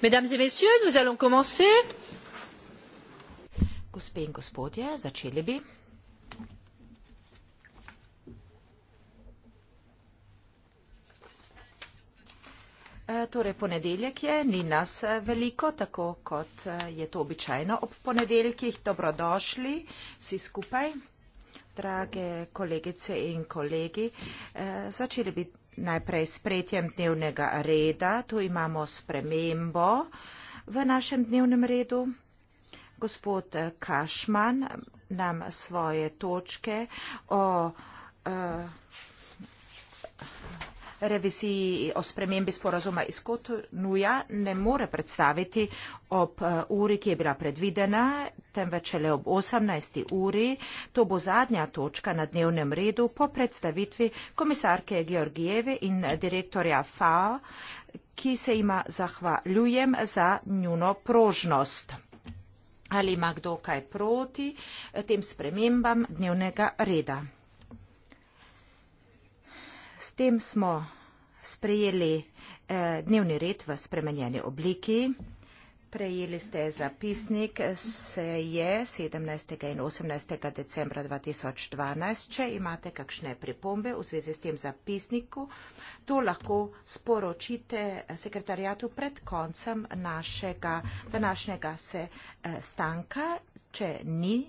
mesdames et messieurs nous allons commencer e, torej ponedeljek je ni nas e, veliko tako kot e, je to običajno ob ponedeljkih dobrodošli vsi skupaj drage kolegice in kolegi začeli bi najprej s pretjem dnevnega reda. Tu imamo spremembo v našem dnevnem redu. Gospod Kašman nam svoje točke o uh, reviziji o spremembi sporazuma iz Kotonuja ne more predstaviti ob eh, uri, ki je bila predvidena, temveč le ob 18. uri. To bo zadnja točka na dnevnem redu po predstavitvi komisarke Georgijeve in direktorja FAO, ki se ima zahvaljujem za njuno prožnost. Ali ima kdo kaj proti tem spremembam dnevnega reda? s tem smo sprejeli eh, dnevni red v spremenjeni obliki. Prejeli ste zapisnik se je 17. in 18. decembra 2012. Če imate kakšne pripombe v zvezi s tem zapisniku, to lahko sporočite eh, sekretarjatu pred koncem našega današnjega se stanka. Če ni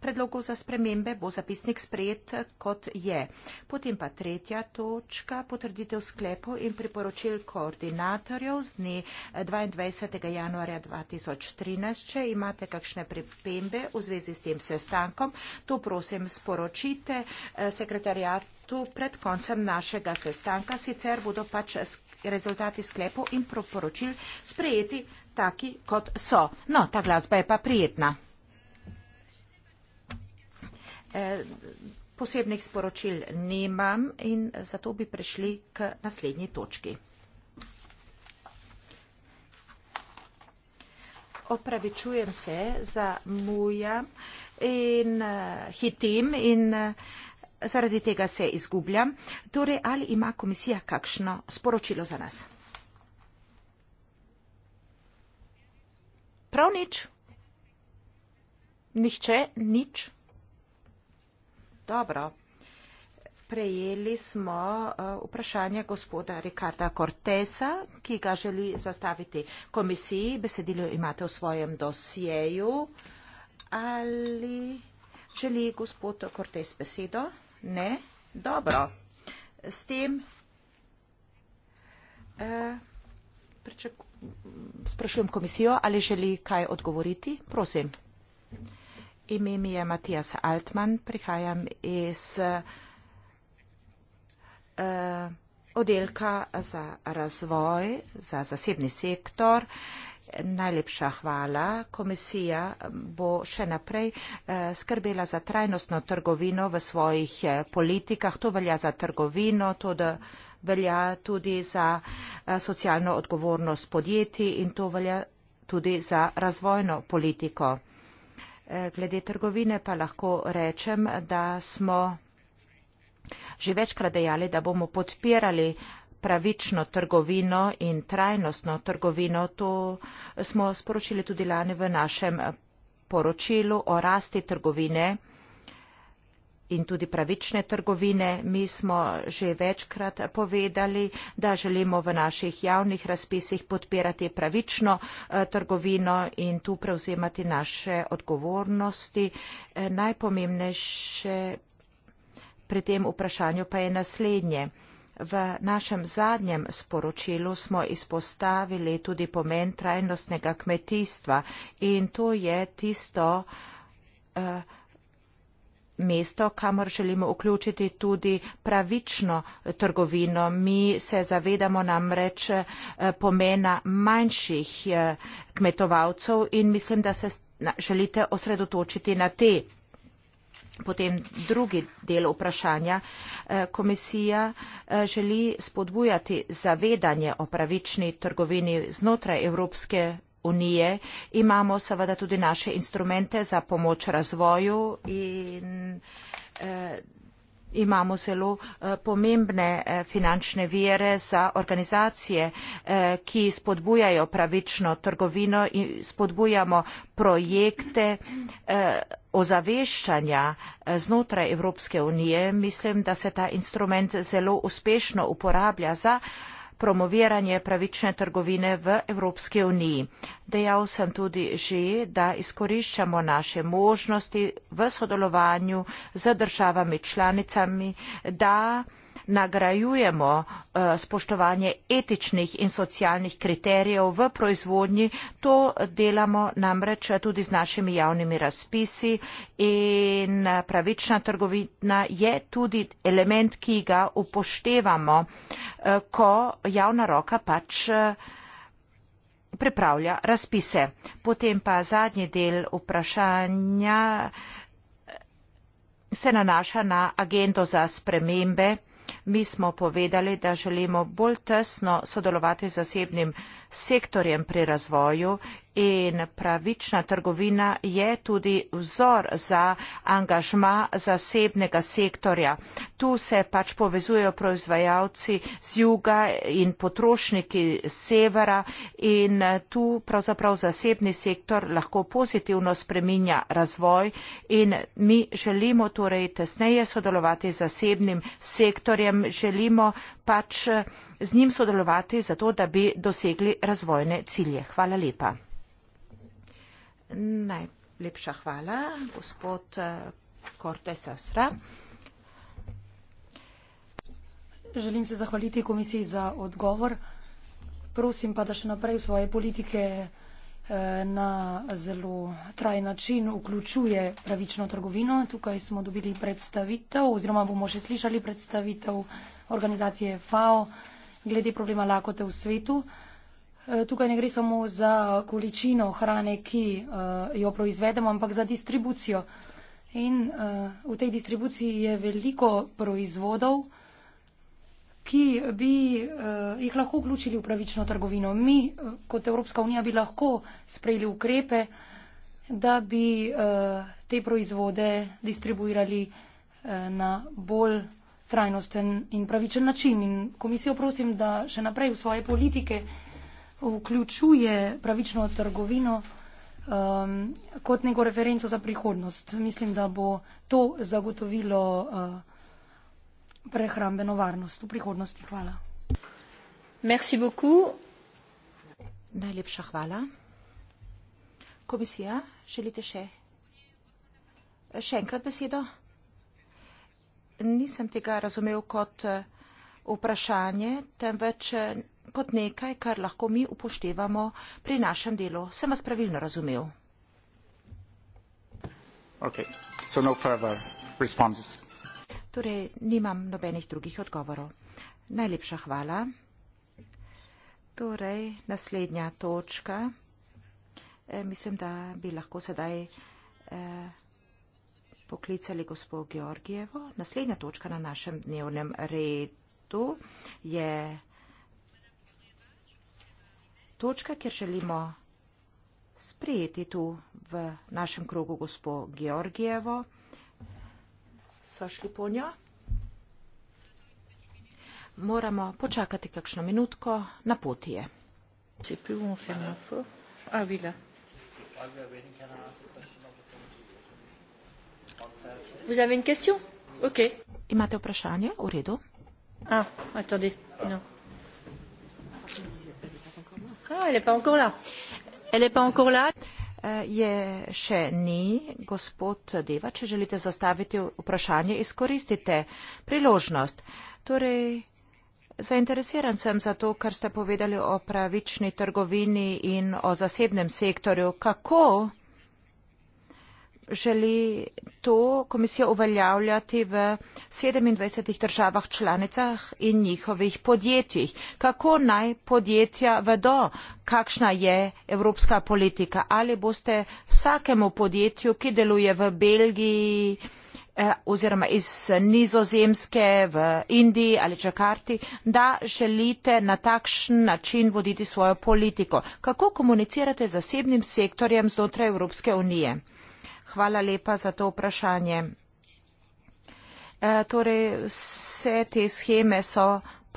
predlogov za spremembe bo zapisnik sprejet kot je. Potem pa tretja točka, potrditev sklepov in priporočil koordinatorjev z dne 22. Eh, januarja 2013. Če imate kakšne pripembe v zvezi s tem sestankom, to prosim sporočite eh, sekretarjatu pred koncem našega sestanka, sicer bodo pač rezultati sklepov in priporočil sprejeti taki, kot so. No, ta glasba je pa prijetna. Eh, posebnih sporočil nemam in zato bi prešli k naslednji točki. Opravičujem se za muja in eh, hitim in eh, zaradi tega se izgubljam. Torej, ali ima komisija kakšno sporočilo za nas? Prav nič. Nihče nič. Dobro. Prejeli smo eh, vprašanje gospoda Rikarda Cortesa, ki ga želi zastaviti komisiji. Besedilo imate v svojem dosjeju. Ali želi gospod Cortes besedo? Ne? Dobro. S tem eh, sprašujem komisijo, ali želi kaj odgovoriti? Prosim. Ime mi je Matijas Altman, prihajam iz eh, oddelka za razvoj, za zasebni sektor. Najlepša hvala. Komisija bo še naprej eh, skrbela za trajnostno trgovino v svojih eh, politikah. To velja za trgovino, to da velja tudi za socialno odgovornost podjetij in to velja tudi za razvojno politiko. Glede trgovine pa lahko rečem, da smo že večkrat dejali, da bomo podpirali pravično trgovino in trajnostno trgovino. To smo sporočili tudi lani v našem poročilu o rasti trgovine in tudi pravične trgovine. Mi smo že večkrat povedali, da želimo v naših javnih razpisih podpirati pravično eh, trgovino in tu prevzemati naše odgovornosti. Eh, najpomembnejše pri tem vprašanju pa je naslednje. V našem zadnjem sporočilu smo izpostavili tudi pomen trajnostnega kmetijstva in to je tisto, uh, mesto, kamor želimo vključiti tudi pravično trgovino. Mi se zavedamo namreč eh, pomena manjših eh, kmetovalcev in mislim, da se želite osredotočiti na te. Potem drugi del vprašanja. Eh, komisija želi spodbujati zavedanje o pravični trgovini znotraj Evropske unije, imamo seveda tudi naše instrumente za pomoč razvoju in eh, imamo zelo eh, pomembne eh, finančne vire za organizacije, eh, ki spodbujajo pravično trgovino in spodbujamo projekte eh, ozaveščanja eh, znotraj Evropske unije. Mislim, da se ta instrument zelo uspešno uporablja za promoviranje pravične trgovine v Evropski uniji. Dejal sem tudi že, da izkoriščamo naše možnosti v sodelovanju z državami članicami, da nagrajujemo eh, spoštovanje etičnih in socialnih kriterijev v proizvodnji. To delamo namreč tudi z našimi javnimi razpisi in pravična trgovina je tudi element, ki ga upoštevamo, eh, ko javna roka pač eh, pripravlja razpise. Potem pa zadnji del vprašanja se nanaša na agendo za spremembe Mi smo povedali, da želimo bolj tesno sodelovati z zasebnim sektorjem pri razvoju in pravična trgovina je tudi vzor za angažma zasebnega sektorja. Tu se pač povezujejo proizvajalci z juga in potrošniki z severa in tu pravzaprav zasebni sektor lahko pozitivno spreminja razvoj in mi želimo torej tesneje sodelovati z zasebnim sektorjem, želimo pač z njim sodelovati zato, da bi dosegli razvojne cilje. Hvala lepa. Najlepša hvala, gospod Korte eh, Sasra. Želim se zahvaliti komisiji za odgovor. Prosim pa, da še naprej v svoje politike eh, na zelo traj način vključuje pravično trgovino. Tukaj smo dobili predstavitev oziroma bomo še slišali predstavitev organizacije FAO glede problema lakote v svetu. Tukaj ne gre samo za količino hrane, ki eh, jo proizvedemo, ampak za distribucijo. In eh, v tej distribuciji je veliko proizvodov, ki bi eh, jih lahko vključili v pravično trgovino. Mi kot Evropska unija bi lahko sprejeli ukrepe, da bi te proizvode distribuirali na bolj trajnosten in pravičen način. In komisijo prosim, da še naprej v svoje politike vključuje pravično trgovino um, kot neko referenco za prihodnost. Mislim, da bo to zagotovilo uh, prehrambeno varnost v prihodnosti. Hvala. Merci beaucoup. Najlepša hvala. Komisija, želite še? Še enkrat besedo? Nisem tega razumel kot uh, vprašanje, temveč kot nekaj, kar lahko mi upoštevamo pri našem delu. Sem vas pravilno razumel? No torej, nimam nobenih drugih odgovorov. Najlepša hvala. Torej, naslednja točka. E, mislim, da bi lahko sedaj e, poklicali gospo Georgijevo. Naslednja točka na našem dnevnem redu je točka, kjer želimo sprejeti tu v našem krogu gospo Georgijevo. Sošli po njo. Moramo počakati kakšno minutko na poti je. Ah Imate vprašanje? V redu. Ah, attendez, non. Elle est pas encore là. Eh, je še ni, gospod Deva, če želite zastaviti vprašanje, izkoristite priložnost. Torej, zainteresiran sem za to, kar ste povedali o pravični trgovini in o zasebnem sektorju. Kako želi to komisija uveljavljati v 27 državah članicah in njihovih podjetjih. Kako naj podjetja vedo, kakšna je evropska politika? Ali boste vsakemu podjetju, ki deluje v Belgiji eh, oziroma iz nizozemske v Indiji ali Čakarti, da želite na takšen način voditi svojo politiko. Kako komunicirate z zasebnim sektorjem znotraj Evropske unije? Hvala lepa za to vprašanje. E, torej, vse te scheme so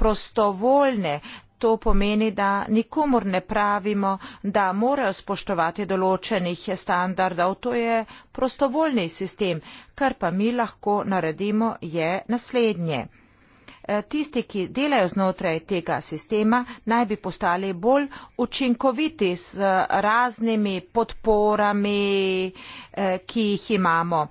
prostovoljne. To pomeni, da nikomor ne pravimo, da morajo spoštovati določenih standardov. To je prostovoljni sistem. Kar pa mi lahko naredimo, je naslednje. Eh, tisti, ki delajo znotraj tega sistema, naj bi postali bolj učinkoviti z raznimi podporami, eh, ki jih imamo.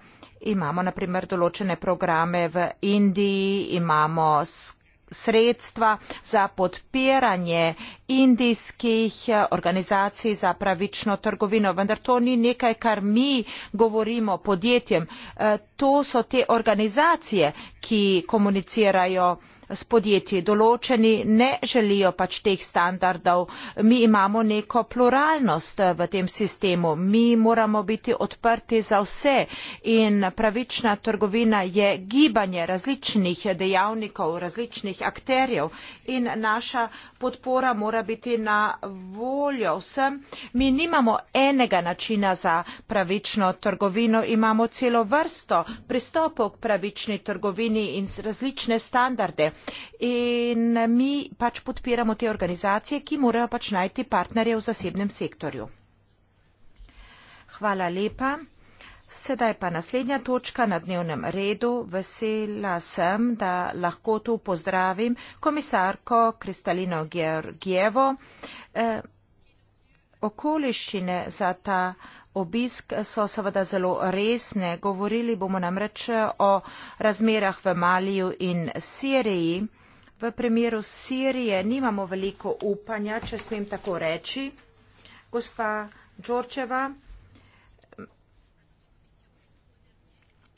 Imamo naprimer določene programe v Indiji, imamo skrbi, sredstva za podpiranje indijskih eh, organizacij za pravično trgovino, vendar to ni nekaj, kar mi govorimo podjetjem. Eh, to so te organizacije, ki komunicirajo s podjetji. Določeni ne želijo pač teh standardov. Mi imamo neko pluralnost eh, v tem sistemu. Mi moramo biti odprti za vse in pravična trgovina je gibanje različnih dejavnikov, različnih akterjev in naša podpora mora biti na voljo vsem. Mi nimamo enega načina za pravično trgovino, imamo celo vrsto pristopov k pravični trgovini in različne standarde in mi pač podpiramo te organizacije, ki morajo pač najti partnerje v zasebnem sektorju. Hvala lepa. Sedaj pa naslednja točka na dnevnem redu. Vesela sem, da lahko tu pozdravim komisarko Kristalino Georgijevo. Eh, okoliščine za ta Obisk so seveda zelo resne, govorili bomo namreč o razmerah v Maliju in Siriji. V primeru Sirije nimamo veliko upanja, če smem tako reči. Gospa Đorčeva,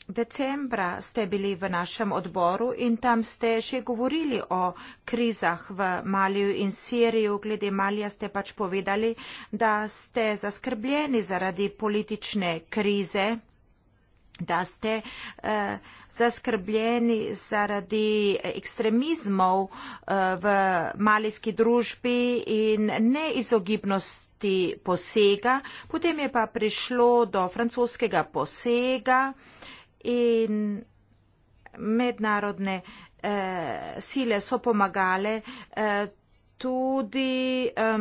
Decembra ste bili v našem odboru in tam ste že govorili o krizah v Maliju in Siriju. Glede Malija ste pač povedali, da ste zaskrbljeni zaradi politične krize, da ste eh, zaskrbljeni zaradi ekstremizmov eh, v malijski družbi in neizogibnosti posega, potem je pa prišlo do francoskega posega eh, in mednarodne eh, sile so pomagale eh, tudi eh,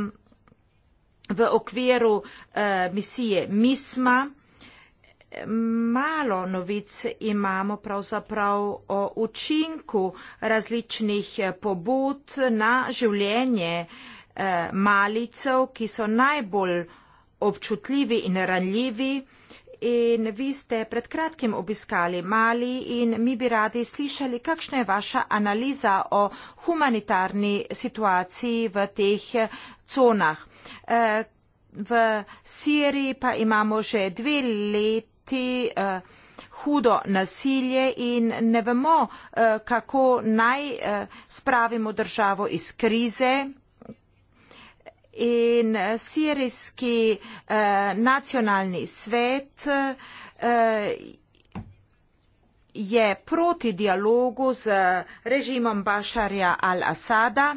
v okviru eh, misije MISMA. Malo novic imamo pravzaprav o učinku različnih eh, pobud na življenje eh, malicev, ki so najbolj občutljivi in ranljivi in vi ste pred kratkim obiskali Mali in mi bi radi slišali, kakšna je vaša analiza o humanitarni situaciji v teh eh, conah. Eh, v Siriji pa imamo že dve leti eh, hudo nasilje in ne vemo, kako naj spravimo državo iz krize in eh, sirijski uh, nacionalni svet uh, je proti dialogu z režimom Bašarja al-Asada.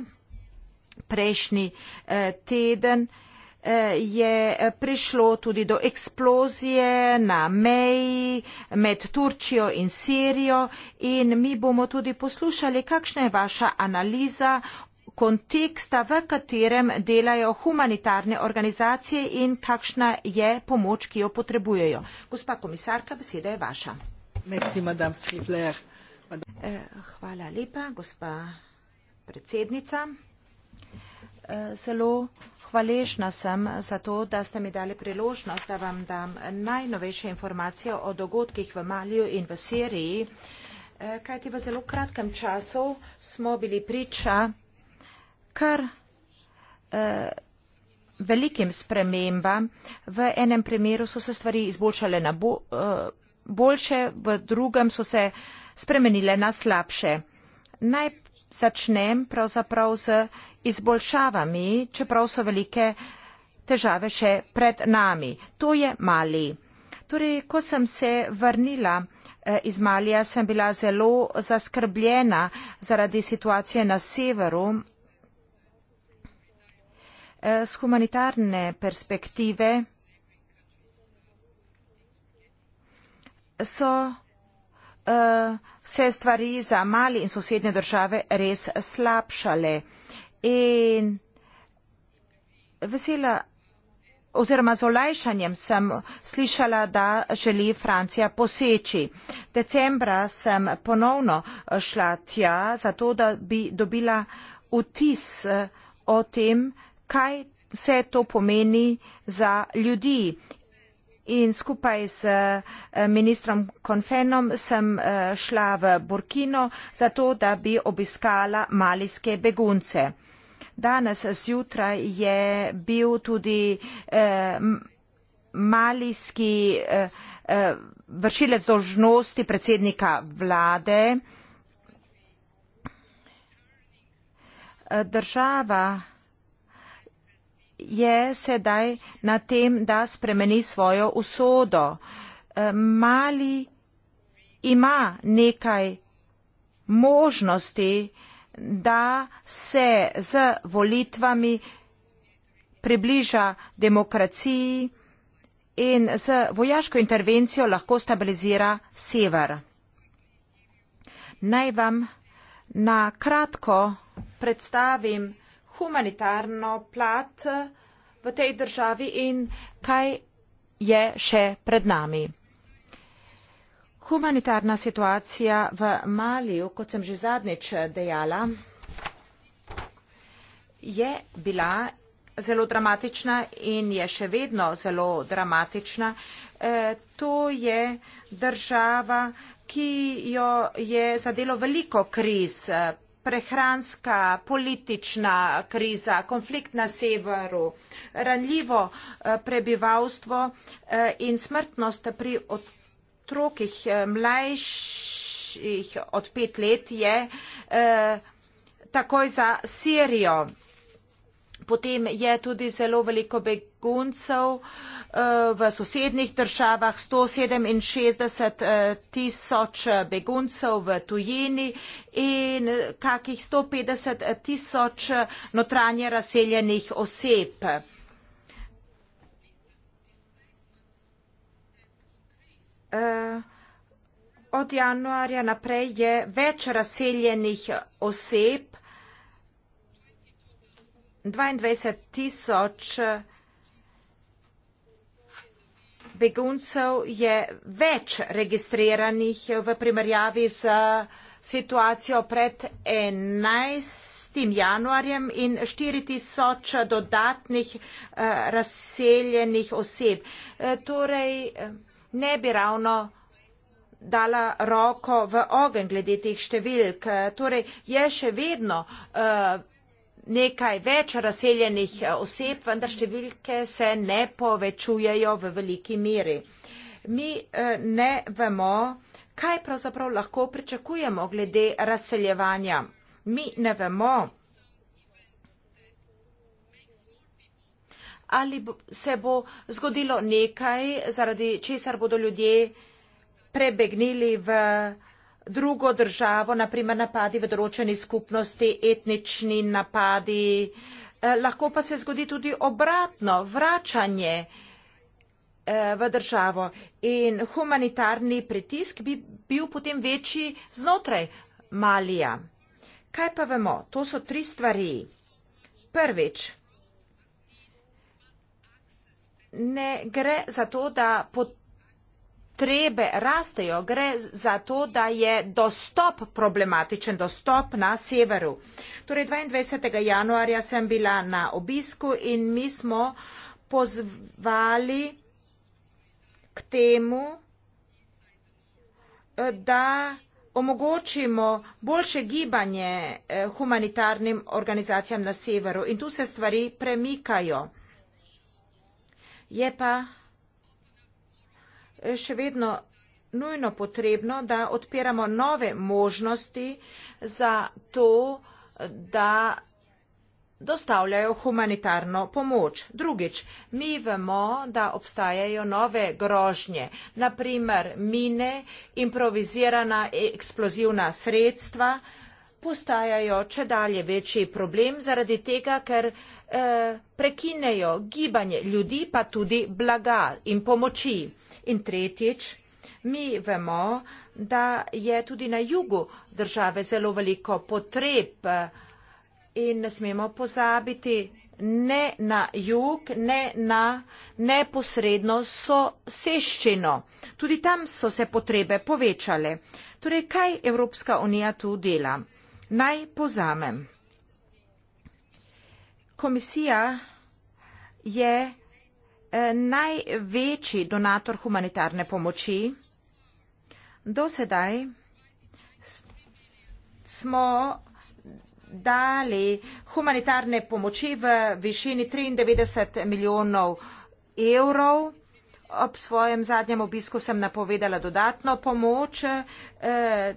Prejšnji uh, teden uh, je prišlo tudi do eksplozije na meji med Turčijo in Sirijo in mi bomo tudi poslušali, kakšna je vaša analiza konteksta, v katerem delajo humanitarne organizacije in kakšna je pomoč, ki jo potrebujejo. Gospa komisarka, beseda je vaša. Merci, madame madame... Eh, hvala lepa, gospa predsednica. Eh, zelo hvaležna sem za to, da ste mi dali priložnost, da vam dam najnovejše informacije o dogodkih v Maliju in v Siriji, eh, kajti v zelo kratkem času smo bili priča kar eh, velikim spremembam. V enem primeru so se stvari izboljšale na bo, eh, boljše, v drugem so se spremenile na slabše. Naj začnem pravzaprav z izboljšavami, čeprav so velike težave še pred nami. To je mali. Torej, ko sem se vrnila eh, iz Malija, sem bila zelo zaskrbljena zaradi situacije na severu Eh, s humanitarne perspektive so eh, se stvari za mali in sosednje države res slabšale. In vesela oziroma z olajšanjem sem slišala, da želi Francija poseči. Decembra sem ponovno eh, šla tja, zato da bi dobila vtis o tem, kaj vse to pomeni za ljudi. In skupaj z eh, ministrom Konfenom sem eh, šla v Burkino zato, da bi obiskala malijske begunce. Danes zjutraj je bil tudi eh, malijski eh, eh vršilec dožnosti predsednika vlade. Država je sedaj na tem, da spremeni svojo usodo. Eh, Mali ima nekaj možnosti, da se z volitvami približa demokraciji in z vojaško intervencijo lahko stabilizira sever. Naj vam na kratko predstavim, humanitarno plat v tej državi in kaj je še pred nami. Humanitarna situacija v Maliju, kot sem že zadnjič dejala, je bila zelo dramatična in je še vedno zelo dramatična. E, to je država, ki jo je zadelo veliko kriz prehranska, politična kriza, konflikt na severu, ranljivo eh, prebivalstvo eh, in smrtnost pri otrokih eh, mlajših od pet let je takoj za Sirijo. Potem je tudi zelo veliko beguncev eh, v sosednjih državah, 167 eh, tisoč eh, beguncev v tujini in kakih 150 tisoč notranje razseljenih oseb. Od januarja naprej je več razseljenih oseb 22 tisoč beguncev je več registriranih v primerjavi z situacijo pred 11. januarjem in 4 tisoč dodatnih eh, razseljenih oseb. Eh, torej, eh, ne bi ravno dala roko v ogen glede teh številk. Torej, je še vedno vsega, nekaj več razseljenih eh, oseb, vendar številke se ne povečujejo v veliki meri. Mi eh, ne vemo, kaj pravzaprav lahko pričakujemo glede razseljevanja. Mi ne vemo, ali se bo zgodilo nekaj, zaradi česar bodo ljudje prebegnili v Evropi drugo državo, naprimer napadi v določeni skupnosti, etnični napadi, eh, lahko pa se zgodi tudi obratno, vračanje eh, v državo in humanitarni pritisk bi bil potem večji znotraj Malija. Kaj pa vemo? To so tri stvari. Prvič, ne gre za to, da potrebujemo potrebe rastejo, gre za to, da je dostop problematičen, dostop na severu. Torej 22. januarja sem bila na obisku in mi smo pozvali k temu, da omogočimo boljše gibanje eh, humanitarnim organizacijam na severu in tu se stvari premikajo. Je pa še vedno nujno potrebno, da odpiramo nove možnosti za to, da dostavljajo humanitarno pomoč. Drugič, mi vemo, da obstajajo nove grožnje, naprimer mine, improvizirana eksplozivna sredstva postajajo če dalje večji problem zaradi tega, ker Eh, prekinejo gibanje ljudi, pa tudi blaga in pomoči. In tretjič, mi vemo, da je tudi na jugu države zelo veliko potreb eh, in ne smemo pozabiti ne na jug, ne na neposredno soseščino. Tudi tam so se potrebe povečale. Torej, kaj Evropska unija tu dela? Naj pozamem komisija je eh, največji donator humanitarne pomoči. Do sedaj smo dali humanitarne pomoči v višini 93 milijonov evrov. Ob svojem zadnjem obisku sem napovedala dodatno pomoč. Eh,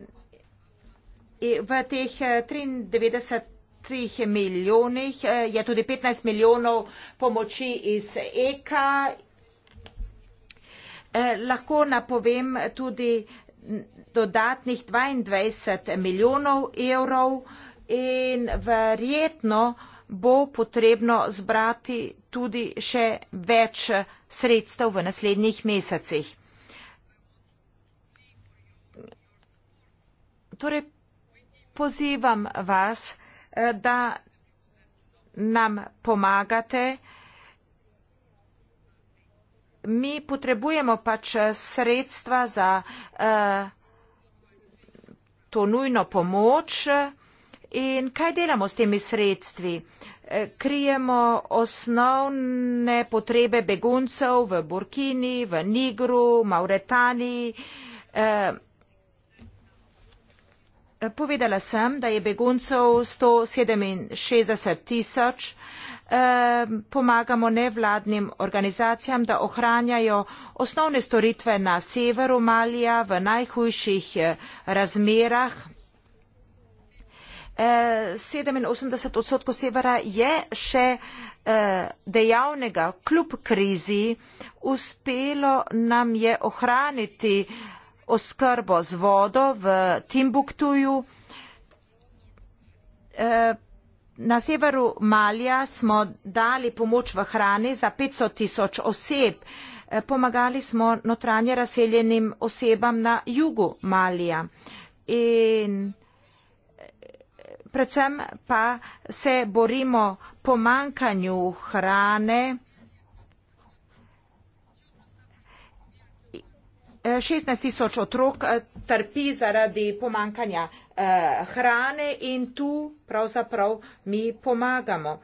v teh 93 eh, petih milijonih, eh, je tudi 15 milijonov pomoči iz EKA. Eh, lahko napovem tudi dodatnih 22 milijonov evrov in verjetno bo potrebno zbrati tudi še več sredstev v naslednjih mesecih. Torej, pozivam vas, da Eh, da nam pomagate. Mi potrebujemo pač sredstva za eh, to nujno pomoč in kaj delamo s temi sredstvi? Eh, krijemo osnovne potrebe beguncev v Burkini, v Nigru, Mauretaniji, povedala sem, da je beguncev 167 tisoč. Pomagamo nevladnim organizacijam, da ohranjajo osnovne storitve na severu Malija v najhujših eh, razmerah. 87 eh, odstotkov severa je še eh, dejavnega kljub krizi. Uspelo nam je ohraniti oskrbo z vodo v Timbuktuju. E, na severu Malja smo dali pomoč v hrani za 500 tisoč oseb. E, pomagali smo notranje razseljenim osebam na jugu Malja. In e, predvsem pa se borimo pomankanju hrane. 16 eh, tisoč otrok eh, trpi zaradi pomankanja eh, hrane in tu pravzaprav mi pomagamo.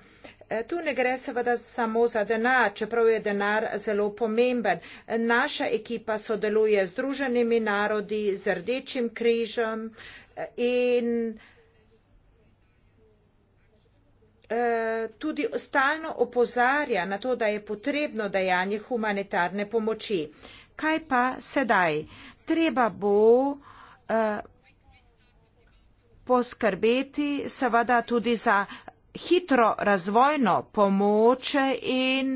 Tu ne gre seveda samo za denar, čeprav je denar zelo pomemben. Naša ekipa sodeluje z Združenimi narodi, z Rdečim križem in tudi stalno opozarja na to, da je potrebno dajanje humanitarne pomoči kaj pa sedaj? Treba bo uh, poskrbeti seveda tudi za hitro razvojno pomoč in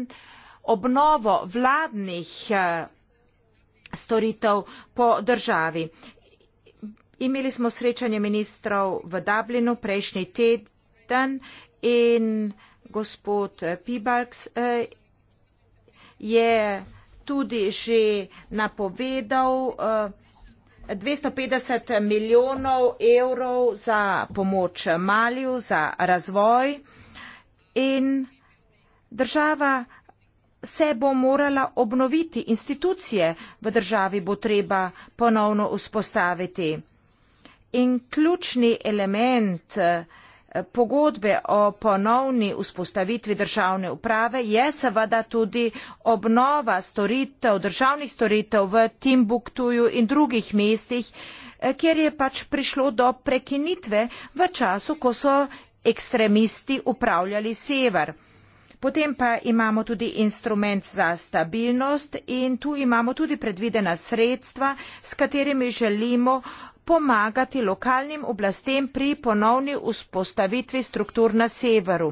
obnovo vladnih uh, storitev po državi. Imeli smo srečanje ministrov v Dublinu prejšnji teden in gospod Pibalks uh, je tudi že napovedal 250 eh, milijonov evrov za pomoč Malju, za razvoj in država se bo morala obnoviti, institucije v državi bo treba ponovno vzpostaviti. In ključni element eh, pogodbe o ponovni vzpostavitvi državne uprave je seveda tudi obnova storitev, državnih storitev v Timbuktuju in drugih mestih, eh, kjer je pač prišlo do prekinitve v času, ko so ekstremisti upravljali sever. Potem pa imamo tudi instrument za stabilnost in tu imamo tudi predvidena sredstva, s katerimi želimo pomagati lokalnim oblastem pri ponovni vzpostavitvi struktur na severu.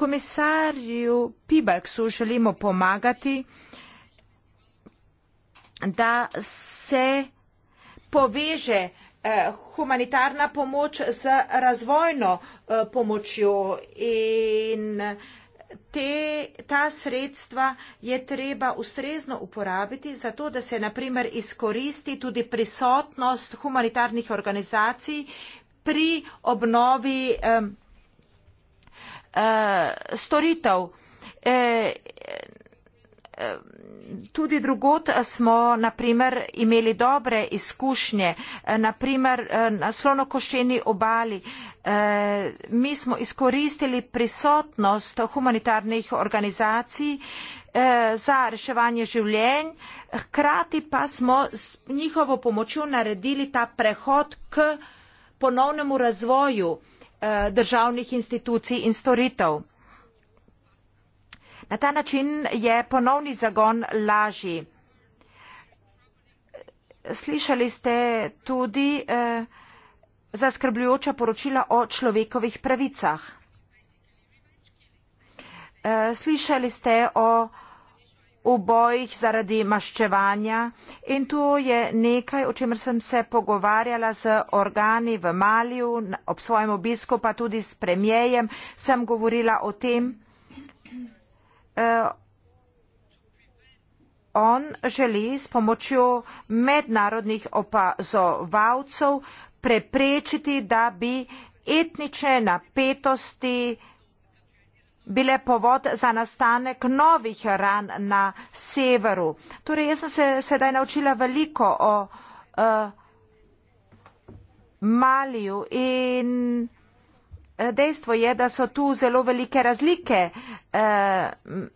Komisarju Pibalksu želimo pomagati, da se poveže eh, humanitarna pomoč z razvojno eh, pomočjo in razvojno pomočjo te, ta sredstva je treba ustrezno uporabiti za to, da se naprimer izkoristi tudi prisotnost humanitarnih organizacij pri obnovi eh, eh, storitev. Eh, eh Tudi drugot eh, smo, naprimer, imeli dobre izkušnje, naprimer eh, na slonokošeni obali, eh, Eh, mi smo izkoristili prisotnost humanitarnih organizacij eh, za reševanje življenj, hkrati pa smo s njihovo pomočjo naredili ta prehod k ponovnemu razvoju eh, državnih institucij in storitev. Na ta način je ponovni zagon lažji. Slišali ste tudi, zaskrbljujoča poročila o človekovih pravicah. Eh, slišali ste o obojih zaradi maščevanja in to je nekaj, o čemer sem se pogovarjala z organi v Maliju, ob svojem obisku pa tudi s premijejem, sem govorila o tem. Eh, on želi s pomočjo mednarodnih opazovalcev preprečiti, da bi etnične napetosti bile povod za nastanek novih ran na severu. Torej, jaz sem se sedaj naučila veliko o uh, Maliju in eh, dejstvo je, da so tu zelo velike razlike uh,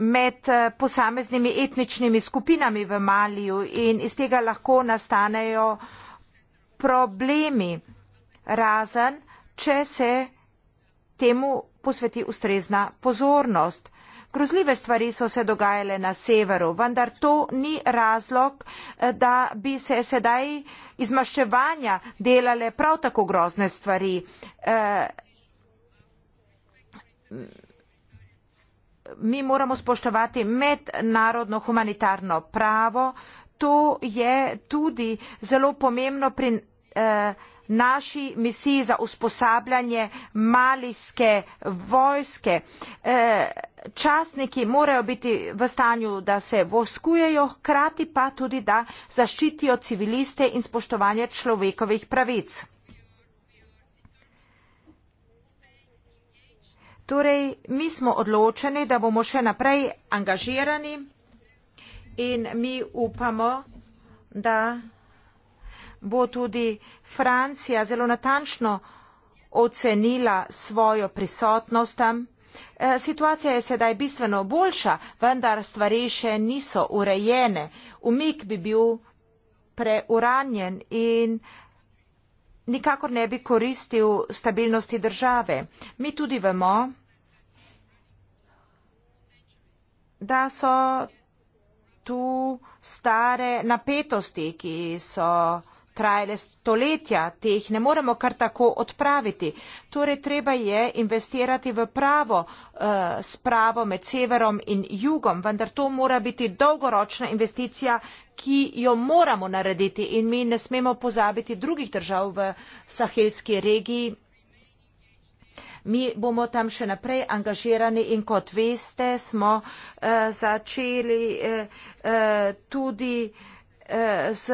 med eh, posameznimi etničnimi skupinami v Maliju in iz tega lahko nastanejo problemi, razen če se temu posveti ustrezna pozornost. Grozljive stvari so se dogajale na severu, vendar to ni razlog, eh, da bi se sedaj iz maščevanja delale prav tako grozne stvari. Eh, mi moramo spoštovati mednarodno humanitarno pravo. To je tudi zelo pomembno pri eh, naši misiji za usposabljanje malijske vojske. Eh, častniki morajo biti v stanju, da se voskujejo, hkrati pa tudi, da zaščitijo civiliste in spoštovanje človekovih pravic. Torej, mi smo odločeni, da bomo še naprej angažirani in mi upamo, da bo tudi Francija zelo natančno ocenila svojo prisotnost tam. E, situacija je sedaj bistveno boljša, vendar stvari še niso urejene. Umik bi bil preuranjen in nikakor ne bi koristil stabilnosti države. Mi tudi vemo, da so tu stare napetosti, ki so trajale stoletja, te jih ne moremo kar tako odpraviti. Torej, treba je investirati v pravo eh, spravo med severom in jugom, vendar to mora biti dolgoročna investicija, ki jo moramo narediti in mi ne smemo pozabiti drugih držav v sahelski regiji. Mi bomo tam še naprej angažirani in kot veste smo eh, začeli eh, eh tudi eh, z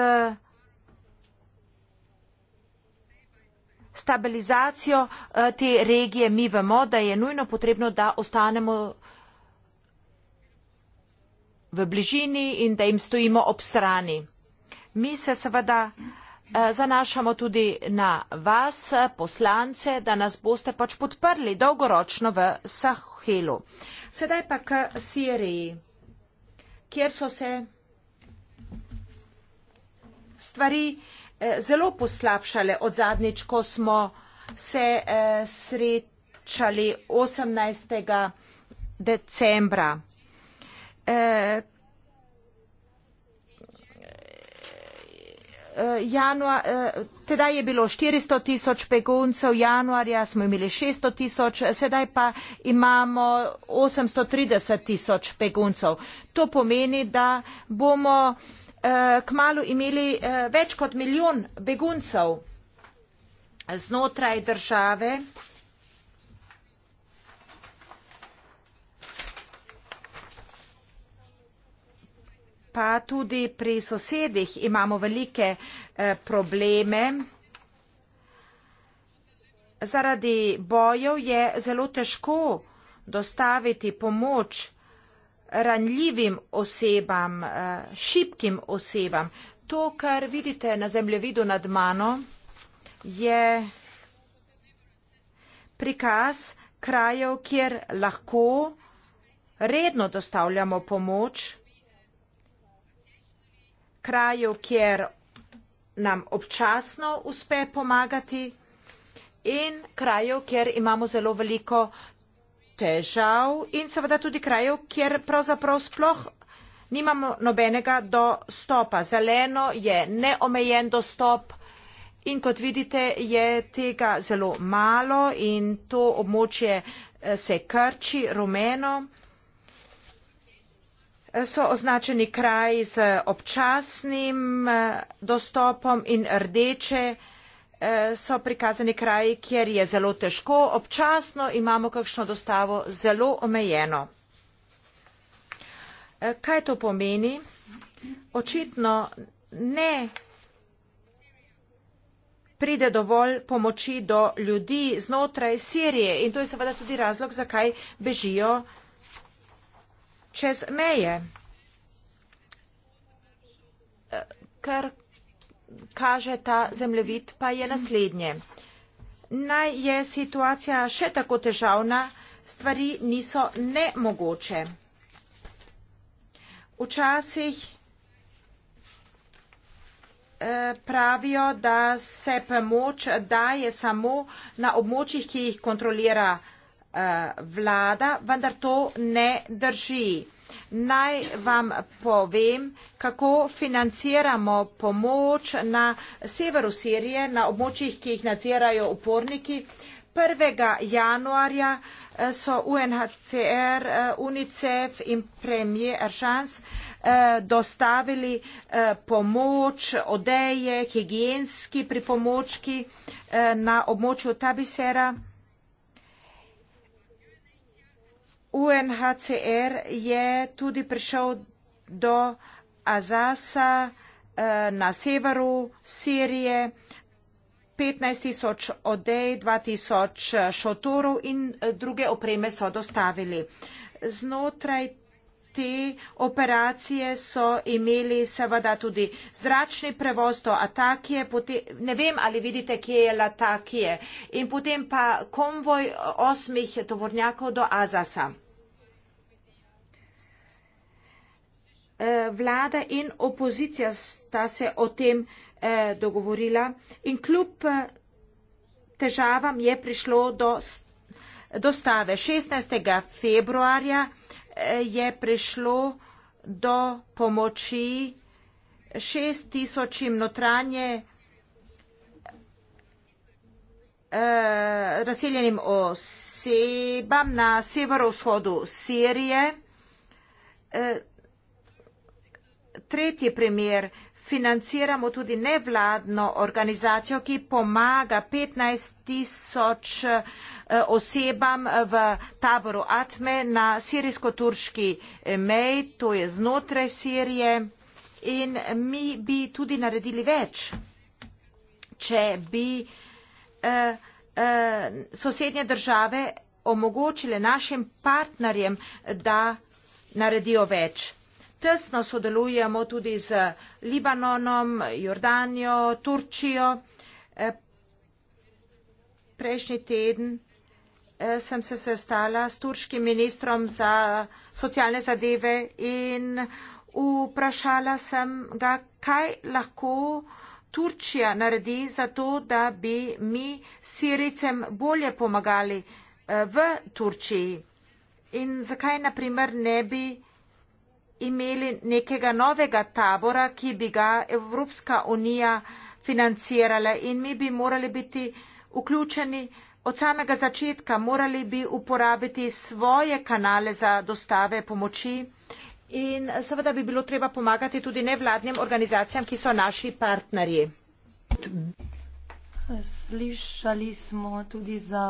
stabilizacijo eh, te regije. Mi vemo, da je nujno potrebno, da ostanemo v bližini in da jim stojimo ob strani. Mi se seveda eh, zanašamo tudi na vas, poslance, da nas boste pač podprli dolgoročno v Sahelu. Sedaj pa k Siriji, kjer so se stvari eh, zelo poslabšale od zadnjič, ko smo se eh, srečali 18. decembra. Eh, eh, januar, eh, tedaj je bilo 400 tisoč beguncev, januarja smo imeli 600 tisoč, sedaj pa imamo 830 tisoč beguncev. To pomeni, da bomo kmalo imeli več kot milijon beguncev znotraj države. pa tudi pri sosedih imamo velike eh, probleme. Zaradi bojev je zelo težko dostaviti pomoč ranljivim osebam, eh, šibkim osebam. To, kar vidite na zemljevidu nad mano, je prikaz krajev, kjer lahko redno dostavljamo pomoč ranljivim osebam kraju, kjer nam občasno uspe pomagati in kraju, kjer imamo zelo veliko težav in seveda tudi kraju, kjer pravzaprav sploh nimamo nobenega dostopa. Zeleno je neomejen dostop in kot vidite je tega zelo malo in to območje eh, se krči rumeno so označeni kraji z občasnim eh, dostopom in rdeče eh, so prikazani kraji, kjer je zelo težko, občasno imamo kakšno dostavo zelo omejeno. Eh, kaj to pomeni? Očitno ne pride dovolj pomoči do ljudi znotraj Sirije in to je seveda tudi razlog, zakaj bežijo ljudi čez meje, eh, kar kaže ta zemljevid, pa je naslednje. Naj je situacija še tako težavna, stvari niso nemogoče. Včasih eh, pravijo, da se pomoč daje samo na območjih, ki jih kontrolira država. Eh, vlada, vendar to ne drži. Naj vam povem, kako financiramo pomoč na severu Sirije, na območjih, ki jih nadzirajo uporniki. 1. januarja eh, so UNHCR, eh, UNICEF in premije Aršans dostavili pomoč, odeje, higijenski pripomočki na območju Tabisera. UNHCR je tudi prišel do Azasa eh, na severu Sirije, 15 tisoč odej, 2 tisoč eh, šotorov in eh, druge opreme so dostavili. Znotraj te operacije so imeli seveda tudi zračni prevoz do Atakije, potem, ne vem, ali vidite, kje je Latakije, in potem pa konvoj osmih tovornjakov do Azasa. Eh, vlada in opozicija sta se o tem eh, dogovorila in kljub eh, težavam je prišlo do dostave. 16. februarja je prišlo do pomoči šest tisočim notranje razseljenim osebam na severovzhodu Sirije tretji primer, financiramo tudi nevladno organizacijo, ki pomaga 15 tisoč eh, osebam v taboru Atme na sirijsko-turški eh, mej, to je znotraj Sirije in mi bi tudi naredili več, če bi eh, sosednje države omogočile našim partnerjem, da naredijo več. Tesno sodelujemo tudi z Libanonom, Jordanijo, Turčijo. Eh, prejšnji teden eh, sem se sestala s turškim ministrom za socialne zadeve in vprašala sem ga, kaj lahko Turčija naredi za to, da bi mi Siricem bolje pomagali eh, v Turčiji. In zakaj naprimer ne bi imeli nekega novega tabora, ki bi ga Evropska unija financirala in mi bi morali biti vključeni od samega začetka, morali bi uporabiti svoje kanale za dostave pomoči in seveda bi bilo treba pomagati tudi nevladnim organizacijam, ki so naši partnerji. Slišali smo tudi za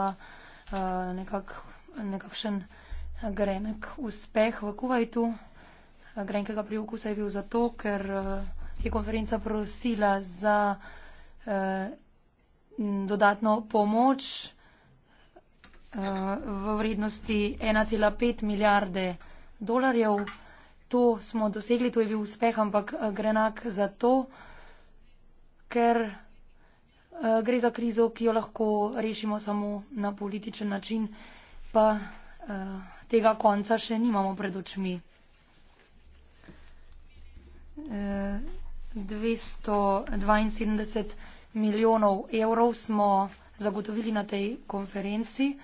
uh, nekak, nekakšen gremek uspeh v Kuwaitu. Eh, grenkega priokusa je bil zato, ker eh, je konferenca prosila za eh, dodatno pomoč v vrednosti 1,5 milijarde dolarjev. To smo dosegli, to je bil uspeh, ampak gre enak za to, ker gre za krizo, ki jo lahko rešimo samo na političen način, pa tega konca še nimamo pred očmi. 272 milijonov evrov smo zagotovili na tej konferenci.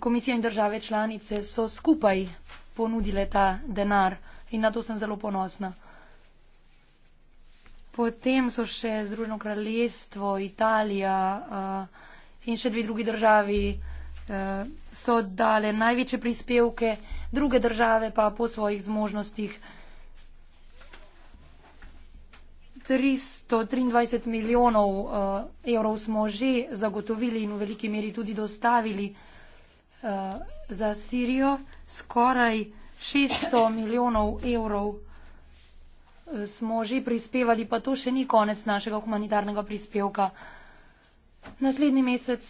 Komisija in države članice so skupaj ponudile ta denar in na to sem zelo ponosna. Potem so še Združeno kraljestvo, Italija uh, in še dve drugi državi uh, so dale največje prispevke. Uh, druge države pa po svojih zmožnostih 323 milijonov eh, evrov smo že zagotovili in v veliki meri tudi dostavili eh, za Sirijo. Skoraj 600 milijonov evrov eh, smo že prispevali, pa to še ni konec našega humanitarnega prispevka. Naslednji mesec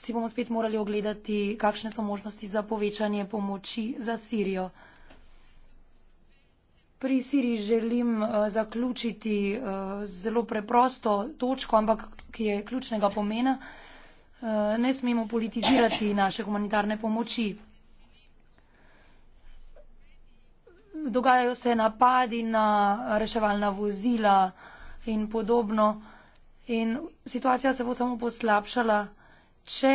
si bomo spet morali ogledati, kakšne so možnosti za povečanje pomoči za Sirijo. Pri Siriji želim uh, zaključiti uh, zelo preprosto točko, ampak ki je ključnega pomena. Uh, ne smemo politizirati naše humanitarne pomoči. Dogajajo se napadi na reševalna vozila in podobno in situacija se bo samo poslabšala če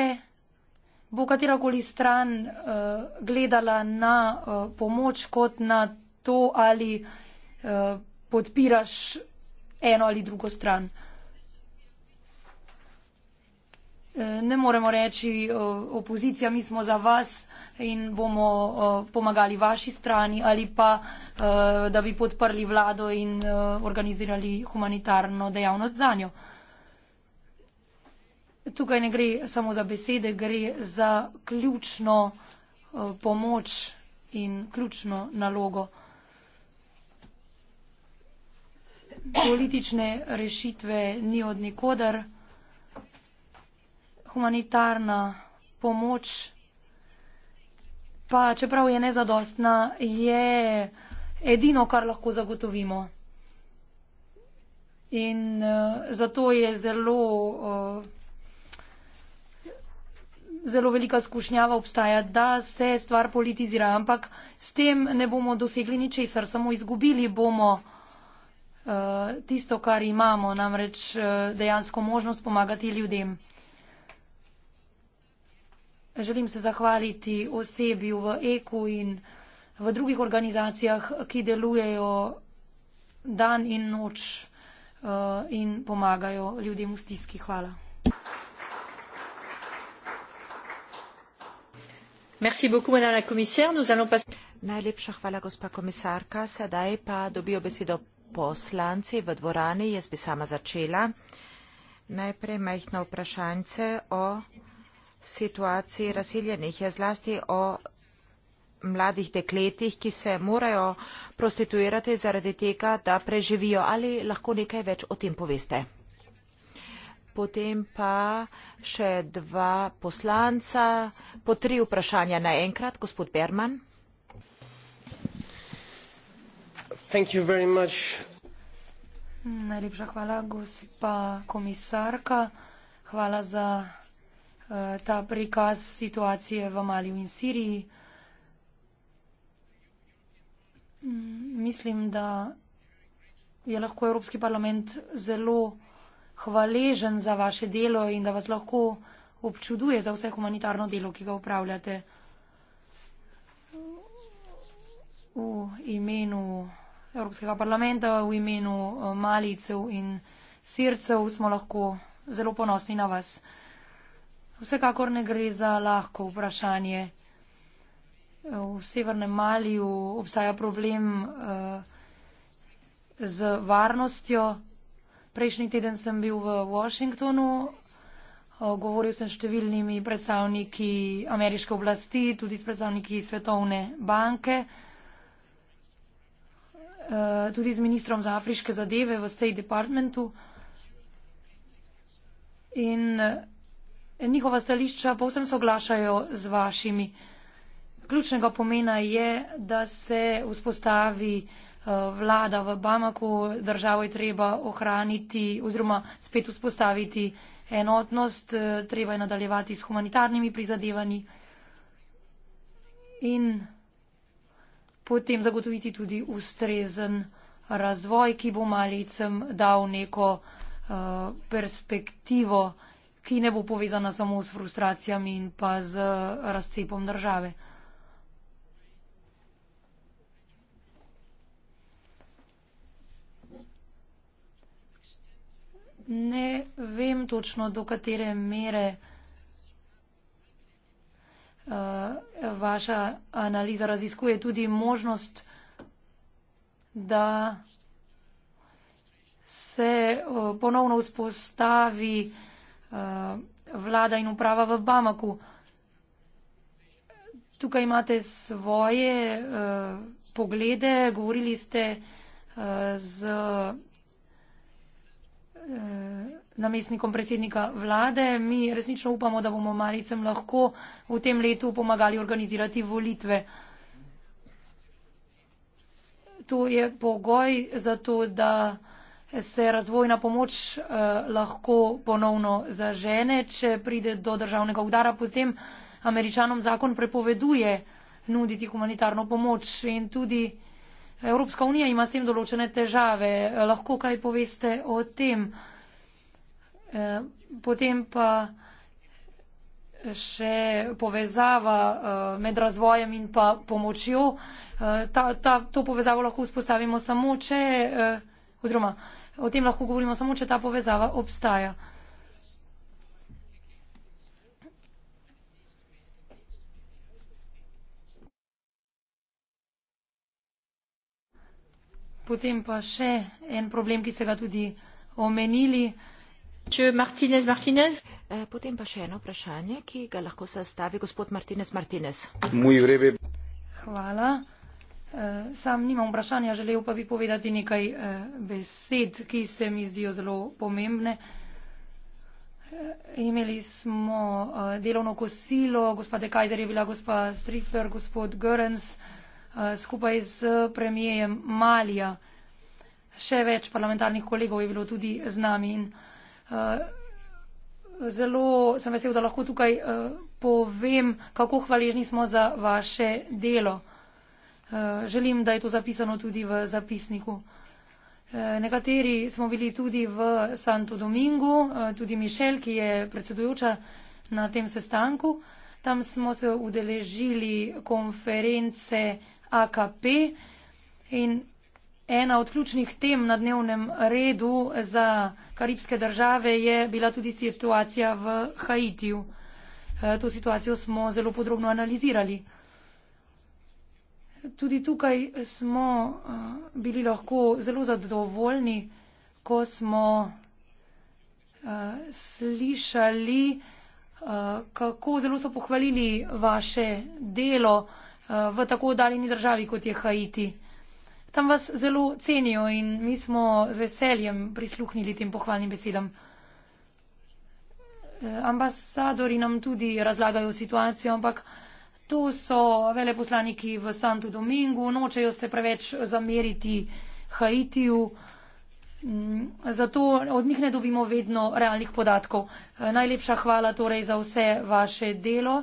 bo katerakoli stran uh, gledala na uh, pomoč kot na to, ali uh, podpiraš eno ali drugo stran. Ne moremo reči, opozicija, mi smo za vas in bomo pomagali vaši strani ali pa, da bi podprli vlado in organizirali humanitarno dejavnost za njo tukaj ne gre samo za besede, gre za ključno eh, pomoč in ključno nalogo. Politične rešitve ni od nikoder. Humanitarna pomoč, pa čeprav je nezadostna, je edino, kar lahko zagotovimo. In uh, zato je zelo uh, zelo velika skušnjava obstaja, da se stvar politizira, ampak s tem ne bomo dosegli ničesar, samo izgubili bomo uh, tisto, kar imamo, namreč uh, dejansko možnost pomagati ljudem. Želim se zahvaliti osebi v EKU in v drugih organizacijah, ki delujejo dan in noč uh, in pomagajo ljudem v stiski. Hvala. najlepša hvala gospa komisarka sedaj pa dobijo besedo poslanci v dvorani jaz bi sama začela najprej majhno vprašanjce o situaciji razseljenih je zlasti o mladih dekletih, ki se morajo prostituirati zaradi tega, da preživijo. Ali lahko nekaj več o tem poveste? potem pa še dva poslanca, po tri vprašanja naenkrat, gospod Berman. Najlepša hvala, gospa komisarka. Hvala za uh, ta prikaz situacije v Maliju in Siriji. Mm, mislim, da je lahko Evropski parlament zelo hvaležen za vaše delo in da vas lahko občuduje za vse humanitarno delo, ki ga upravljate. V imenu Evropskega parlamenta, v imenu eh, malicev in sircev smo lahko zelo ponosni na vas. Vsekakor ne gre za lahko vprašanje. V severnem Maliju obstaja problem uh, z varnostjo, Prejšnji teden sem bil v Washingtonu, govoril sem s številnimi predstavniki ameriške oblasti, tudi s predstavniki Svetovne banke, e, tudi z ministrom za afriške zadeve v State Departmentu. In e, njihova stališča povsem soglašajo z vašimi. Ključnega pomena je, da se vzpostavi Eh, vlada v Bamaku, državo je treba ohraniti oziroma spet vzpostaviti enotnost, eh, treba je nadaljevati s humanitarnimi prizadevanji in potem zagotoviti tudi ustrezen razvoj, ki bo malicem dal neko uh, perspektivo, ki ne bo povezana samo s frustracijami in pa z razcepom države. ne vem točno, do katere mere uh, vaša analiza raziskuje tudi možnost, da se uh, ponovno vzpostavi uh, vlada in uprava v Bamaku. Tukaj imate svoje uh, poglede, govorili ste uh, z. Eh, namestnikom predsednika vlade. Mi resnično upamo, da bomo malicem lahko v tem letu pomagali organizirati volitve. To je pogoj za to, da se razvojna pomoč eh, lahko ponovno zažene. Če pride do državnega udara, potem američanom zakon prepoveduje nuditi humanitarno pomoč in tudi Evropska unija ima s tem določene težave. Lahko kaj poveste o tem? Eh, potem pa še povezava eh, med razvojem in pa pomočjo. Eh, ta, ta, to povezavo lahko vzpostavimo samo, če, oziroma o tem lahko govorimo samo, če ta povezava obstaja. Potem pa še en problem, ki ste ga tudi omenili. Če Martinez, Martinez. Eh, potem pa še eno vprašanje, ki ga lahko sestavi gospod Martinez Martinez. Hvala. Eh, sam nimam vprašanja, želel pa bi povedati nekaj eh, besed, ki se mi zdijo zelo pomembne. Imeli smo delovno kosilo, gospod Dekajder je bila gospa Strifler, gospod Görens. Eh, skupaj z premijejem Malija. Še več parlamentarnih kolegov je bilo tudi z nami in eh, zelo sem vesel, da lahko tukaj eh, povem, kako hvaležni smo za vaše delo. Želim, da je to zapisano tudi v zapisniku. Nekateri smo bili tudi v Santo Domingo, tudi Mišel, ki je predsedujoča na tem sestanku. Tam smo se udeležili konference. AKP in ena od ključnih tem na dnevnem redu za karibske države je bila tudi situacija v Haitiju. Eh, to situacijo smo zelo podrobno analizirali. Tudi tukaj smo eh, bili lahko zelo zadovoljni, ko smo eh, slišali, kako zelo so pohvalili vaše delo v tako oddaljeni državi, kot je Haiti. Tam vas zelo cenijo in mi smo z veseljem prisluhnili tem pohvalnim besedam. E, ambasadori nam tudi razlagajo situacijo, ampak to so veleposlaniki v Santo Domingo, nočejo se preveč zameriti Haitiju, mm, zato od njih ne dobimo vedno realnih podatkov. E, najlepša hvala torej za vse vaše delo.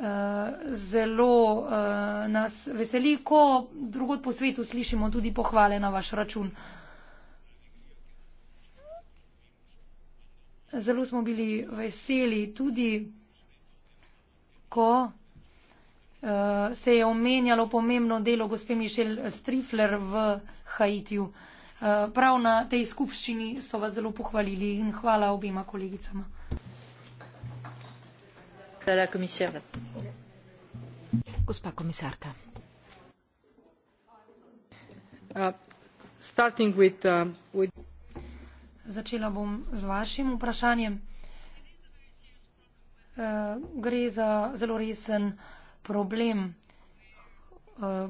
Eh, zelo uh, nas veseli, ko drugod po svetu slišimo tudi pohvale na vaš račun. Zelo smo bili veseli tudi, ko uh, se je omenjalo pomembno delo gospe Mišel Strifler v Haitiju. Uh, prav na tej skupščini so vas zelo pohvalili in hvala obima kolegicama la commissaire. Gospa komisarka. Uh, uh, Začela bom z vašim vprašanjem. Uh, gre za zelo resen problem,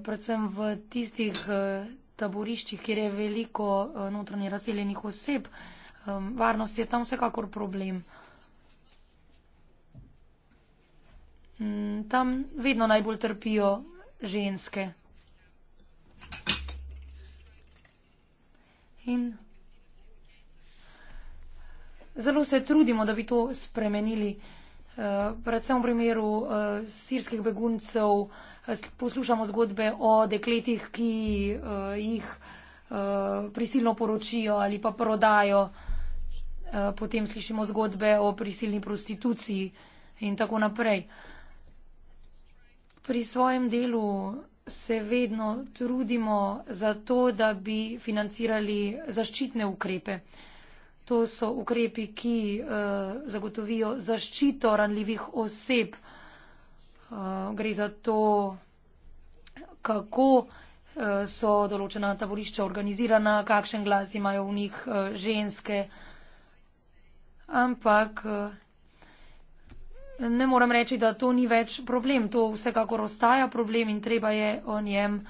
predvsem v tistih taboriščih, kjer je veliko notranje razseljenih oseb. Um, varnost je tam vsekakor problem. Vsekakor. Mm, tam vedno najbolj trpijo ženske. In zelo se trudimo, da bi to spremenili. Eh, predvsem v primeru eh, sirskih beguncev eh, poslušamo zgodbe o dekletih, ki jih prisilno poročijo ali pa prodajo. Potem slišimo zgodbe o prisilni prostituciji in tako naprej pri svojem delu se vedno trudimo za to, da bi financirali zaščitne ukrepe. To so ukrepi, ki uh, zagotovijo zaščito ranljivih oseb. Uh, gre za to, kako eh, so določena taborišča organizirana, kakšen glas imajo v njih ženske. Ampak ne moram reči, da to ni več problem. To vsekakor ostaja problem in treba je o njem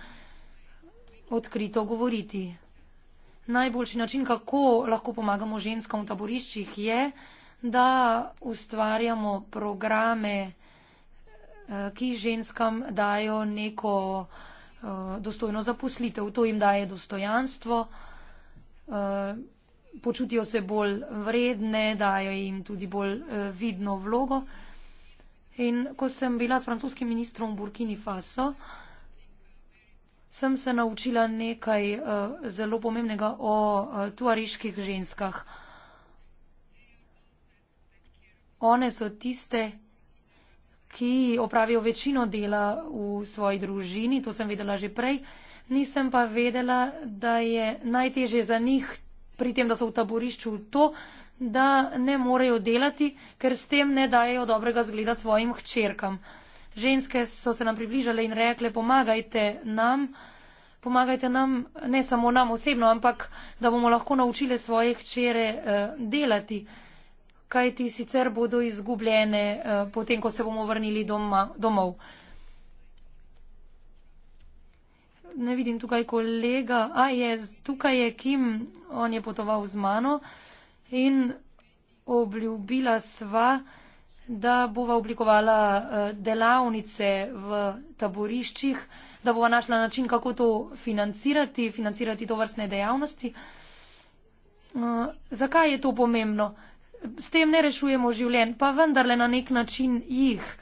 odkrito govoriti. Najboljši način, kako lahko pomagamo ženskam v taboriščih, je, da ustvarjamo programe, eh, ki ženskam dajo neko eh, dostojno zaposlitev. To jim daje dostojanstvo, eh, počutijo se bolj vredne, dajo jim tudi bolj vidno vlogo. In ko sem bila s francoskim ministrom v Burkini Faso, sem se naučila nekaj uh, zelo pomembnega o uh, eh, tuariških ženskah. One so tiste, ki opravijo večino dela v svoji družini, to sem vedela že prej, nisem pa vedela, da je najteže za njih pri tem, da so v taborišču to, da ne morejo delati, ker s tem ne dajo dobrega zgleda svojim hčerkam. Ženske so se nam približale in rekle, pomagajte nam, pomagajte nam, ne samo nam osebno, ampak da bomo lahko naučile svoje hčere eh, delati, kaj ti sicer bodo izgubljene, eh, potem ko se bomo vrnili doma, domov. Ne vidim tukaj kolega, a je, tukaj je Kim, on je potoval z mano in obljubila sva, da bova oblikovala eh, delavnice v taboriščih, da bova našla način, kako to financirati, financirati to vrstne dejavnosti. Eh, zakaj je to pomembno? S tem ne rešujemo življenj, pa vendarle na nek način jih.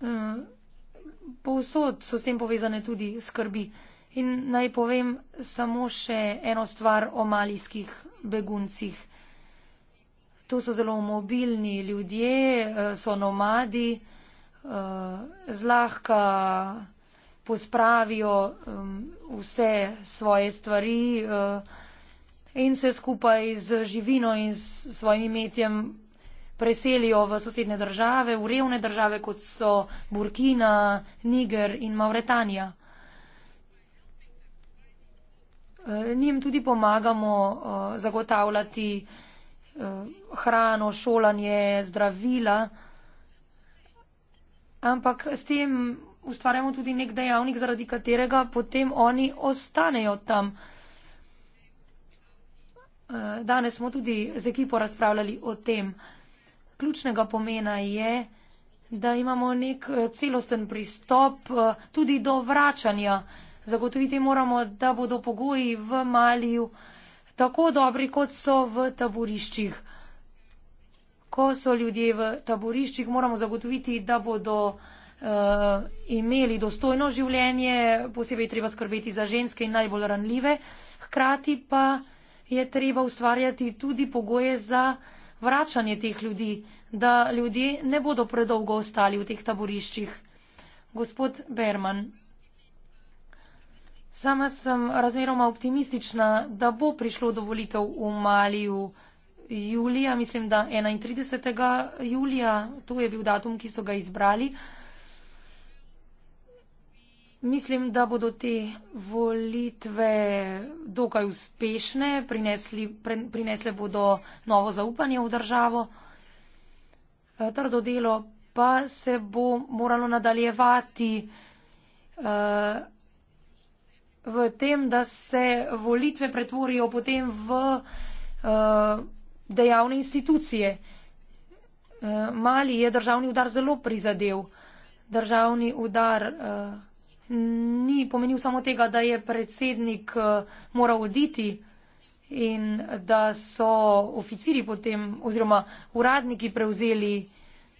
Eh, povsod so s tem povezane tudi skrbi. In naj povem samo še eno stvar o malijskih beguncih. To so zelo mobilni ljudje, eh, so nomadi, eh, zlahka pospravijo eh, vse svoje stvari in se skupaj z živino in s svojim imetjem preselijo v sosednje države, v revne države, kot so Burkina, Niger in Mauretanija. Eh, njim tudi pomagamo eh, zagotavljati eh, hrano, šolanje, zdravila, ampak s tem ustvarjamo tudi nek dejavnik, zaradi katerega potem oni ostanejo tam. Danes smo tudi z ekipo razpravljali o tem. Ključnega pomena je, da imamo nek celosten pristop tudi do vračanja. Zagotoviti moramo, da bodo pogoji v Maliju tako dobri, kot so v taboriščih. Ko so ljudje v taboriščih, moramo zagotoviti, da bodo uh, imeli dostojno življenje, posebej treba skrbeti za ženske in najbolj ranljive, hkrati pa je treba ustvarjati tudi pogoje za vračanje teh ljudi, da ljudje ne bodo predolgo ostali v teh taboriščih. Gospod Berman. Sama sem razmeroma optimistična, da bo prišlo do volitev v Maliju julija, mislim, da 31. julija, to je bil datum, ki so ga izbrali. Mislim, da bodo te volitve dokaj uspešne, prinesli, pre, prinesle bodo novo zaupanje v državo. Eh, trdo delo pa se bo moralo nadaljevati. Uh, v tem, da se volitve pretvorijo potem v uh, dejavne institucije. Uh, Mali je državni udar zelo prizadel. Državni udar uh, ni pomenil samo tega, da je predsednik uh, moral oditi in da so oficiri potem oziroma uradniki prevzeli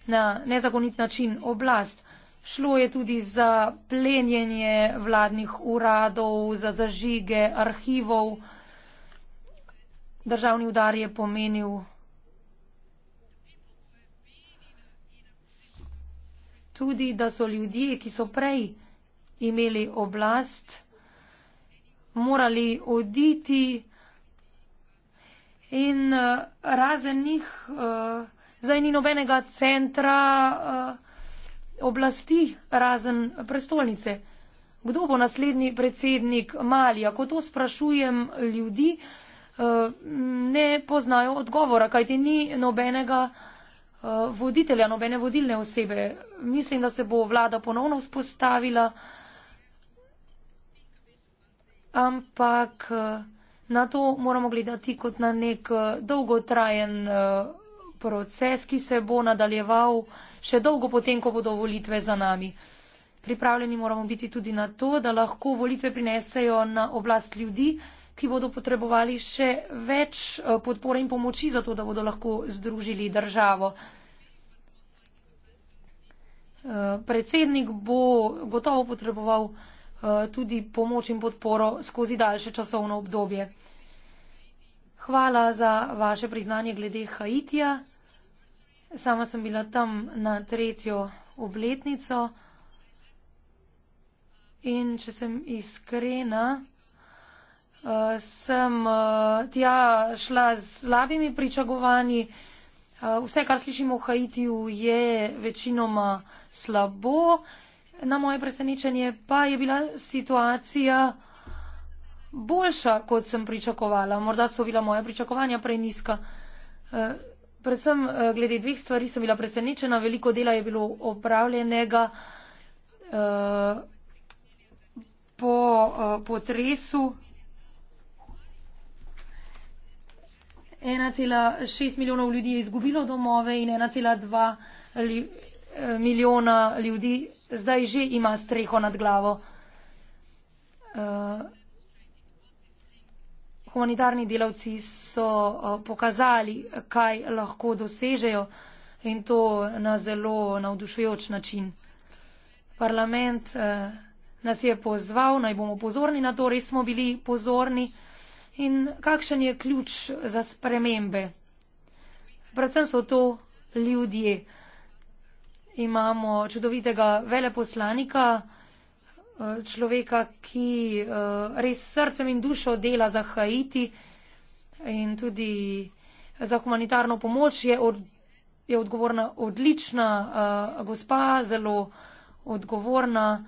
na nezakonit način oblast. Šlo je tudi za plenjenje vladnih uradov, za zažige arhivov. Državni udar je pomenil tudi, da so ljudje, ki so prej imeli oblast, morali oditi in uh, razen njih uh, zdaj ni nobenega centra. Uh, oblasti, razen prestolnice. Kdo bo naslednji predsednik Malija? Ko to sprašujem ljudi, eh, ne poznajo odgovora, kajti ni nobenega eh, voditelja, nobene vodilne osebe. Mislim, da se bo vlada ponovno vzpostavila, ampak eh, na to moramo gledati kot na nek dolgotrajen proces, ki se bo nadaljeval še dolgo potem, ko bodo volitve za nami. Pripravljeni moramo biti tudi na to, da lahko volitve prinesejo na oblast ljudi, ki bodo potrebovali še več eh, podpore in pomoči za to, da bodo lahko združili državo. Eh, predsednik bo gotovo potreboval eh, tudi pomoč in podporo skozi daljše časovno obdobje. Hvala za vaše priznanje glede Haitija. Sama sem bila tam na tretjo obletnico in če sem iskrena, eh, sem eh, tja šla s slabimi pričakovanji. Eh, vse, kar slišim o Haitiju, je večinoma slabo. Na moje presenečenje pa je bila situacija boljša, kot sem pričakovala. Morda so bila moja pričakovanja prenizka predvsem eh, glede dveh stvari sem bila presenečena. Veliko dela je bilo opravljenega eh, po eh, potresu. 1,6 milijonov ljudi je izgubilo domove in 1,2 milijona ljudi zdaj že ima streho nad glavo humanitarni delavci so pokazali, kaj lahko dosežejo in to na zelo navdušujoč način. Parlament e, nas je pozval, naj bomo pozorni na to, res smo bili pozorni. In kakšen je ključ za spremembe? Predvsem so to ljudje. Imamo čudovitega veleposlanika. Eh, človeka, ki eh, res srcem in dušo dela za Haiti in tudi za humanitarno pomoč je, od, je odgovorna odlična eh, gospa, zelo odgovorna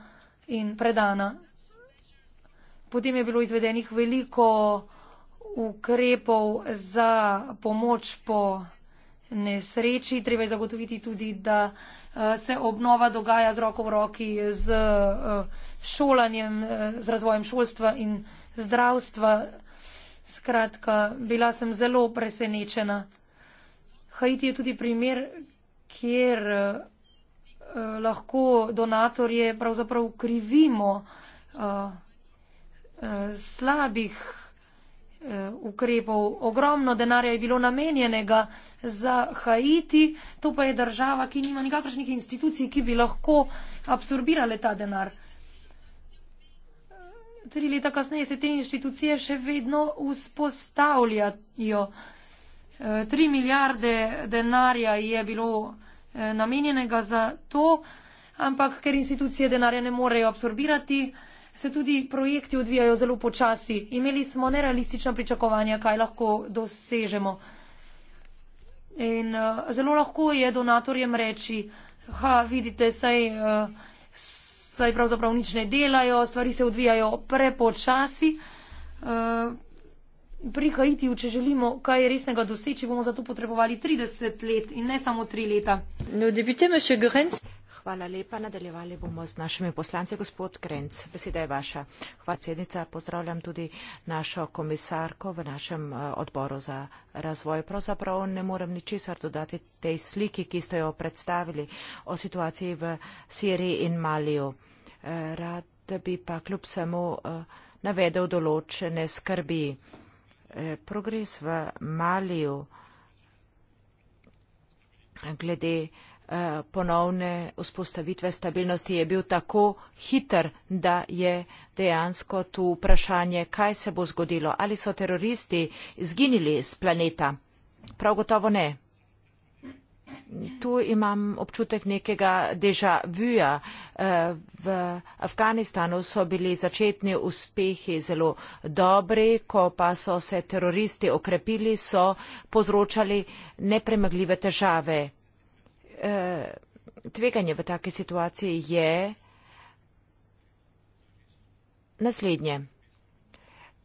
in predana. Potem je bilo izvedenih veliko ukrepov za pomoč po nesreči. Treba je zagotoviti tudi, da uh, Eh, se obnova dogaja z roko v roki, z eh, šolanjem, eh, z razvojem šolstva in zdravstva. Skratka, bila sem zelo presenečena. Haiti je tudi primer, kjer lahko donatorje pravzaprav krivimo slabih Eh, ukrepov. Ogromno denarja je bilo namenjenega za Haiti, to pa je država, ki nima nikakršnih institucij, ki bi lahko absorbirale ta denar. Tri leta kasneje se te institucije še vedno vzpostavljajo. Eh, tri milijarde denarja je bilo eh, namenjenega za to, ampak ker institucije denarja ne morejo absorbirati, se tudi projekti odvijajo zelo počasi. Imeli smo nerealistična pričakovanja, kaj lahko dosežemo. In uh, zelo lahko je donatorjem reči, ha, vidite, saj, uh, saj pravzaprav nič ne delajo, stvari se odvijajo prepočasi. Uh, pri Haitiju, če želimo kaj resnega doseči, bomo zato potrebovali 30 let in ne samo 3 leta. No, Hvala lepa. Nadaljevali bomo z našimi poslanci. Gospod Krenc, beseda je vaša. Hvala, sednica. Pozdravljam tudi našo komisarko v našem eh, odboru za razvoj. Pravzaprav ne morem ničesar dodati tej sliki, ki ste jo predstavili o situaciji v Siriji in Maliju. Eh, rad bi pa kljub samo eh, navedel določene skrbi. Progres v Maliju glede Eh, ponovne vzpostavitve stabilnosti je bil tako hiter, da je dejansko tu vprašanje, kaj se bo zgodilo. Ali so teroristi izginili z planeta? Prav gotovo ne. Tu imam občutek nekega deja vuja. Eh, v Afganistanu so bili začetni uspehi zelo dobri, ko pa so se teroristi okrepili, so povzročali nepremagljive težave. Eh, tveganje v take situaciji je naslednje.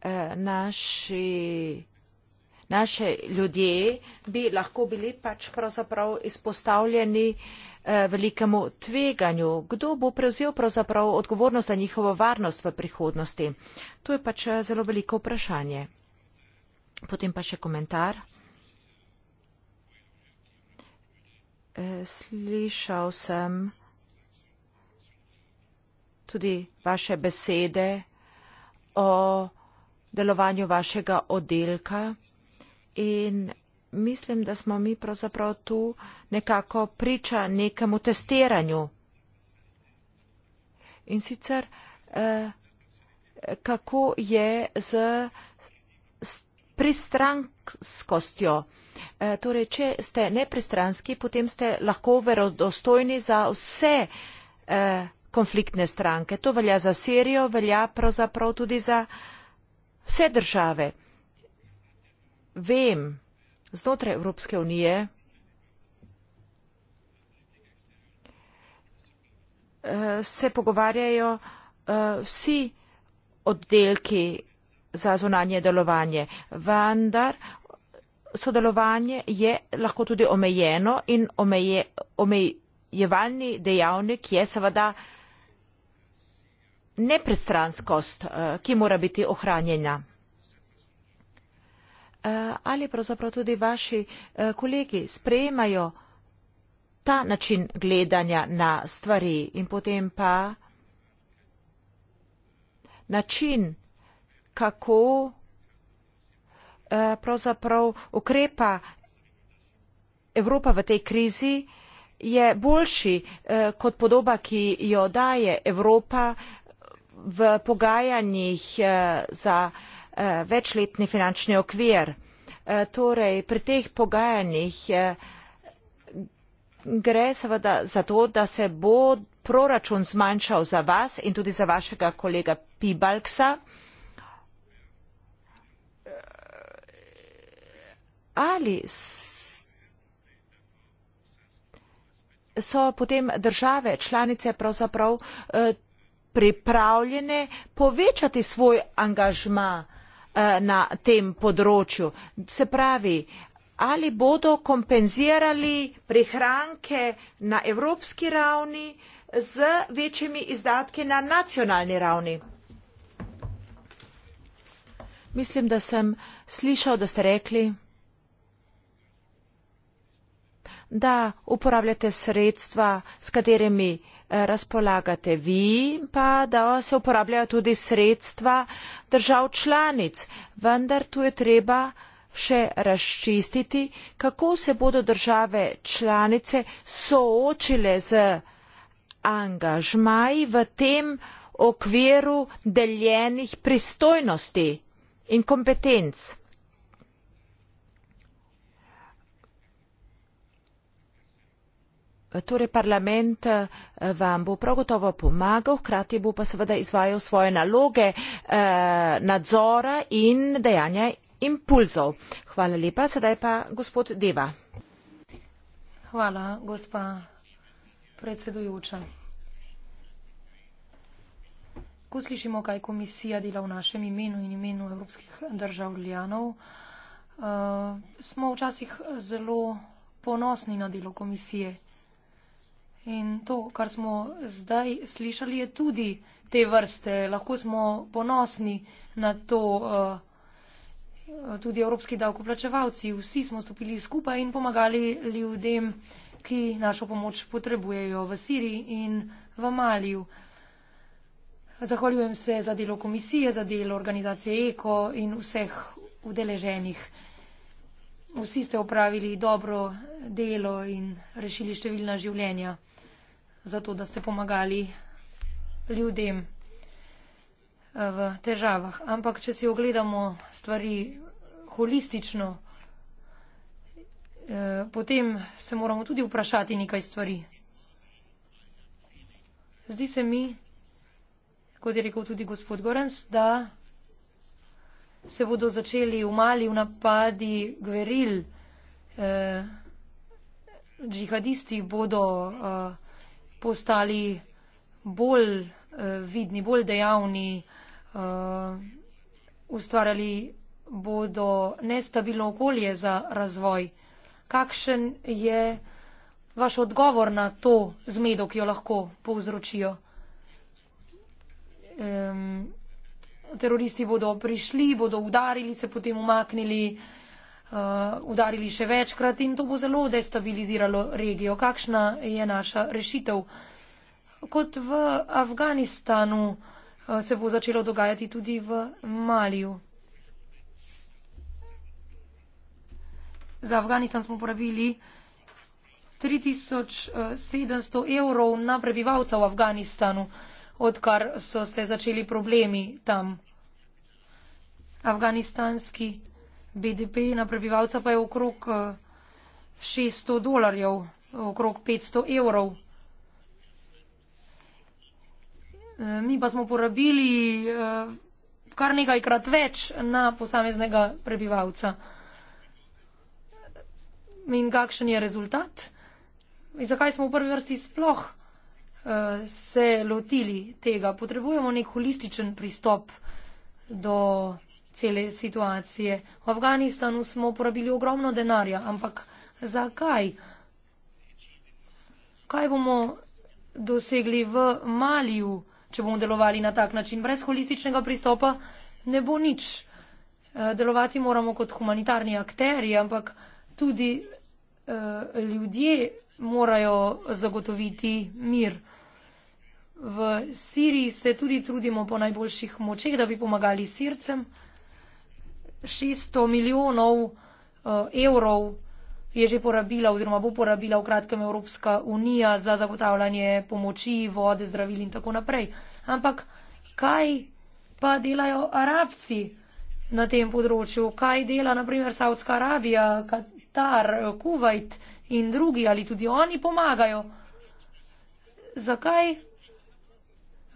Eh, naši, naše ljudje bi lahko bili pač pravzaprav izpostavljeni eh, velikemu tveganju. Kdo bo prevzel pravzaprav odgovornost za njihovo varnost v prihodnosti? To je pač zelo veliko vprašanje. Potem pa še komentar. Eh, slišal sem tudi vaše besede o delovanju vašega oddelka in mislim, da smo mi pravzaprav tu nekako priča nekemu testiranju. In sicer, eh, kako je s pristranskostjo? Eh, torej, če ste nepristranski, potem ste lahko verodostojni za vse eh, konfliktne stranke. To velja za Sirijo, velja pravzaprav tudi za vse države. Vem, znotraj Evropske unije eh, se pogovarjajo vsi oddelki za zunanje delovanje, vendar sodelovanje je lahko tudi omejeno in omeje, omejevalni dejavnik je seveda nepristranskost, eh, ki mora biti ohranjena. Eh, ali pravzaprav tudi vaši eh, kolegi sprejemajo ta način gledanja na stvari in potem pa način, kako Eh, pravzaprav ukrepa Evropa v tej krizi, je boljši eh, kot podoba, ki jo daje Evropa v pogajanjih eh, za večletni finančni okvir. Torej, pri teh pogajanjih gre seveda za to, da se bo proračun zmanjšal za vas in tudi za vašega kolega Pibalksa. ali so potem države članice pravzaprav eh, pripravljene povečati svoj angažma eh, na tem področju. Se pravi, ali bodo kompenzirali prihranke na evropski ravni z večjimi izdatki na nacionalni ravni? Mislim, da sem slišal, da ste rekli, da uporabljate sredstva, s katerimi eh, razpolagate vi, pa da se uporabljajo tudi sredstva držav članic. Vendar tu je treba še razčistiti, kako se bodo države članice soočile z angažmaji v tem okviru deljenih pristojnosti in kompetenc. torej parlament eh, vam bo prav gotovo pomagal, hkrati bo pa seveda izvajal svoje naloge eh, nadzora in dejanja impulzov. Hvala lepa, sedaj pa gospod Deva. Hvala, gospa predsedujoča. Ko slišimo, kaj komisija dela v našem imenu in imenu evropskih državljanov, eh, smo včasih zelo ponosni na delo komisije. In to, kar smo zdaj slišali, je tudi te vrste. Lahko smo ponosni na to, eh, tudi evropski davkoplačevalci. Vsi smo stopili skupaj in pomagali ljudem, ki našo pomoč potrebujejo v Siriji in v Maliju. Zahvaljujem se za delo komisije, za delo organizacije Eko in vseh udeleženih. Vsi ste opravili dobro delo in rešili številna življenja za to, da ste pomagali ljudem eh, v težavah. Ampak, če si ogledamo stvari holistično, eh, potem se moramo tudi vprašati nekaj stvari. Zdi se mi, kot je rekel tudi gospod Gorens, da se bodo začeli v mali v napadi gveril, eh, džihadisti bodo eh, postali bolj eh, vidni, bolj dejavni, eh, ustvarjali bodo nestabilno okolje za razvoj. Kakšen je vaš odgovor na to zmedo, ki jo lahko povzročijo? Teroristi bodo prišli, bodo udarili, se potem umaknili, Uh, udarili še večkrat in to bo zelo destabiliziralo regijo. Kakšna je naša rešitev? Kot v Afganistanu uh, se bo začelo dogajati tudi v Maliju. Za Afganistan smo porabili 3700 evrov na prebivalca v Afganistanu, odkar so se začeli problemi tam. Afganistanski BDP na prebivalca pa je okrog 600 eh, dolarjev, okrog 500 evrov. Eh, mi pa smo porabili eh, kar nekajkrat več na posameznega prebivalca. In kakšen je rezultat? In zakaj smo v prvi vrsti sploh se lotili tega? Potrebujemo nek holističen pristop do prebivalca cele situacije. V Afganistanu smo porabili ogromno denarja, ampak zakaj? Kaj bomo dosegli v Maliju, če bomo delovali na tak način? Brez holističnega pristopa ne bo nič. Eh, delovati moramo kot humanitarni akteri, ampak tudi eh, ljudje morajo zagotoviti mir. V Siriji se tudi trudimo po najboljših močeh, da bi pomagali Sircem. 600 milijonov eh, evrov je že porabila oziroma bo porabila v kratkem Evropska unija za zagotavljanje pomoči, vode, zdravil in tako naprej. Ampak kaj pa delajo Arabci na tem področju? Kaj dela naprimer Saudska Arabija, Katar, Kuwait in drugi? Ali tudi oni pomagajo? Zakaj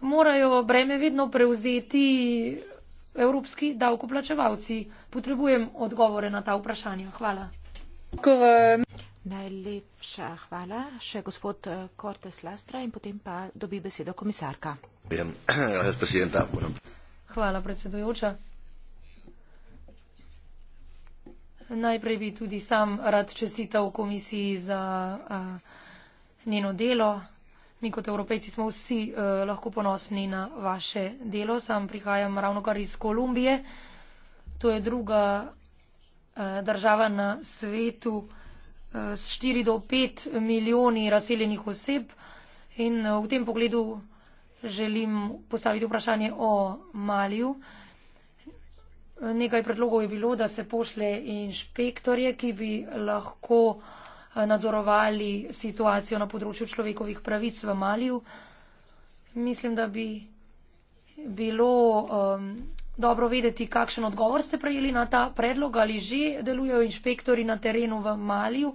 morajo breme vedno prevzeti evropski davkoplačevalci. Potrebujem odgovore na ta vprašanja. Hvala. Najlepša hvala. Še gospod Kortes eh, Lastra in potem pa dobi besedo komisarka. Hvala, predsedujoča. Najprej bi tudi sam rad čestital komisiji za a, eh, njeno delo, mi kot evropejci smo vsi uh, lahko ponosni na vaše delo. Sam prihajam ravno kar iz Kolumbije. To je druga uh, država na svetu uh, s 4 do 5 milijoni razseljenih oseb in uh, v tem pogledu želim postaviti vprašanje o Maliju. Nekaj predlogov je bilo, da se pošle inšpektorje, ki bi lahko uh, Eh, nadzorovali situacijo na področju človekovih pravic v Maliju. Mislim, da bi bilo um, dobro vedeti, kakšen odgovor ste prejeli na ta predlog, ali že delujejo inšpektori na terenu v Maliju,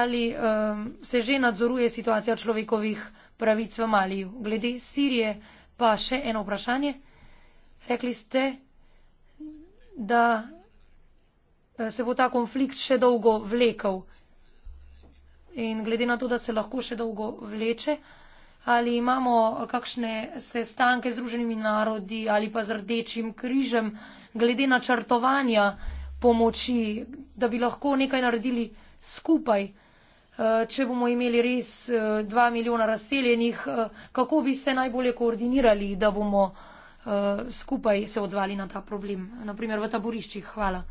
ali um, se že nadzoruje situacija človekovih pravic v Maliju. Glede Sirije pa še eno vprašanje. Rekli ste, da eh, se bo ta konflikt še dolgo vlekel in glede na to, da se lahko še dolgo vleče, ali imamo kakšne sestanke z druženimi narodi ali pa z rdečim križem, glede na črtovanja pomoči, da bi lahko nekaj naredili skupaj, eh, če bomo imeli res eh, dva milijona razseljenih, eh, kako bi se najbolje koordinirali, da bomo skupaj se odzvali na ta problem, naprimer v taboriščih. Hvala.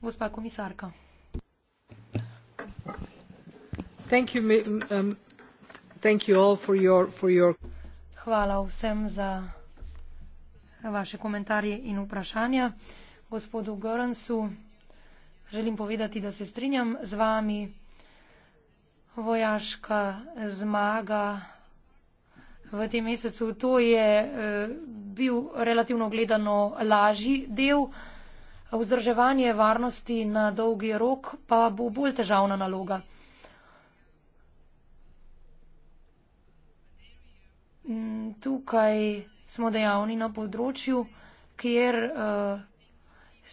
Gospa komisarka. Um, hvala vsem za vaše komentarje in vprašanja gospodu goerensu želim povedati da se strinjam z vami vojaška zmaga v tem mesecu to je eh, bil relativno gledano lažji del vzdrževanje varnosti na dolgi rok pa bo bolj težavna naloga. Mm, tukaj smo dejavni na področju, kjer eh,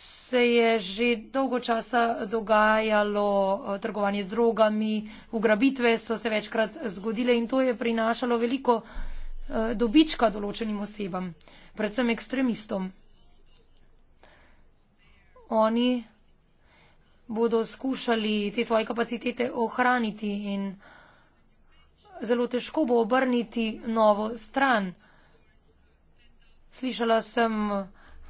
se je že dolgo časa dogajalo eh, trgovanje z drogami, ugrabitve so se večkrat zgodile in to je prinašalo veliko eh, dobička določenim osebam, predvsem ekstremistom. Oni bodo skušali te svoje kapacitete ohraniti in uh, zelo težko bo obrniti novo stran. Slišala sem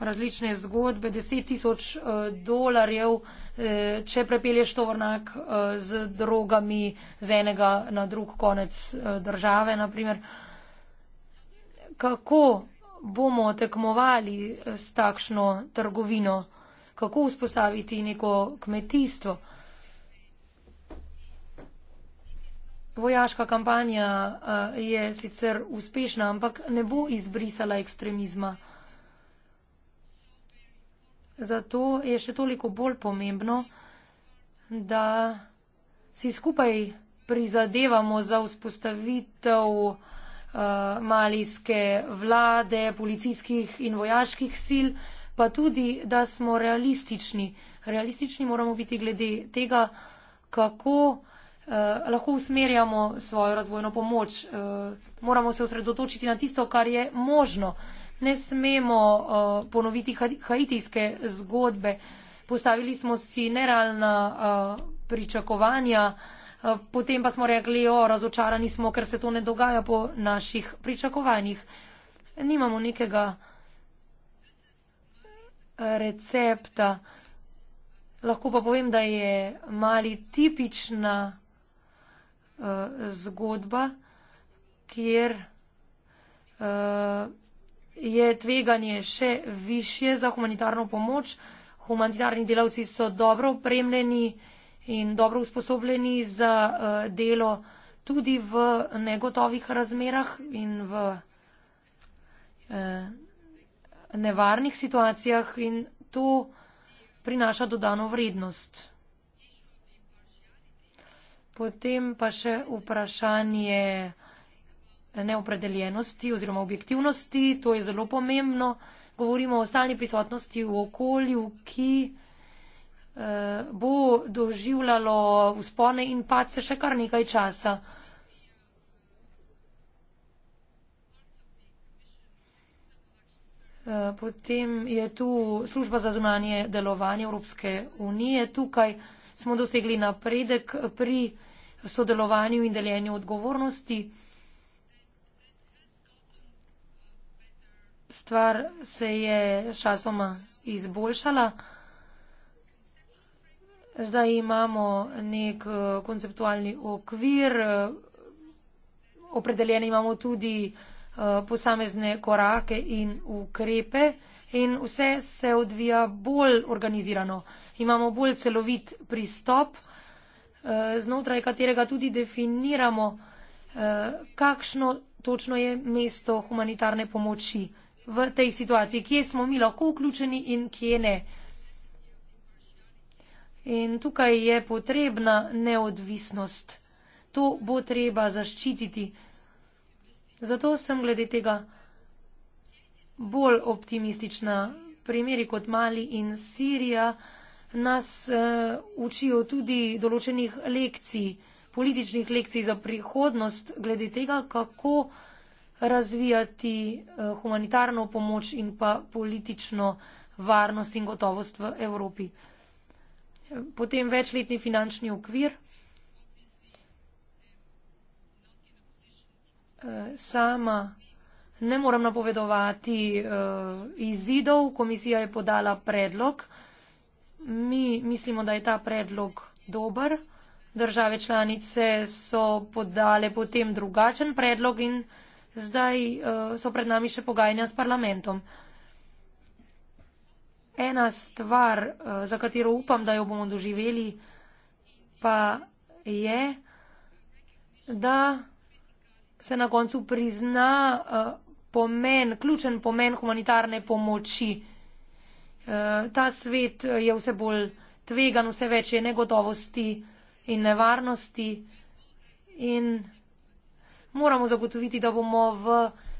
različne zgodbe, 10 tisoč eh, dolarjev, eh, če prepelješ tovornak eh, z drogami z enega na drug konec države, naprimer. Kako bomo tekmovali s takšno trgovino? Kako vzpostaviti neko kmetijstvo? Vojaška kampanja uh, je sicer uspešna, ampak ne bo izbrisala ekstremizma. Zato je še toliko bolj pomembno, da si skupaj prizadevamo za vzpostavitev uh, malijske vlade, policijskih in vojaških sil, pa tudi, da smo realistični. Realistični moramo biti glede tega, kako Eh, lahko usmerjamo svojo razvojno pomoč. Uh, moramo se osredotočiti na tisto, kar je možno. Ne smemo uh, ponoviti haitijske zgodbe. Postavili smo si nerealna uh, pričakovanja, uh, potem pa smo rekli, o, razočarani smo, ker se to ne dogaja po naših pričakovanjih. Nimamo nekega recepta. Lahko pa povem, da je mali tipična. Eh, zgodba, kjer eh, je tveganje še višje za humanitarno pomoč. Humanitarni delavci so dobro opremljeni in dobro usposobljeni za eh, delo tudi v negotovih razmerah in v nevarnih situacijah in to prinaša dodano vrednost. Potem pa še vprašanje neopredeljenosti oziroma objektivnosti, to je zelo pomembno. Govorimo o stalni prisotnosti v okolju, ki eh, bo doživljalo uspone in pace še kar nekaj časa. Eh, potem je tu služba za zunanje delovanje Evropske unije. Tukaj smo dosegli napredek pri sodelovanju in deljenju odgovornosti. Stvar se je časoma izboljšala. Zdaj imamo nek eh, konceptualni okvir, eh, opredeljene imamo tudi eh, posamezne korake in ukrepe in vse se odvija bolj organizirano. Imamo bolj celovit pristop. Eh, znotraj katerega tudi definiramo, eh, kakšno točno je mesto humanitarne pomoči v tej situaciji, kje smo mi lahko vključeni in kje ne. In tukaj je potrebna neodvisnost. To bo treba zaščititi. Zato sem glede tega bolj optimistična. Primeri kot Mali in Sirija nas uh, učijo tudi določenih lekcij, političnih lekcij za prihodnost, glede tega, kako razvijati uh, humanitarno pomoč in pa politično varnost in gotovost v Evropi. Potem večletni finančni okvir. Eh, sama ne moram napovedovati uh, izidov. Komisija je podala predlog uh, Mi mislimo, da je ta predlog dober. Države članice so podale potem drugačen predlog in zdaj uh, so pred nami še pogajanja s parlamentom. Ena stvar, uh, za katero upam, da jo bomo doživeli, pa je, da se na koncu prizna uh, pomen, ključen pomen humanitarne pomoči. Uh, Eh, ta svet eh, je vse bolj tvegan, vse več je negotovosti in nevarnosti in moramo zagotoviti, da bomo v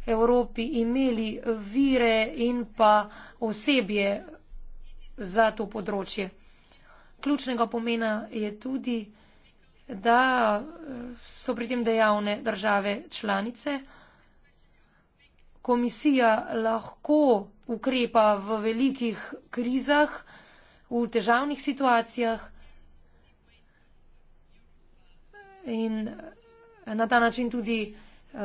Evropi imeli vire in pa osebje za to področje. Ključnega pomena je tudi, da eh, so pri tem dejavne države članice. Komisija lahko ukrepa v velikih krizah, v težavnih situacijah in na ta način tudi uh,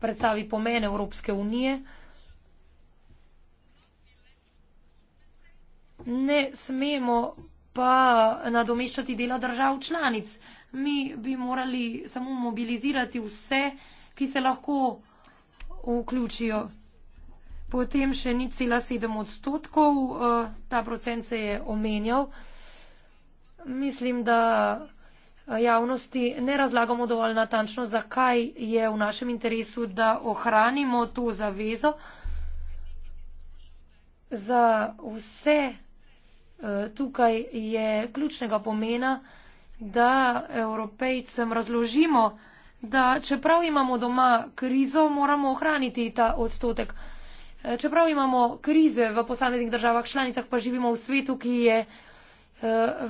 predstavi pomen Evropske unije. Ne smemo pa nadomeščati dela držav članic. Mi bi morali samo mobilizirati vse, ki se lahko vključijo potem še nič cela sedem odstotkov, eh, ta procent se je omenjal. Mislim, da eh, javnosti ne razlagamo dovolj natančno, zakaj je v našem interesu, da ohranimo to zavezo za vse. Eh, tukaj je ključnega pomena, da evropejcem razložimo, da čeprav imamo doma krizo, moramo ohraniti ta odstotek. Čeprav imamo krize v posameznih državah članicah, pa živimo v svetu, ki je eh,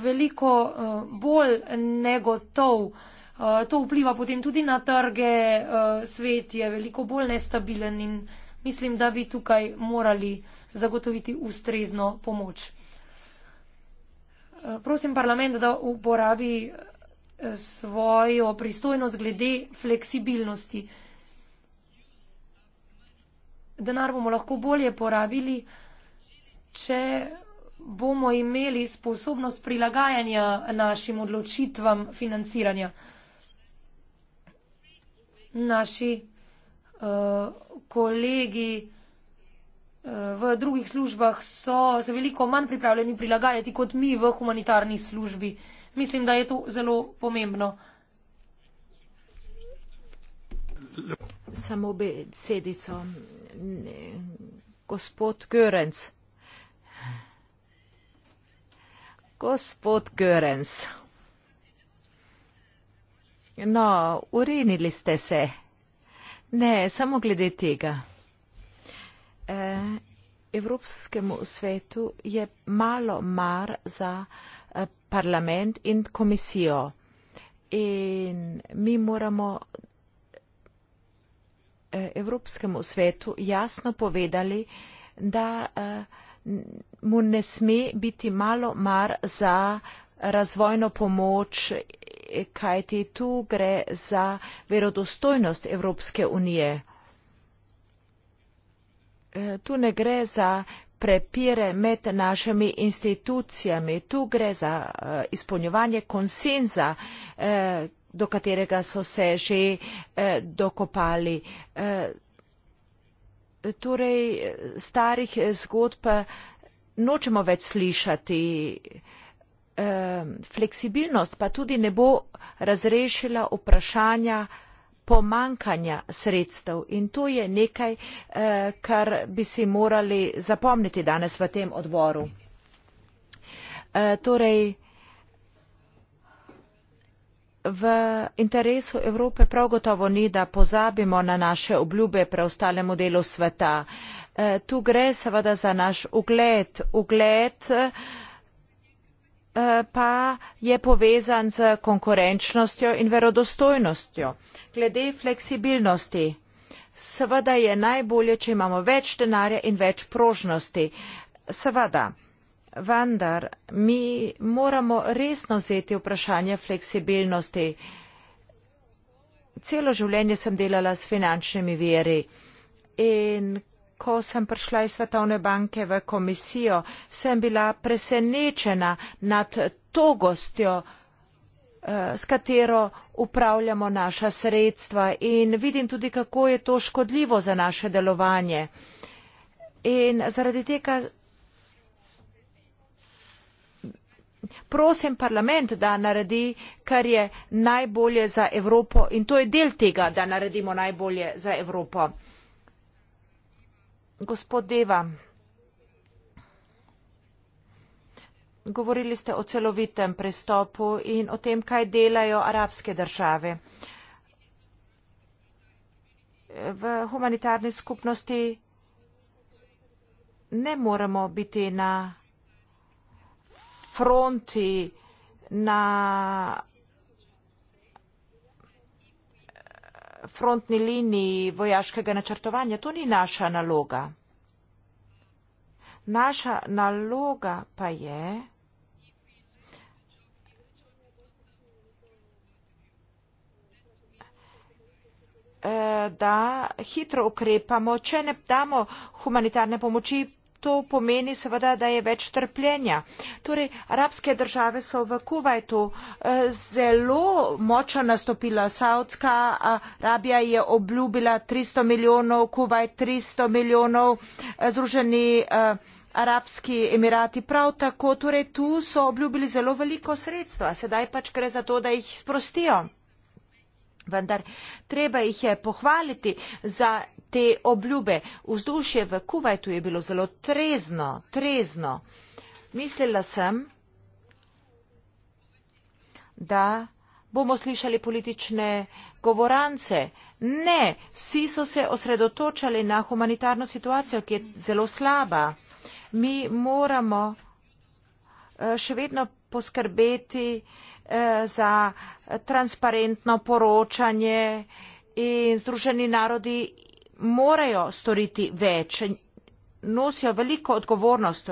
veliko eh, bolj negotov. Eh, to vpliva potem tudi na trge, svet je veliko bolj nestabilen in mislim, da bi tukaj morali zagotoviti ustrezno pomoč. Prosim parlament, da uporabi svojo pristojnost glede fleksibilnosti denar bomo lahko bolje porabili, če bomo imeli sposobnost prilagajanja našim odločitvam financiranja. Naši uh, kolegi uh, v drugih službah so se veliko manj pripravljeni prilagajati kot mi v humanitarni službi. Mislim, da je to zelo pomembno. Samo besedico gospod Görens. Gospod Görens. No, urinili ste se. Ne, samo glede tega. E, Evropskemu svetu je malo mar za e, parlament in komisijo. In mi moramo Eh, Evropskemu svetu jasno povedali, da eh, mu ne sme biti malo mar za razvojno pomoč, kajti tu gre za verodostojnost Evropske unije. Eh, tu ne gre za prepire med našimi institucijami, tu gre za izpolnjevanje konsenza, do katerega so se že eh, dokopali. Eh, torej, starih eh, zgodb eh, nočemo več slišati. Eh, fleksibilnost pa tudi ne bo razrešila vprašanja pomankanja sredstev in to je nekaj, eh, kar bi si morali zapomniti danes v tem odboru. Eh, torej, eh, v interesu Evrope prav gotovo ni, da pozabimo na naše obljube preostalemu delu sveta. E, tu gre seveda za naš ugled. Ugled e, pa je povezan z konkurenčnostjo in verodostojnostjo. Glede fleksibilnosti, seveda je najbolje, če imamo več denarja in več prožnosti. Seveda vendar mi moramo resno vzeti vprašanje fleksibilnosti. Celo življenje sem delala s finančnimi veri in ko sem prišla iz Svetovne banke v komisijo, sem bila presenečena nad togostjo, eh, s katero upravljamo naša sredstva in vidim tudi, kako je to škodljivo za naše delovanje. In zaradi tega prosim parlament da naredi kar je najbolje za evropo in to je del tega da naredimo najbolje za evropo. gospod deva govorili ste o celovitem pristopu in o tem kaj delajo arabske države. v humanitarni skupnosti ne moremo biti na fronti na frontni liniji vojaškega načrtovanja. To ni naša naloga. Naša naloga pa je eh, da hitro ukrepamo, če ne damo humanitarne pomoči, to pomeni seveda, da je več trpljenja. Torej, arabske države so v Kuvajtu eh, zelo močno nastopila. Saudska eh, Arabija je obljubila 300 milijonov, Kuvajt 300 milijonov, eh, Združeni Arabski Emirati prav tako. Torej, tu so obljubili zelo veliko sredstva. Sedaj pač gre za to, da jih sprostijo. Vendar treba jih je pohvaliti za te obljube. Vzdušje v Kuvajtu je bilo zelo trezno, trezno. Mislila sem, da bomo slišali politične govorance. Ne, vsi so se osredotočali na humanitarno situacijo, ki je zelo slaba. Mi moramo eh, še vedno poskrbeti eh, za transparentno poročanje in Združeni narodi morajo storiti več, nosijo veliko odgovornost.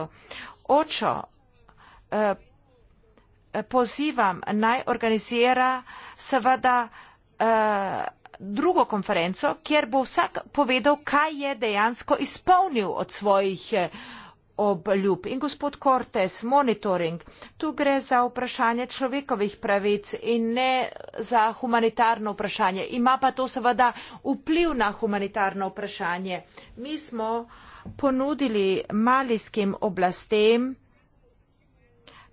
Očo, eh, pozivam naj organizira seveda eh, drugo konferenco, kjer bo vsak povedal, kaj je dejansko izpolnil od svojih eh, obljub. In gospod Cortes, monitoring, tu gre za vprašanje človekovih pravic in ne za humanitarno vprašanje. Ima pa to seveda vpliv na humanitarno vprašanje. Mi smo ponudili malijskim oblastem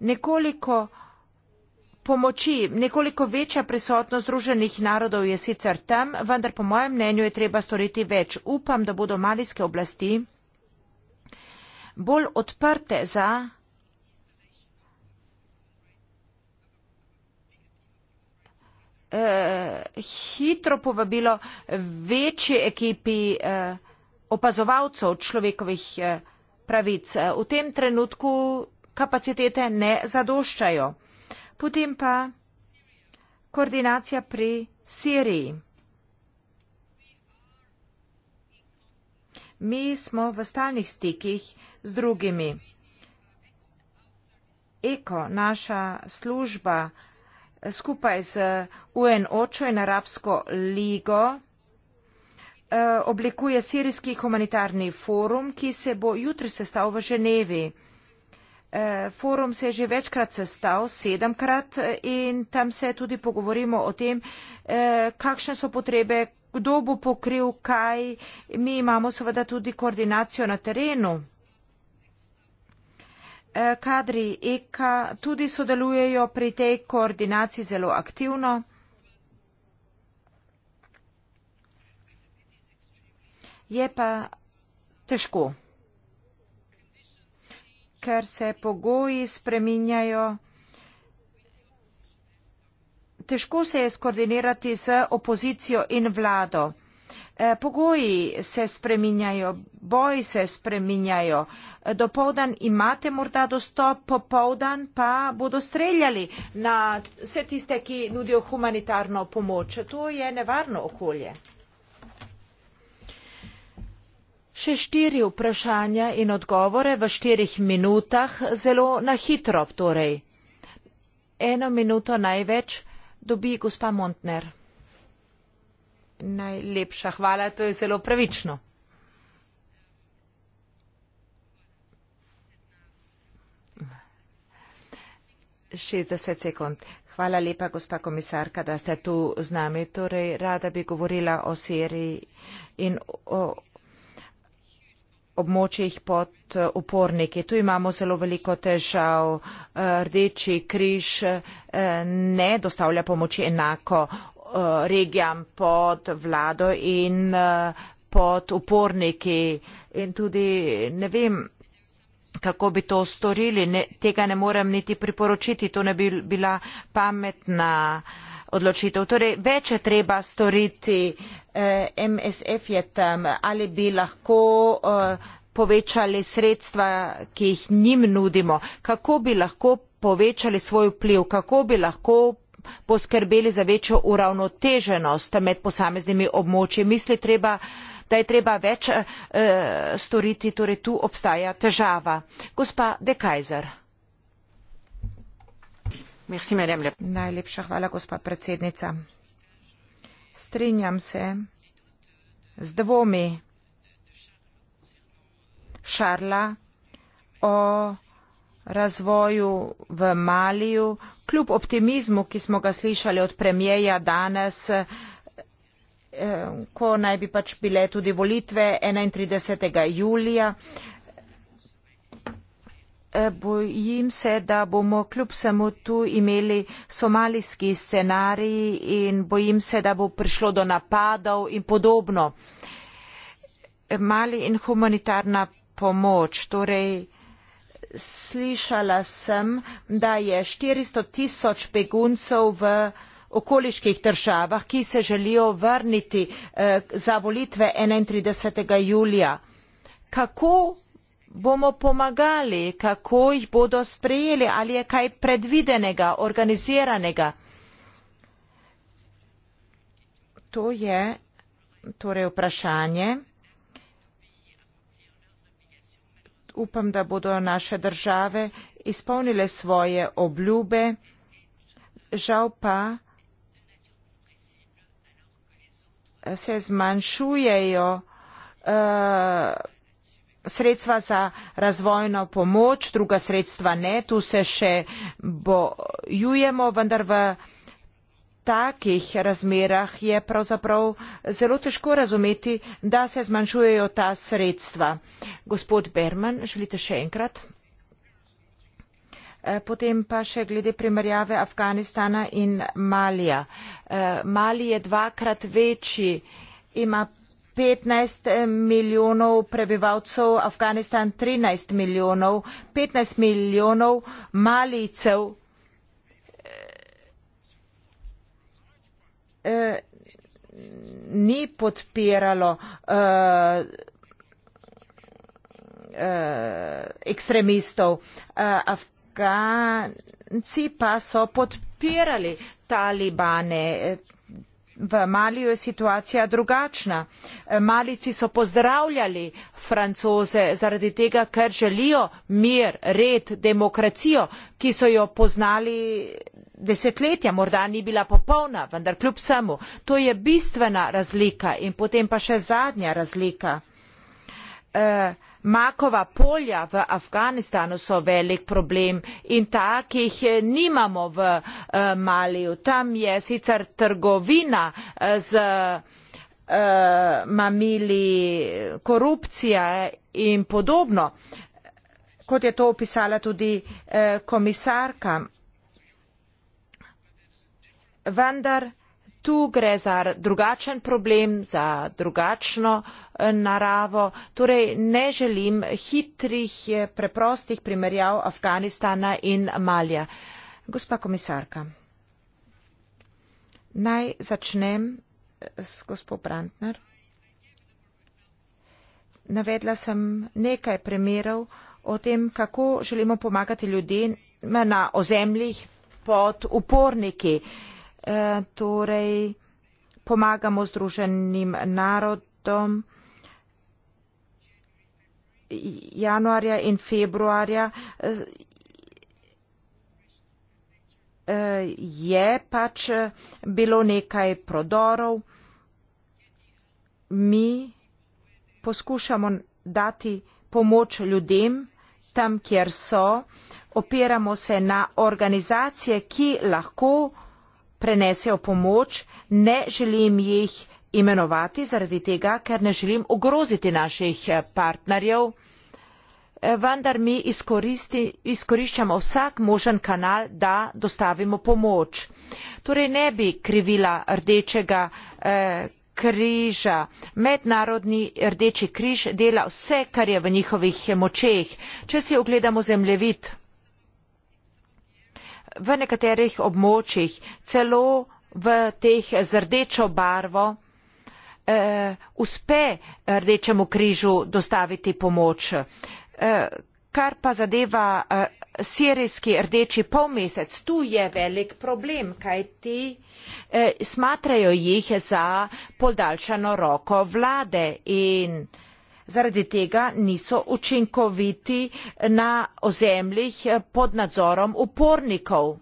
nekoliko pomoči, nekoliko večja prisotnost Združenih narodov je sicer tam, vendar po mojem mnenju je treba storiti več. Upam, da bodo malijske oblasti bolj odprte za eh, hitro povabilo večji ekipi eh, opazovalcev človekovih eh, pravic. V tem trenutku kapacitete ne zadoščajo. Potem pa koordinacija pri Siriji. Mi smo v stalnih stikih z drugimi. Eko, naša služba skupaj z UNOčo in Arabsko ligo eh, oblikuje Sirijski humanitarni forum, ki se bo jutri sestal v Ženevi. Eh, forum se je že večkrat sestal, sedemkrat, in tam se tudi pogovorimo o tem, eh, kakšne so potrebe, kdo bo pokril kaj. Mi imamo seveda tudi koordinacijo na terenu. Eh, kadri EKA tudi sodelujejo pri tej koordinaciji zelo aktivno. Je pa težko, ker se pogoji spreminjajo. Težko se je skoordinirati z opozicijo in vlado. E, pogoji se spreminjajo, boji se spreminjajo. E, dopoldan imate morda dostop, popoldan pa bodo streljali na vse tiste, ki nudijo humanitarno pomoč. To je nevarno okolje. Še štiri vprašanja in odgovore v štirih minutah, zelo na hitro torej. Eno minuto največ dobi gospa Montner. Najlepša hvala, to je zelo pravično. Šestdeset sekund. Hvala lepa, gospa komisarka, da ste tu z nami. Torej, rada bi govorila o Siriji in o območjih pod eh, uporniki. Tu imamo zelo veliko težav. Eh, Rdeči križ eh, ne dostavlja pomoči enako Eh, regijam pod vlado in eh, pod uporniki in tudi ne vem, kako bi to storili. Ne, tega ne morem niti priporočiti, to ne bi bila pametna odločitev. Torej, več je treba storiti, eh, MSF je tam, ali bi lahko eh, povečali sredstva, ki jih njim nudimo, kako bi lahko povečali svoj vpliv, kako bi lahko poskrbeli za večjo uravnoteženost med posameznimi območji. Misli treba, da je treba več e, storiti, torej tu obstaja težava. Gospa De Kajzer. Najlepša hvala, gospa predsednica. Strinjam se z dvomi Šarla o razvoju v Maliju, kljub optimizmu, ki smo ga slišali od premijeja danes, eh, ko naj bi pač bile tudi volitve 31. julija, eh, bojim se, da bomo kljub samo tu imeli somalijski scenarij in bojim se, da bo prišlo do napadov in podobno. Mali in humanitarna pomoč, torej slišala sem, da je 400 tisoč beguncev v okoliških državah, ki se želijo vrniti eh, za volitve 31. julija. Kako bomo pomagali, kako jih bodo sprejeli, ali je kaj predvidenega, organiziranega? To je torej vprašanje. upam da bodo naše države izpolnile svoje obljube žal pa se zmanjšujejo eh, sredstva za razvojno pomoč druga sredstva ne tu se še bojujemo vendar v takih razmerah je pravzaprav zelo težko razumeti, da se zmanjšujejo ta sredstva. Gospod Berman, želite še enkrat? Eh, potem pa še glede primerjave Afganistana in Malija. Eh, Mali je dvakrat večji, ima 15 milijonov prebivalcev, Afganistan 13 milijonov, 15 milijonov malicev eh, ni podpiralo eh, eh, ekstremistov. Eh, Afganci pa so podpirali talibane. V Maliju je situacija drugačna. Eh, Malici so pozdravljali francoze zaradi tega, ker želijo mir, red, demokracijo, ki so jo poznali desetletja morda ni bila popolna vendar kljub vsemu to je bistvena razlika in potem pa še zadnja razlika eh, makova polja v afganistanu so velik problem in takih eh, nimamo v eh, maliju tam je sicer trgovina z mamili korupcija in podobno kot je to opisala tudi komisarka vendar tu gre za drugačen problem, za drugačno eh, naravo. Torej ne želim hitrih, eh, preprostih primerjav Afganistana in Malja. Gospa komisarka, naj začnem eh, s gospod Brandner. Navedla sem nekaj primerov o tem, kako želimo pomagati ljudem na ozemljih pod uporniki. Uh, E, torej pomagamo združenim narodom. Januarja in februarja e, je pač bilo nekaj prodorov. Mi poskušamo dati pomoč ljudem tam, kjer so, opiramo se na organizacije, ki lahko prenesejo pomoč, ne želim jih imenovati zaradi tega, ker ne želim ogroziti naših eh, partnerjev, eh, vendar mi izkoriščamo vsak možen kanal, da dostavimo pomoč. Torej ne bi krivila rdečega eh, križa. Mednarodni rdeči križ dela vse, kar je v njihovih eh, močeh. Če si ogledamo zemljevid, v nekaterih območjih celo v teh z rdečo barvo eh, uspe rdečemu križu dostaviti pomoč. Eh, kar pa zadeva eh, sirijski rdeči polmesec, tu je velik problem, kaj ti eh, smatrajo jih za podaljšano roko vlade in eh, zaradi tega niso učinkoviti na ozemljih pod nadzorom upornikov.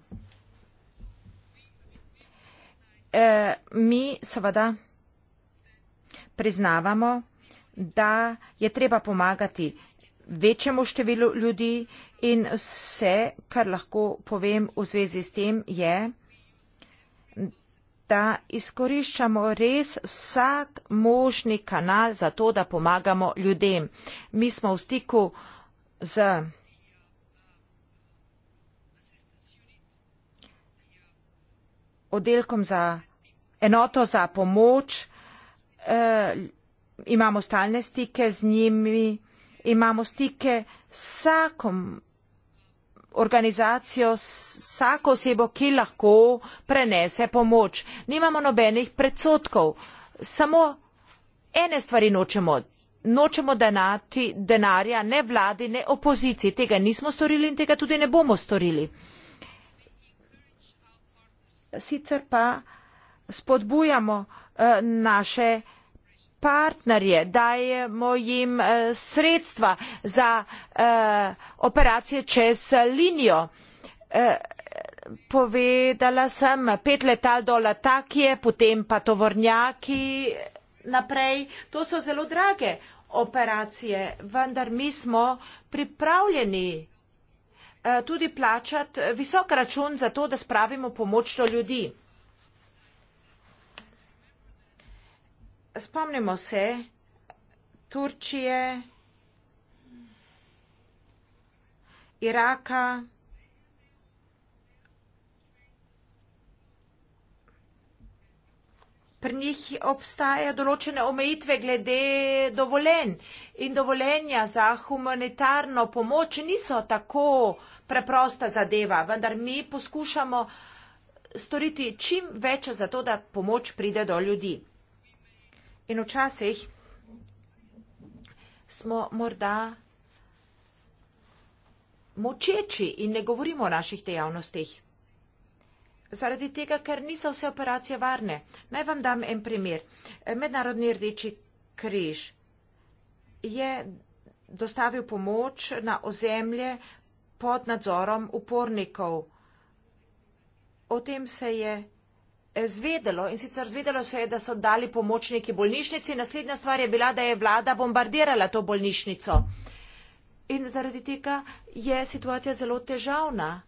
E, mi seveda priznavamo, da je treba pomagati večjemu številu ljudi in vse, kar lahko povem v zvezi s tem, je, da izkoriščamo res vsak možni kanal za to, da pomagamo ljudem. Mi smo v stiku z oddelkom za enoto za pomoč, e, imamo stalne stike z njimi, imamo stike vsakom organizacijo, vsako osebo, ki lahko prenese pomoč. Nimamo nobenih predsotkov, samo ene stvari nočemo. Nočemo denati denarja ne vladi, ne opoziciji. Tega nismo storili in tega tudi ne bomo storili. Sicer pa spodbujamo eh, naše partnerje dajemo jim eh, sredstva za eh, operacije čez eh, linijo povedala sem pet letal do latakije potem pa tovornjaki naprej to so zelo drage operacije vendar mi smo pripravljeni tudi plačati visok račun za to da spravimo pomoč do ljudi spomnimo se Turčije, Iraka, pri njih obstajajo določene omejitve glede dovolen in dovolenja za humanitarno pomoč niso tako preprosta zadeva, vendar mi poskušamo storiti čim več za to, da pomoč pride do ljudi. In včasih smo morda močeči in ne govorimo o naših dejavnostih. Zaradi tega, ker niso vse operacije varne. Naj vam dam en primer. Mednarodni rdeči križ je dostavil pomoč na ozemlje pod nadzorom upornikov. O tem se je zvedelo in sicer zvedelo se je, da so dali pomoč neki bolnišnici. Naslednja stvar je bila, da je vlada bombardirala to bolnišnico. In zaradi tega je situacija zelo težavna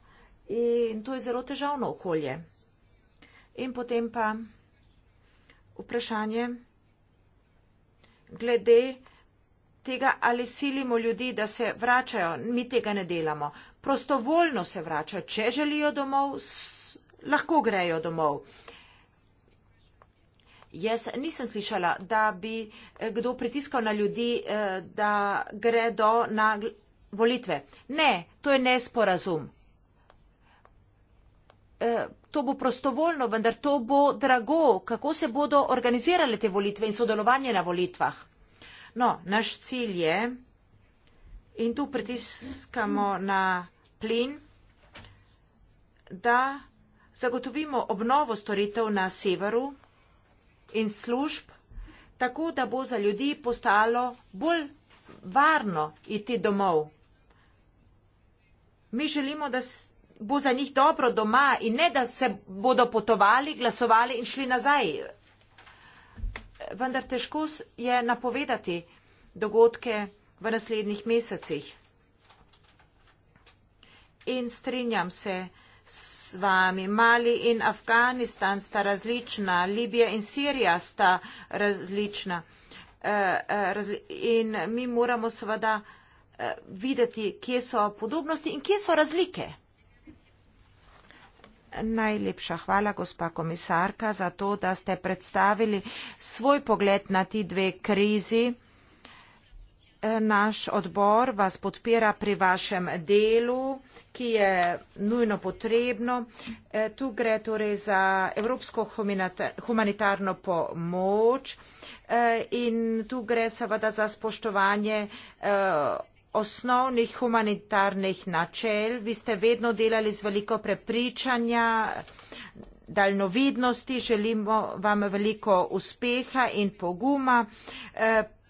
in to je zelo težavno okolje. In potem pa vprašanje glede tega, ali silimo ljudi, da se vračajo. Mi tega ne delamo. Prostovoljno se vračajo, če želijo domov, lahko grejo domov. Jaz nisem slišala, da bi eh, kdo pritiskal na ljudi, eh, da gredo na volitve. Ne, to je nesporazum. Eh, to bo prostovoljno, vendar to bo drago, kako se bodo organizirale te volitve in sodelovanje na volitvah. No, naš cilj je, in tu pritiskamo na plin, da zagotovimo obnovo storitev na severu in služb, tako da bo za ljudi postalo bolj varno iti domov. Mi želimo, da bo za njih dobro doma in ne, da se bodo potovali, glasovali in šli nazaj. Vendar težko je napovedati dogodke v naslednjih mesecih. In strinjam se, da je to, s vami. Mali in Afganistan sta različna, Libija in Sirija sta različna. Eh, eh, in mi moramo seveda eh, videti, kje so podobnosti in kje so razlike. Najlepša hvala, gospa komisarka, za to, da ste predstavili svoj pogled na ti dve krizi naš odbor vas podpira pri vašem delu, ki je nujno potrebno. E, tu gre torej za evropsko humanitarno pomoč e, in tu gre seveda za spoštovanje e, osnovnih humanitarnih načel. Vi ste vedno delali z veliko prepričanja, daljnovidnosti, želimo vam veliko uspeha in poguma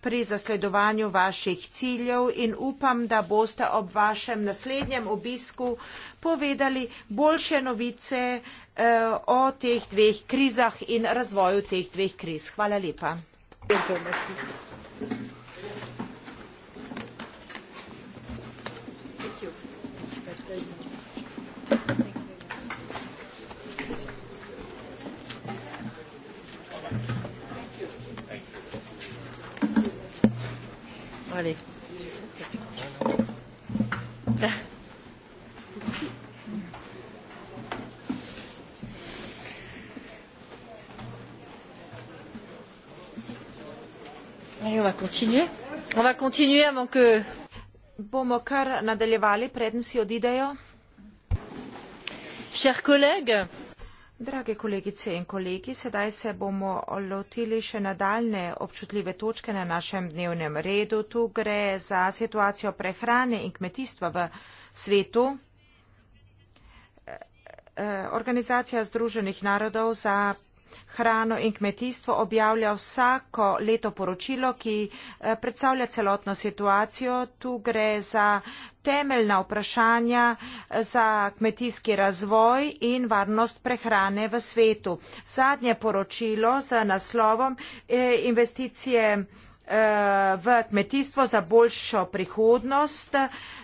pri zasledovanju vaših ciljev in upam, da boste ob vašem naslednjem obisku povedali boljše novice eh, o teh dveh krizah in razvoju teh dveh kriz. Hvala lepa. Thank you. Allez. Allez, on va continuer. On va continuer avant que. Bomo kar nadaljevali, preden si odidejo. Chers collègues, Drage kolegice in kolegi, sedaj se bomo lotili še nadaljne občutljive točke na našem dnevnem redu. Tu gre za situacijo prehrane in kmetijstva v svetu. Eh, eh, Organizacija Združenih narodov za hrano in kmetijstvo objavlja vsako leto poročilo, ki eh, predstavlja celotno situacijo. Tu gre za temeljna vprašanja eh, za kmetijski razvoj in varnost prehrane v svetu. Zadnje poročilo z naslovom eh, investicije v kmetijstvo za boljšo prihodnost,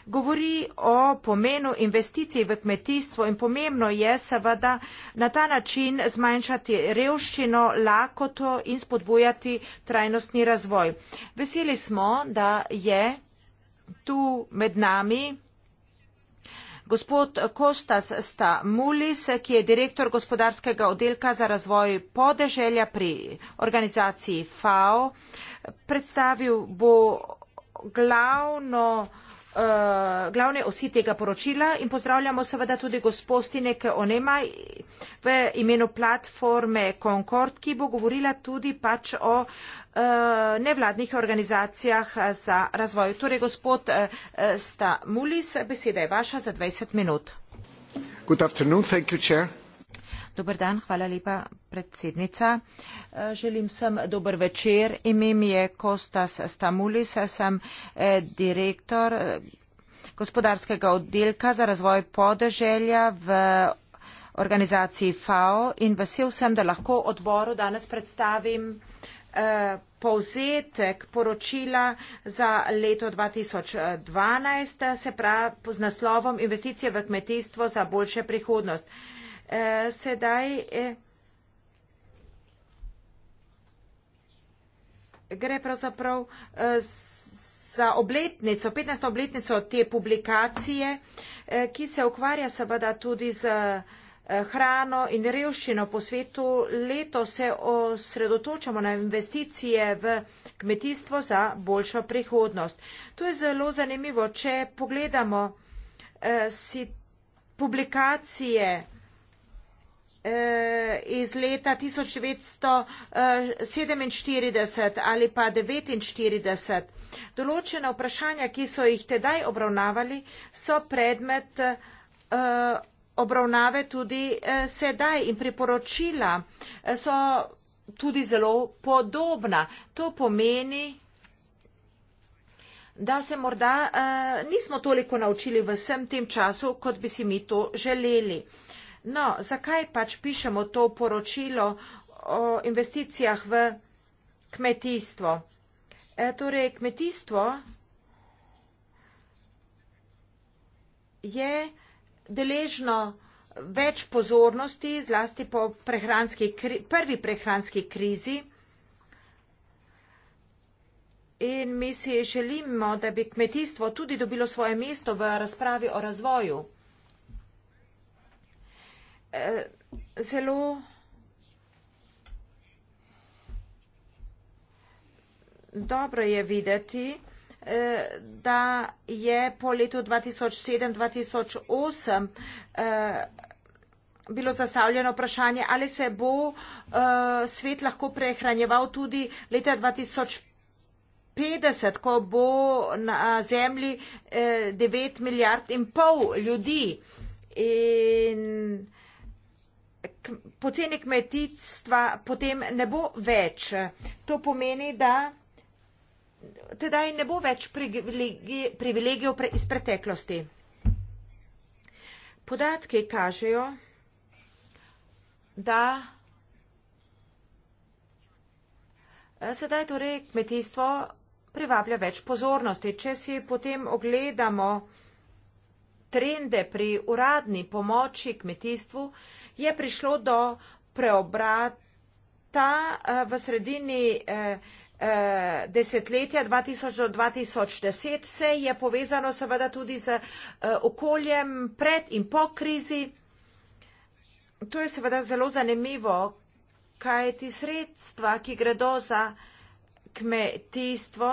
govori o pomenu investicij v kmetijstvo in pomembno je seveda na ta način zmanjšati revščino, lakoto in spodbujati trajnostni razvoj. Veseli smo, da je tu med nami Gospod Kostas Stamulis, ki je direktor gospodarskega oddelka za razvoj podeželja pri organizaciji FAO, predstavil bo glavno eh, glavne osi tega poročila in pozdravljamo seveda tudi gospostineke Onema v imenu platforme Concord, ki bo govorila tudi pač o uh, Eh, nevladnih organizacijah eh, za razvoj. Torej, gospod eh, Stamulis, beseda je vaša za 20 minut. Dobar dan, hvala lepa, predsednica. Želim sem dober večer. Ime mi je Kostas Stamulis, sem direktor gospodarskega oddelka za razvoj podeželja v organizaciji FAO in vesel sem, da lahko odboru danes predstavim Eh, povzetek poročila za leto 2012, se pravi z naslovom Investicije v kmetijstvo za boljše prihodnost. Eh, sedaj eh, gre pravzaprav za obletnico, 15. obletnico te publikacije, ki se ukvarja seveda tudi z Eh, hrano in revščino po svetu. Leto se osredotočamo na investicije v kmetijstvo za boljšo prihodnost. To je zelo zanimivo, če pogledamo eh, si publikacije eh, iz leta 1947 ali pa 1949. Določena vprašanja, ki so jih tedaj obravnavali, so predmet obravnave tudi eh, sedaj in priporočila eh, so tudi zelo podobna. To pomeni, da se morda eh, nismo toliko naučili v vsem tem času, kot bi si mi to želeli. No, zakaj pač pišemo to poročilo o investicijah v kmetijstvo? E, torej, kmetijstvo je deležno več pozornosti, zlasti po prehranski, prvi prehranski krizi. In mi si želimo, da bi kmetijstvo tudi dobilo svoje mesto v razpravi o razvoju. E, zelo dobro je videti, da je po letu 2007-2008 eh, bilo zastavljeno vprašanje, ali se bo eh, svet lahko prehranjeval tudi leta 2050, ko bo na zemlji 9 eh, milijard in pol ljudi. In poceni kmetijstva potem ne bo več. To pomeni, da tedaj ne bo več privilegijev pre, iz preteklosti. Podatki kažejo, da eh, sedaj torej kmetijstvo privablja več pozornosti. Če si potem ogledamo trende pri uradni pomoči kmetijstvu, je prišlo do preobrata eh, v sredini eh, eh, desetletja 2000 do 2010, vse je povezano seveda tudi z eh, okoljem pred in po krizi. To je seveda zelo zanimivo, kaj ti sredstva, ki gredo za kmetijstvo,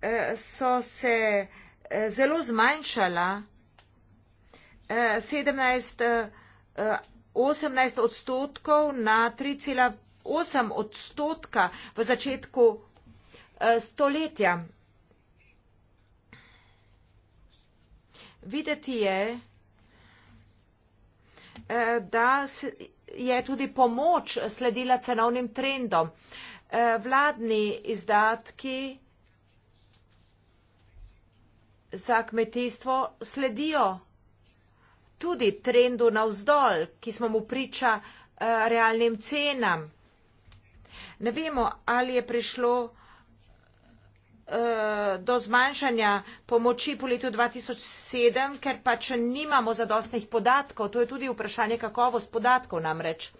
eh, so se eh, zelo zmanjšala. 17 eh, osemnajst odstotkov na tri cela osem odstotka v začetku eh, stoletja. Videti je, eh, da je tudi pomoč sledila cenovnim trendom. Eh, vladni izdatki za kmetijstvo sledijo tudi trendu navzdol, ki smo mu priča eh, realnim cenam. Ne vemo, ali je prišlo eh, do zmanjšanja pomoči po letu 2007, ker pač nimamo zadostnih podatkov. To je tudi vprašanje kakovost podatkov namreč.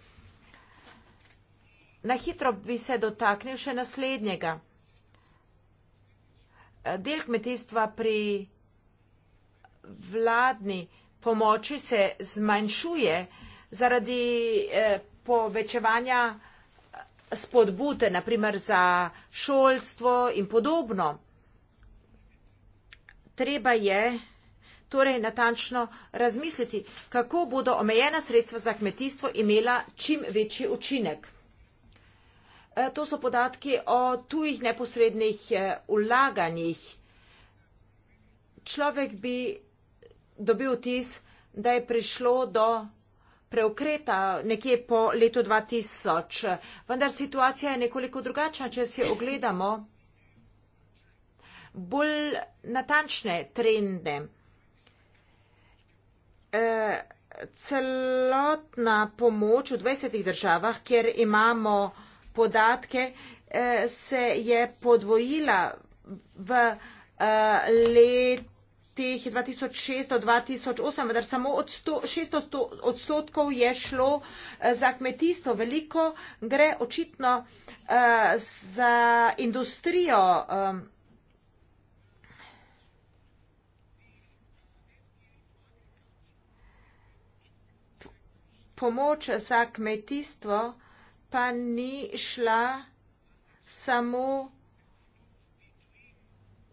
Nahitro bi se dotaknil še naslednjega. Eh, del kmetijstva pri vladni kmetijstva pomoči se zmanjšuje zaradi eh, povečevanja eh, spodbude, naprimer za šolstvo in podobno. Treba je torej natančno razmisliti, kako bodo omejena sredstva za kmetijstvo imela čim večji učinek. Eh, to so podatki o tujih neposrednih vlaganjih. Človek bi dobil tis, da je prišlo do preokreta nekje po letu 2000. Vendar situacija je nekoliko drugačna, če si ogledamo bolj natančne trende. E, celotna pomoč v 20 državah, kjer imamo podatke, e, se je podvojila v e, letu teh 2006 do 2008, vendar samo od 600 odstotkov je šlo eh, za kmetijstvo. Veliko gre očitno eh, za industrijo. Eh. Pomoč za kmetijstvo pa ni šla samo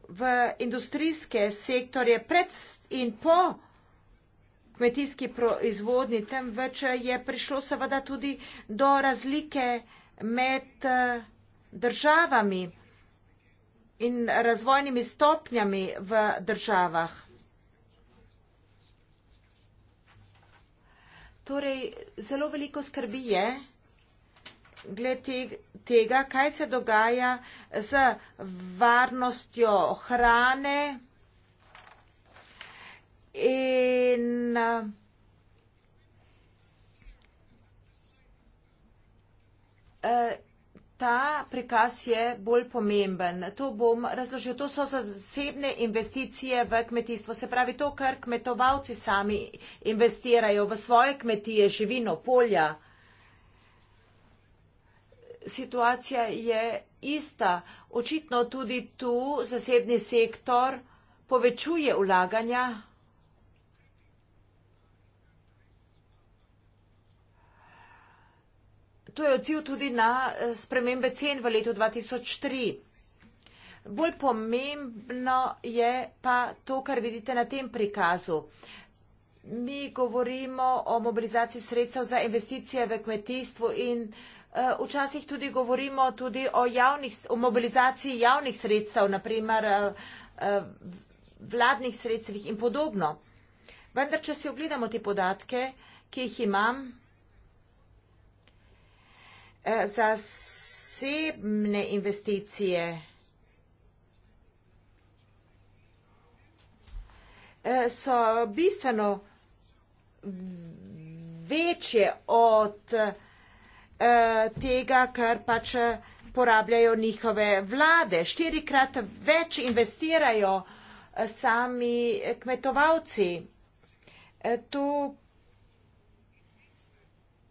v industrijske sektorje pred in po kmetijski proizvodni, temveč je prišlo seveda tudi do razlike med eh, državami in razvojnimi stopnjami v državah. Torej, zelo veliko skrbi je, glede tega, kaj se dogaja z varnostjo hrane in eh, Ta prikaz je bolj pomemben. To bom razložil. To so zasebne investicije v kmetijstvo. Se pravi, to, kar kmetovalci sami investirajo v svoje kmetije, živino, polja situacija je ista. Očitno tudi tu zasebni sektor povečuje vlaganja. To je odziv tudi na eh, spremembe cen v letu 2003. Bolj pomembno je pa to, kar vidite na tem prikazu. Mi govorimo o mobilizaciji sredstev za investicije v kmetijstvu in kmetijstvo. Eh, včasih tudi govorimo tudi o, javnih, o mobilizaciji javnih sredstev, naprimer eh, eh, vladnih sredstev in podobno. Vendar, če si ogledamo te podatke, ki jih imam, zasebne investicije, so bistveno večje od Eh, tega, kar pač eh, porabljajo njihove vlade. Štirikrat več investirajo eh, sami kmetovalci. To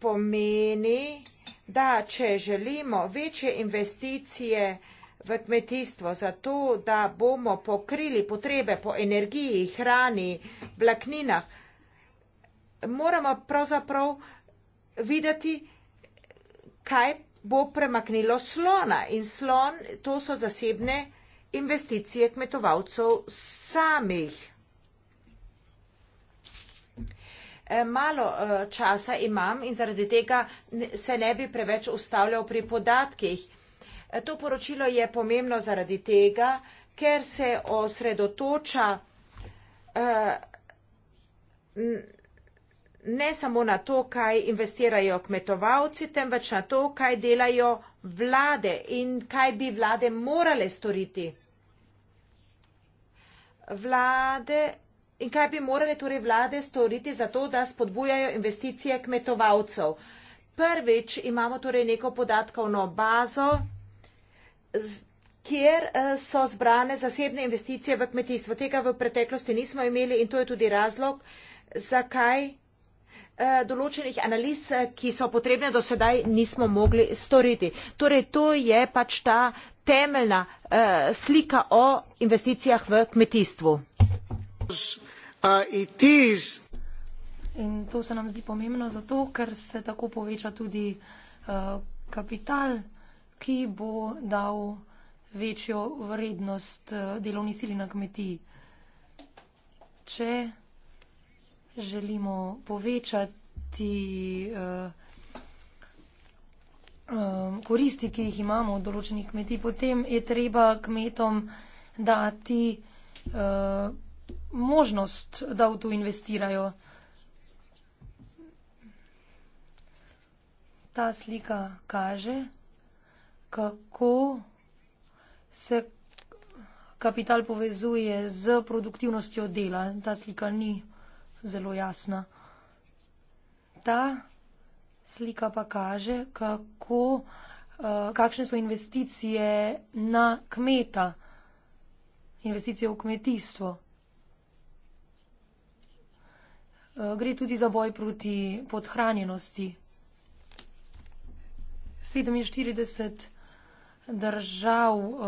pomeni, da če želimo večje investicije v kmetijstvo, zato da bomo pokrili potrebe po energiji, hrani, blakninah, moramo pravzaprav videti, kaj bo premaknilo slona. In slon, to so zasebne investicije kmetovalcev samih. E, malo e, časa imam in zaradi tega se ne bi preveč ustavljal pri podatkih. E, to poročilo je pomembno zaradi tega, ker se osredotoča ne samo na to, kaj investirajo kmetovalci, temveč na to, kaj delajo vlade in kaj bi vlade morale storiti. Vlade in kaj bi morale torej vlade storiti za to, da spodbujajo investicije kmetovalcev. Prvič imamo torej neko podatkovno bazo, kjer eh, so zbrane zasebne investicije v kmetijstvo. Tega v preteklosti nismo imeli in to je tudi razlog, zakaj Eh, določenih analiz, eh, ki so potrebne do sedaj, nismo mogli storiti. Torej, to je pač ta temeljna uh, slika o investicijah v kmetijstvu. Uh, In to se nam zdi pomembno zato, ker se tako poveča tudi uh, kapital, ki bo dal večjo vrednost uh, delovni sili na kmetiji. Če želimo povečati eh, eh, koristi, ki jih imamo v določenih kmetij, potem je treba kmetom dati eh, možnost, da v to investirajo. Ta slika kaže, kako se kapital povezuje z produktivnostjo dela. Ta slika ni povezana zelo jasna. Ta slika pa kaže, kako, uh, kakšne so investicije na kmeta, investicije v kmetijstvo. Uh, gre tudi za boj proti podhranjenosti. 47 držav uh,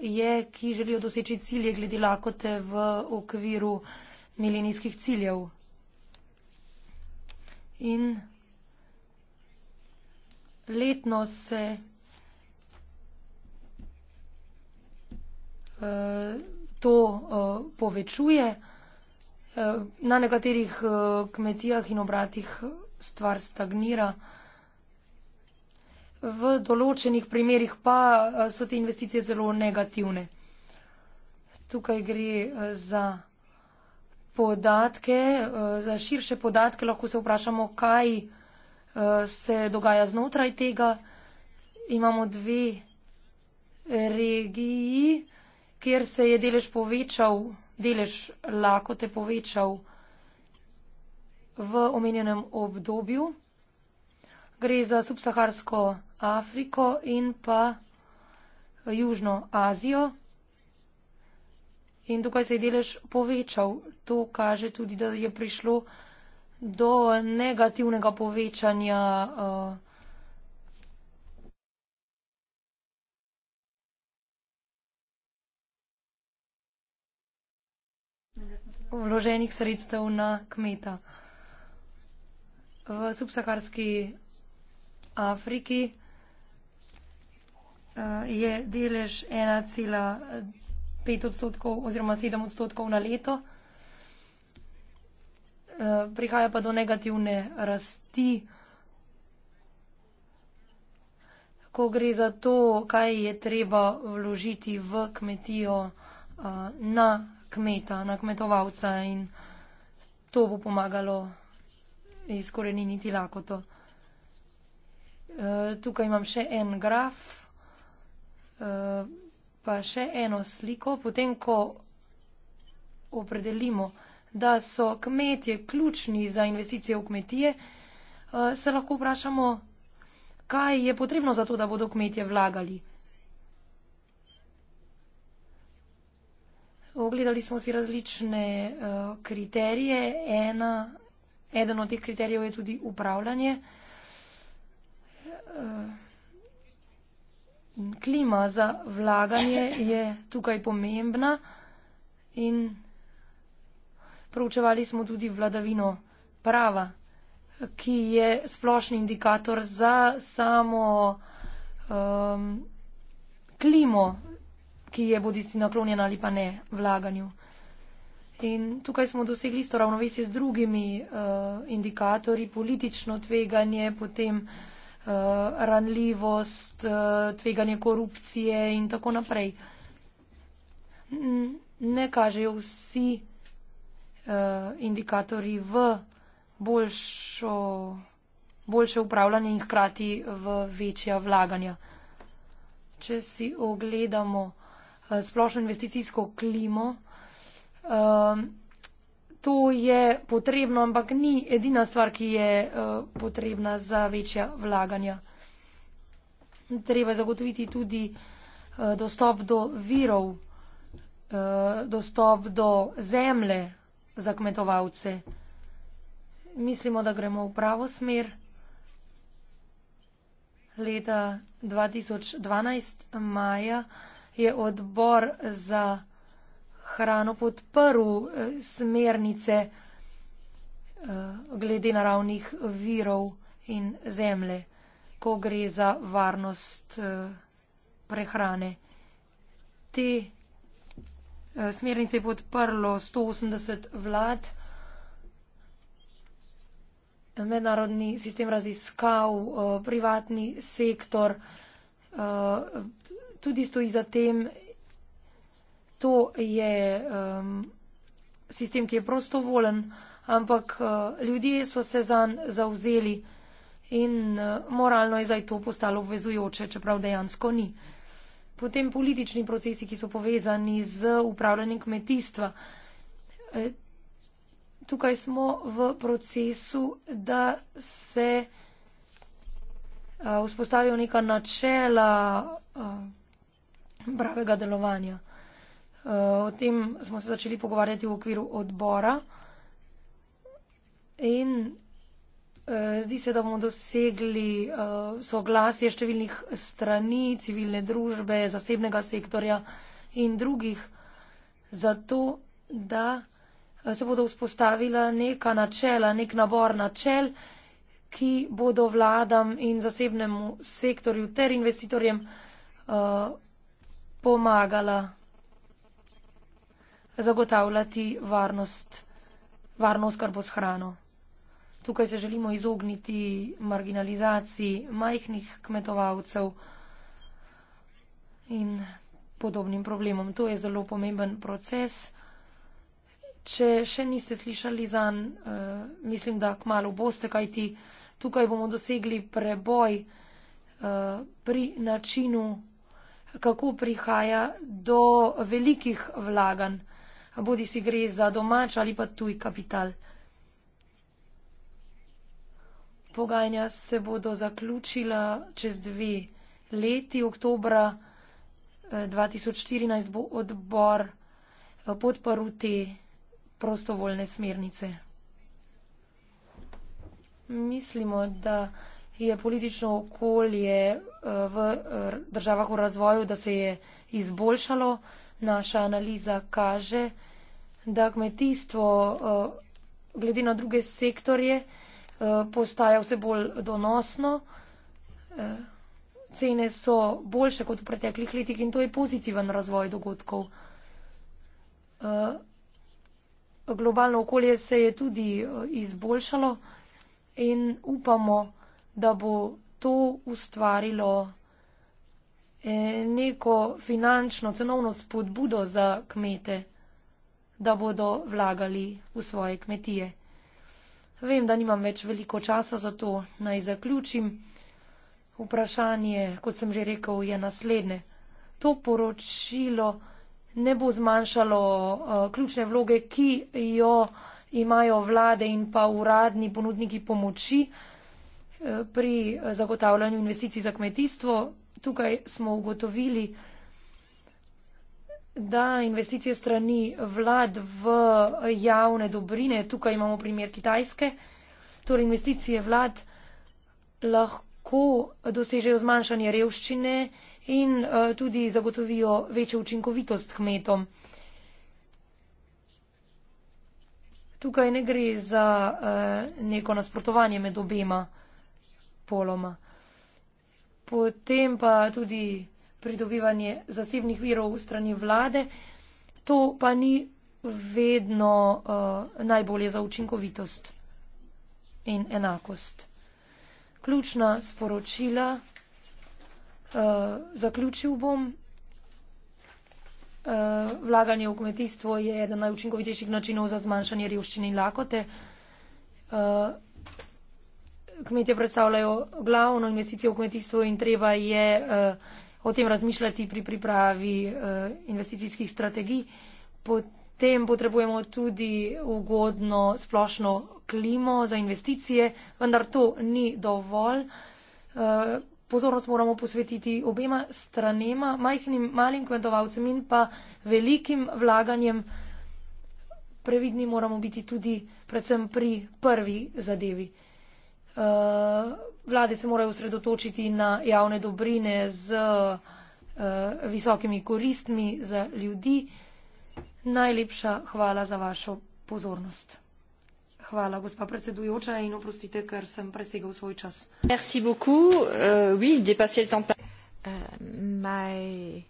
je, ki želijo doseči cilje glede lakote v okviru milenijskih ciljev in letno se eh, to eh, povečuje. Eh, na nekaterih kmetijah in obratih stvar stagnira. V določenih primerjih pa so te investicije zelo negativne. Tukaj gre za podatke, eh, za širše podatke lahko se vprašamo, kaj eh, se dogaja znotraj tega. Imamo dve regiji, kjer se je delež povečal, delež lakote povečal v omenjenem obdobju. Gre za subsaharsko Afriko in pa Južno Azijo in tukaj se je delež povečal. To kaže tudi, da je prišlo do negativnega povečanja. Uh, vloženih sredstev na kmeta. V subsaharski Afriki uh, je delež 5 odstotkov oziroma 7 odstotkov na leto. Eh, prihaja pa do negativne rasti. Ko gre za to, kaj je treba vložiti v kmetijo eh, na kmeta, na kmetovalca in to bo pomagalo izkoreniniti lakoto. Eh, tukaj imam še en graf pa še eno sliko, potem ko opredelimo, da so kmetje ključni za investicije v kmetije, eh, se lahko vprašamo, kaj je potrebno za to, da bodo kmetje vlagali. Ogledali smo si različne eh, kriterije. Ena, eden od teh kriterijev je tudi upravljanje. Eh, klima za vlaganje je tukaj pomembna in proučevali smo tudi vladavino prava, ki je splošni indikator za samo um, klimo, ki je bodi si naklonjena ali pa ne vlaganju. In tukaj smo dosegli isto ravnovesje z drugimi uh, indikatorji, politično tveganje, potem uh, uh, ranljivost, uh, tveganje korupcije in tako naprej. Ne kažejo vsi uh, indikatorji v boljšo, boljše upravljanje in hkrati v večja vlaganja. Če si ogledamo uh, splošno investicijsko klimo, uh, to je potrebno, ampak ni edina stvar, ki je uh, potrebna za večja vlaganja. Treba zagotoviti tudi uh, dostop do virov, uh, dostop do zemlje za kmetovalce. Mislimo, da gremo v pravo smer. Leta 2012 maja je odbor za hrano podprl eh, smernice eh, glede naravnih virov in zemlje, ko gre za varnost eh, prehrane. Te smernice je podprlo 180 vlad. Mednarodni sistem raziskav, privatni sektor tudi stoji za tem to je um, sistem, ki je prostovolen, ampak uh, ljudje so se zanj zauzeli in uh, moralno je zdaj to postalo obvezujoče, čeprav dejansko ni. Potem politični procesi, ki so povezani z upravljanjem kmetijstva. E, tukaj smo v procesu, da se e, vzpostavijo neka načela e, pravega delovanja. Eh, o tem smo se začeli pogovarjati v okviru odbora in eh, zdi se, da bomo dosegli eh, soglasje številnih strani, civilne družbe, zasebnega sektorja in drugih za to, da se bodo vzpostavila neka načela, nek nabor načel, ki bodo vladam in zasebnemu sektorju ter investitorjem uh, pomagala zagotavljati varnost, varno oskrbo s hrano. Tukaj se želimo izogniti marginalizaciji majhnih kmetovalcev in podobnim problemom. To je zelo pomemben proces. Če še niste slišali zan, eh, mislim, da kmalo boste, kajti tukaj bomo dosegli preboj eh, pri načinu, kako prihaja do velikih vlaganj bodi si gre za domač ali pa tuj kapital. Pogajanja se bodo zaključila čez dve leti. Oktobra 2014 eh, bo odbor eh, podporu te prostovoljne smernice. Mislimo, da je politično okolje eh, v državah v razvoju, da se je izboljšalo naša analiza kaže, da kmetijstvo eh, glede na druge sektorje eh, postaja vse bolj donosno. Eh, cene so boljše kot v preteklih letih in to je pozitiven razvoj dogodkov. Globalno okolje se je tudi izboljšalo in upamo, da bo to ustvarilo. Eh, neko finančno, cenovno spodbudo za kmete, da bodo vlagali v svoje kmetije. Vem, da nimam več veliko časa za to, naj zaključim. Vprašanje, kot sem že rekel, je naslednje. To poročilo ne bo zmanjšalo uh, ključne vloge, ki jo imajo vlade in pa uradni ponudniki pomoči uh, pri zagotavljanju investicij za kmetijstvo, tukaj smo ugotovili, da investicije strani vlad v javne dobrine, tukaj imamo primer Kitajske, torej investicije vlad lahko dosežejo zmanjšanje revščine in eh, tudi zagotovijo večjo učinkovitost kmetom. Tukaj ne gre za eh, neko nasprotovanje med obema poloma potem pa tudi pridobivanje zasebnih virov strani vlade. To pa ni vedno uh, najbolje za učinkovitost in enakost. Ključna sporočila, uh, zaključil bom, uh, vlaganje v kmetijstvo je eden najučinkovitejših načinov za zmanjšanje revščine in lakote. Uh, kmetje predstavljajo glavno investicijo v kmetijstvo in treba je uh, o tem razmišljati pri pripravi uh, investicijskih strategij. Potem potrebujemo tudi ugodno splošno klimo za investicije, vendar to ni dovolj. Uh, pozornost moramo posvetiti obema stranema, majhnim malim kmetovalcem in pa velikim vlaganjem. Previdni moramo biti tudi predvsem pri prvi zadevi. Eh, vlade se morajo osredotočiti na javne dobrine z eh, visokimi koristmi za ljudi. Najlepša hvala za vašo pozornost. Hvala, gospa predsedujoča, in oprostite, ker sem presegel svoj čas. Merci beaucoup. Uh, oui, dépassé le temps. Uh, eh, naj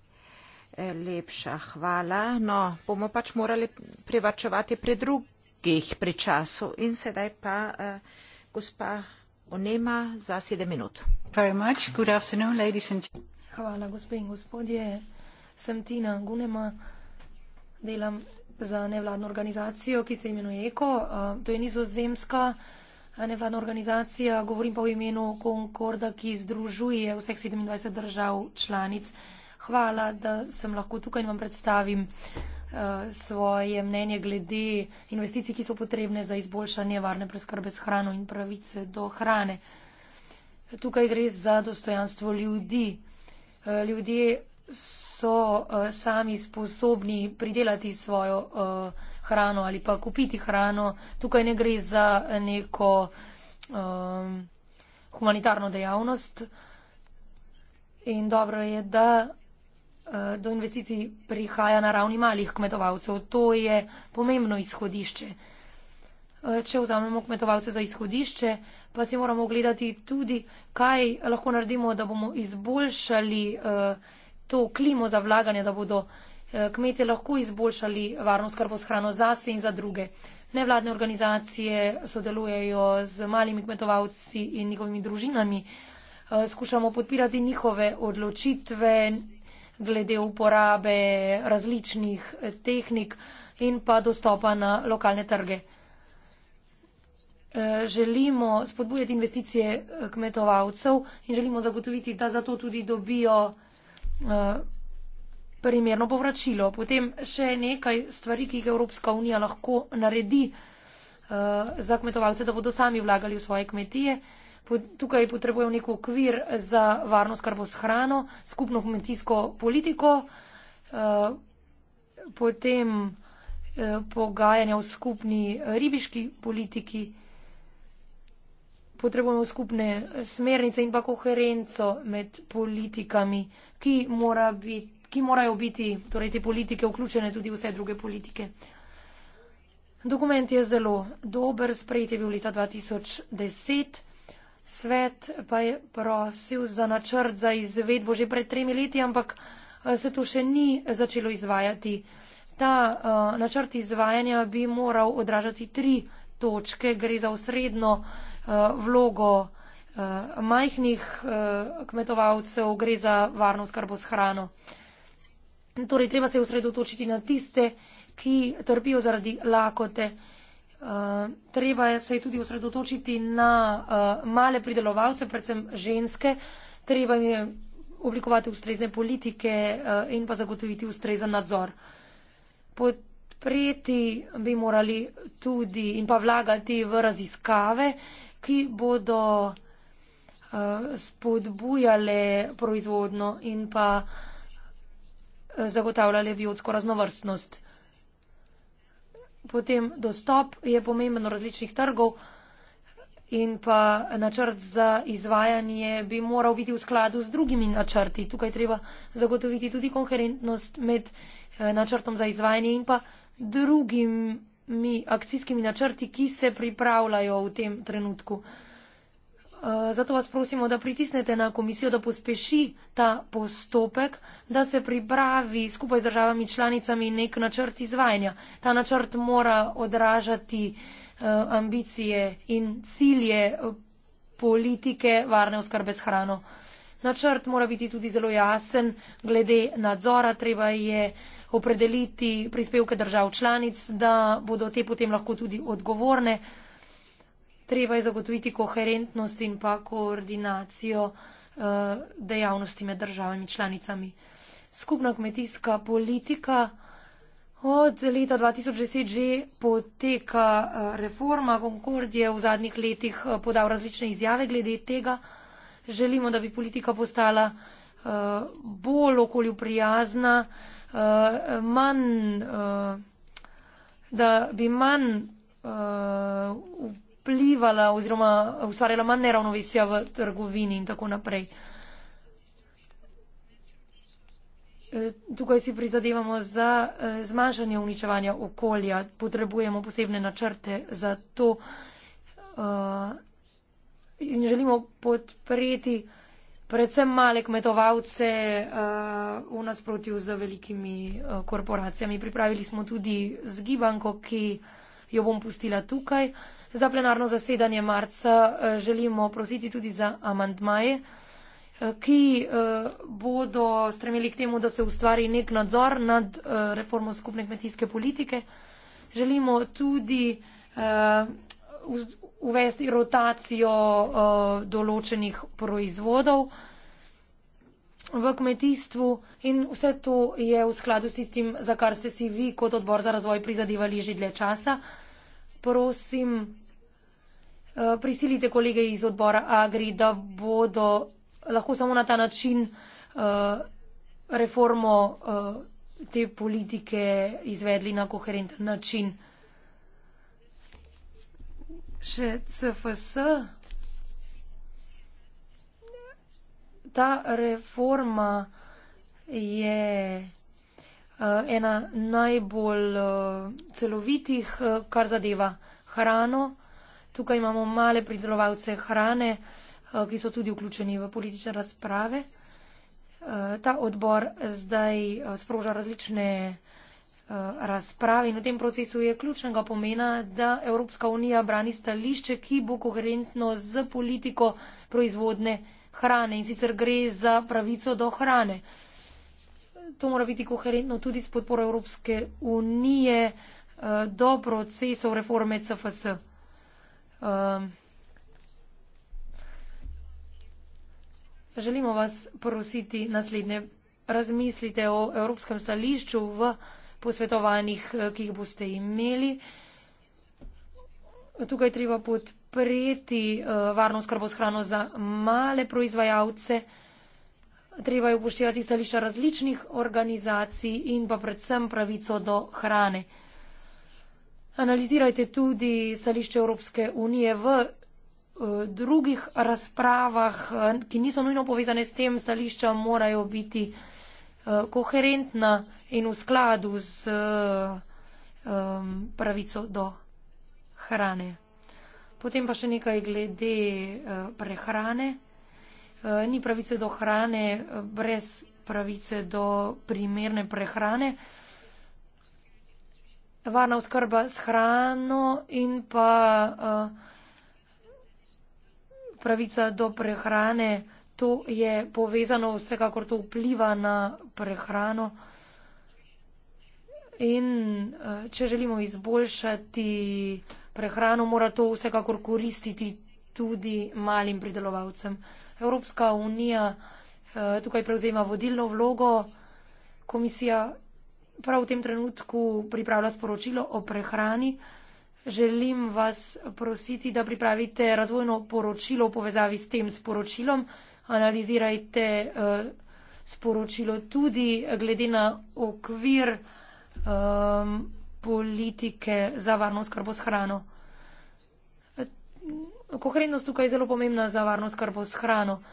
lepša hvala. No, bomo pač morali privačevati pri drugih pri času in sedaj pa uh, Hvala, gospe in gospodje. Sem Tina Gunema, delam za nevladno organizacijo, ki se imenuje ECO. To je nizozemska nevladna organizacija, govorim pa v imenu Concorda, ki združuje vseh 27 držav članic. Hvala, da sem lahko tukaj in vam predstavim Eh, svoje mnenje glede investicij, ki so potrebne za izboljšanje varne preskrbe s hrano in pravice do hrane. Tukaj gre za dostojanstvo ljudi. Eh, ljudje so eh, sami sposobni pridelati svojo hrano ali pa kupiti hrano. Tukaj ne gre za neko humanitarno dejavnost. In dobro je, da Eh, do investicij prihaja na ravni malih kmetovalcev. To je pomembno izhodišče. Eh, če vzamemo kmetovalce za izhodišče, pa si moramo ogledati tudi, kaj lahko naredimo, da bomo izboljšali eh, to klimo za vlaganje, da bodo kmetje lahko izboljšali varnost skrbo s hrano za se in za druge. Nevladne organizacije sodelujejo z malimi kmetovalci in njihovimi družinami. Skušamo podpirati njihove odločitve glede uporabe različnih tehnik in pa dostopa na lokalne trge. Eh, želimo spodbujati investicije eh, kmetovalcev in želimo zagotoviti, da zato tudi dobijo eh, primerno povračilo. Potem še nekaj stvari, ki jih Evropska unija lahko naredi za kmetovalce, da bodo sami vlagali v svoje kmetije tukaj potrebujemo nek okvir za varnost, kar bo s hrano, skupno kmetijsko politiko, eh, potem eh, pogajanja v skupni ribiški politiki, potrebujemo skupne smernice in pa koherenco med politikami, ki, mora biti, ki morajo biti torej te politike vključene tudi vse druge politike. Dokument je zelo dober, sprejet je bil leta 2010. Svet pa je prosil za načrt za izvedbo že pred tremi leti, ampak eh, se to še ni začelo izvajati. Ta uh, načrt izvajanja bi moral odražati tri točke. Gre za osredno uh, eh, vlogo uh, majhnih uh, kmetovalcev, gre za varno skrbo s hrano. Torej, treba se osredotočiti na tiste, ki trpijo zaradi lakote. Uh, Eh, treba se je tudi osredotočiti na uh, male pridelovalce, predvsem ženske, treba jim je oblikovati ustrezne politike uh, in pa zagotoviti ustrezen nadzor. Podpreti bi morali tudi in pa vlagati v raziskave, ki bodo uh, spodbujale proizvodno in pa zagotavljale biotsko raznovrstnost potem dostop je pomemben različnih trgov in pa načrt za izvajanje bi moral biti v skladu z drugimi načrti. Tukaj treba zagotoviti tudi konkurentnost med eh, načrtom za izvajanje in pa drugimi akcijskimi načrti, ki se pripravljajo v tem trenutku. Eh, zato vas prosimo, da pritisnete na komisijo, da pospeši ta postopek, da se pripravi skupaj z državami članicami nek načrt izvajanja. Ta načrt mora odražati eh, ambicije in cilje eh, politike varne oskrbe s hrano. Načrt mora biti tudi zelo jasen glede nadzora, treba je opredeliti prispevke držav članic, da bodo te potem lahko tudi odgovorne treba je zagotoviti koherentnost in pa koordinacijo eh, dejavnosti med državami članicami. Skupna kmetijska politika od leta 2010 že poteka eh, reforma. Concord je v zadnjih letih eh, podal različne izjave glede tega. Želimo, da bi politika postala bolj okolju prijazna, manj, da bi manj vplivala oziroma ustvarjala manj neravnovesja v trgovini in tako naprej. E, tukaj si prizadevamo za e, zmanjšanje uničevanja okolja, potrebujemo posebne načrte za to e, in želimo podpreti predvsem male kmetovalce v nasprotju z velikimi korporacijami. Pripravili smo tudi zgibanko, ki jo bom pustila tukaj. Za plenarno zasedanje marca eh, želimo prositi tudi za amantmaje, eh, ki eh, bodo stremeli k temu, da se ustvari nek nadzor nad reformo skupne kmetijske politike. Želimo tudi uvesti rotacijo določenih proizvodov v kmetijstvu in vse to je v skladu s tistim, za kar ste si vi kot odbor za razvoj prizadevali že dlje časa. Prosim, Eh, prisilite kolege iz odbora Agri, da bodo lahko samo na ta način eh, reformo eh, te politike izvedli na koherenten način. Še CFS. Ta reforma je ena najbolj celovitih, kar zadeva hrano. Tukaj imamo male pridelovalce hrane, eh, ki so tudi vključeni v politične razprave. Eh, ta odbor zdaj eh, sproža različne razprave in v tem procesu je ključnega pomena, da Evropska unija brani stališče, ki bo koherentno z politiko proizvodne hrane in sicer gre za pravico do hrane. To mora biti koherentno tudi s podporo Evropske unije do procesov reforme CFS. Um, želimo vas prositi naslednje. Razmislite o evropskem stališču v posvetovanjih, eh, ki jih boste imeli. Tukaj treba podpreti eh, varno skrbo s hrano za male proizvajalce. Treba je upoštevati stališča različnih organizacij in pa predvsem pravico do hrane. Analizirajte tudi stališče Evropske unije v eh, drugih razpravah, eh, ki niso nujno povezane s tem, stališča morajo biti eh, koherentna in v skladu s pravico do hrane. Potem pa še nekaj glede prehrane. Ni pravice do hrane brez pravice do primerne prehrane varna oskrba s hrano in pa eh, pravica do prehrane. To je povezano, vsekakor to vpliva na prehrano. In eh, če želimo izboljšati prehrano, mora to vsekakor koristiti tudi malim pridelovalcem. Evropska unija eh, tukaj prevzema vodilno vlogo, komisija prav v tem trenutku pripravlja sporočilo o prehrani. Želim vas prositi, da pripravite razvojno poročilo v povezavi s tem sporočilom. Analizirajte uh, sporočilo tudi glede na okvir um, politike za varno skrbo s hrano. Eh, koherentnost tukaj je zelo pomembna za varno skrbo s hrano. Uh,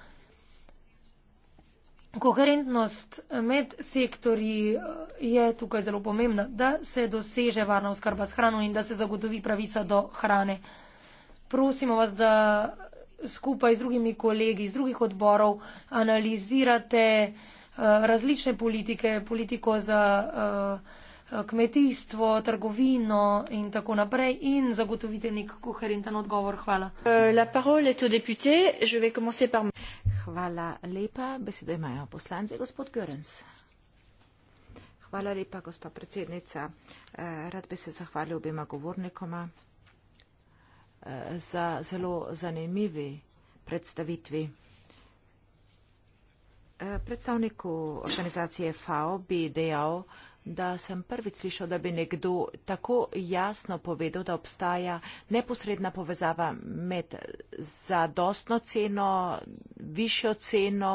Koherentnost med sektorji eh, je tukaj zelo pomembna, da se doseže varna oskrba s hrano in da se zagotovi pravica do hrane. Prosimo vas, da skupaj z drugimi kolegi iz drugih odborov analizirate eh, različne politike, politiko za. Uh, Eh, kmetijstvo, trgovino in tako naprej in zagotovite nek koherenten odgovor. Hvala. Eh, Hvala lepa. Besedo imajo poslanci, gospod Görens. Hvala lepa, gospa predsednica. Eh, rad bi se zahvalil obima govornikoma za zelo zanimivi predstavitvi. Predstavniku organizacije FAO bi dejal, da sem prvič slišal, da bi nekdo tako jasno povedal, da obstaja neposredna povezava med zadostno ceno, višjo ceno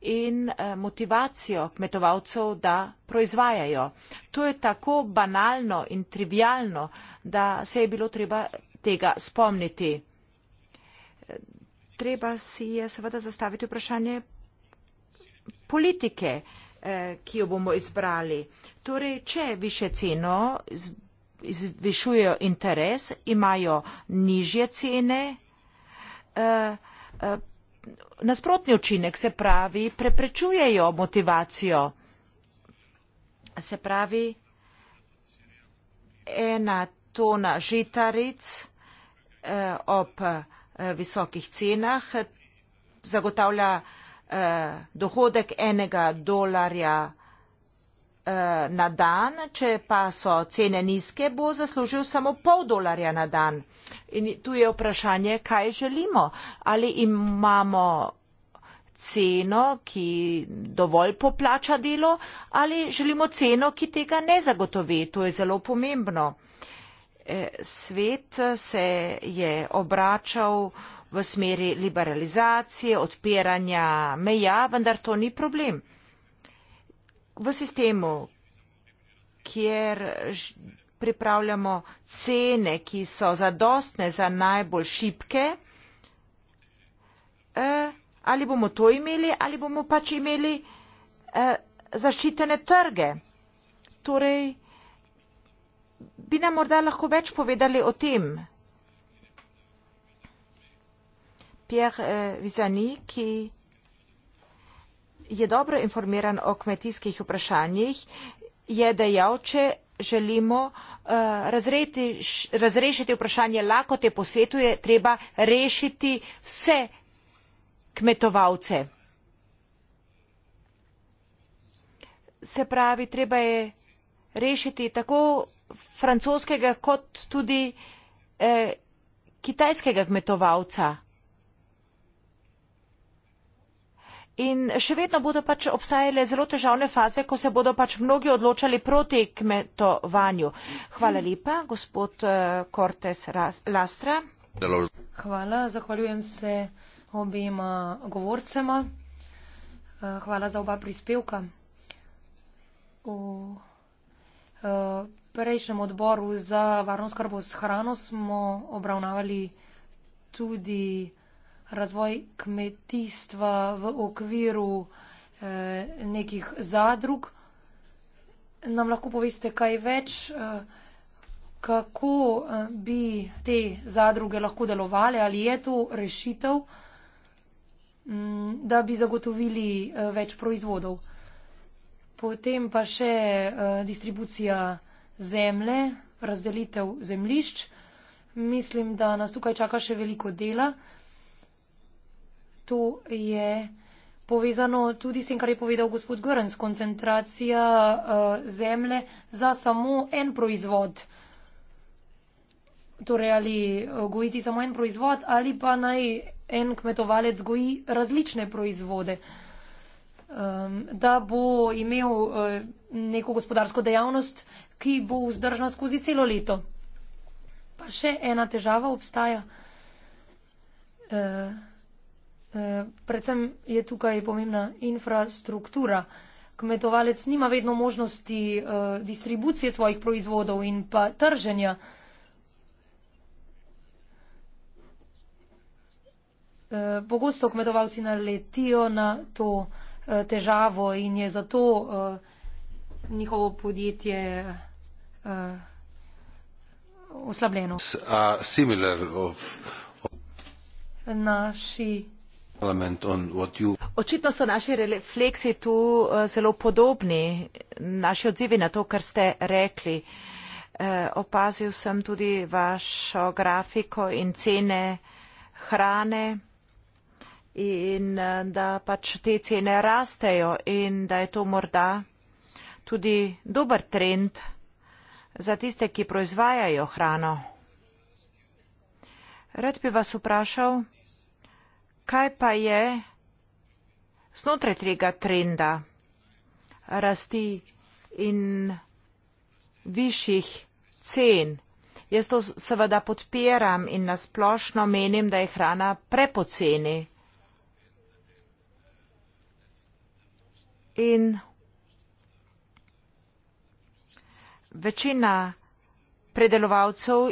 in eh, motivacijo kmetovalcev, da proizvajajo. To je tako banalno in trivialno, da se je bilo treba tega spomniti. Treba si je seveda zastaviti vprašanje politike. Eh, ki jo bomo izbrali. Torej, če više ceno zvišujejo interes, imajo nižje cene, eh, eh, nasprotni učinek se pravi, preprečujejo motivacijo. Se pravi, ena tona žitaric ob visokih cenah zagotavlja eh, dohodek enega dolarja eh, na dan, če pa so cene nizke, bo zaslužil samo pol dolarja na dan. In tu je vprašanje, kaj želimo. Ali imamo ceno, ki dovolj poplača delo, ali želimo ceno, ki tega ne zagotovi. To je zelo pomembno. Eh, svet se je obračal uh, v smeri liberalizacije, odpiranja meja, vendar to ni problem. V sistemu, kjer pripravljamo cene, ki so zadostne za najbolj šipke, eh, ali bomo to imeli, ali bomo pač imeli eh, zaščitene trge. Torej, bi nam morda lahko več povedali o tem, kaj? Pierre eh, Vizani, ki je dobro informiran o kmetijskih vprašanjih, je dejal, če želimo uh, razreti, razrešiti vprašanje lakote po svetu, je treba rešiti vse kmetovalce. Se pravi, treba je rešiti tako francoskega kot tudi eh, kitajskega kmetovalca. In še vedno bodo pač obstajale zelo težavne faze, ko se bodo pač mnogi odločali proti kmetovanju. Hvala lepa, gospod Kortes eh, Lastra. Hvala, zahvaljujem se obima govorcema. Eh, hvala za oba prispevka. V eh, prejšnjem odboru za varnost skrbo s hrano smo obravnavali tudi razvoj kmetijstva v okviru eh, nekih zadrug. Nam lahko poveste kaj več, eh, kako eh, bi te zadruge lahko delovale, ali je to rešitev, m, mm, da bi zagotovili eh, več proizvodov. Potem pa še eh, distribucija zemlje, razdelitev zemlišč. Mislim, da nas tukaj čaka še veliko dela to je povezano tudi s tem, kar je povedal gospod Grns, koncentracija uh, zemlje za samo en proizvod. Torej, ali eh, gojiti samo en proizvod ali pa naj en kmetovalec goji različne proizvode, um, da bo imel uh, neko gospodarsko dejavnost, ki bo vzdržna skozi celo leto. Pa še ena težava obstaja. Uh, Eh, predvsem je tukaj pomembna infrastruktura. Kmetovalec nima vedno možnosti eh, distribucije svojih proizvodov in pa trženja. Eh, pogosto kmetovalci naletijo na to težavo in je zato njihovo podjetje oslabljeno. Naši Očitno so naši refleksi tu eh, zelo podobni, naši odzivi na to, kar ste rekli. E, opazil sem tudi vašo grafiko in cene hrane in eh, da pač te cene rastejo in da je to morda tudi dober trend za tiste, ki proizvajajo hrano. Rad bi vas vprašal, kaj pa je znotraj tega trenda rasti in višjih cen? Jaz to seveda podpiram in nasplošno menim, da je hrana prepoceni. In večina predelovalcev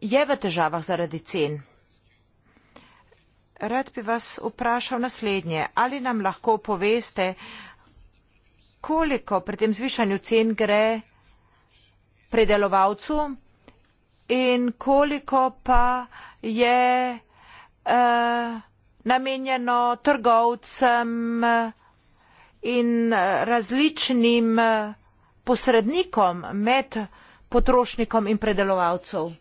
je v težavah zaradi cen rad bi vas vprašal naslednje. Ali nam lahko poveste, koliko pri tem zvišanju cen gre predelovalcu in koliko pa je uh, namenjeno trgovcem eh, in eh, različnim posrednikom med potrošnikom in predelovalcem?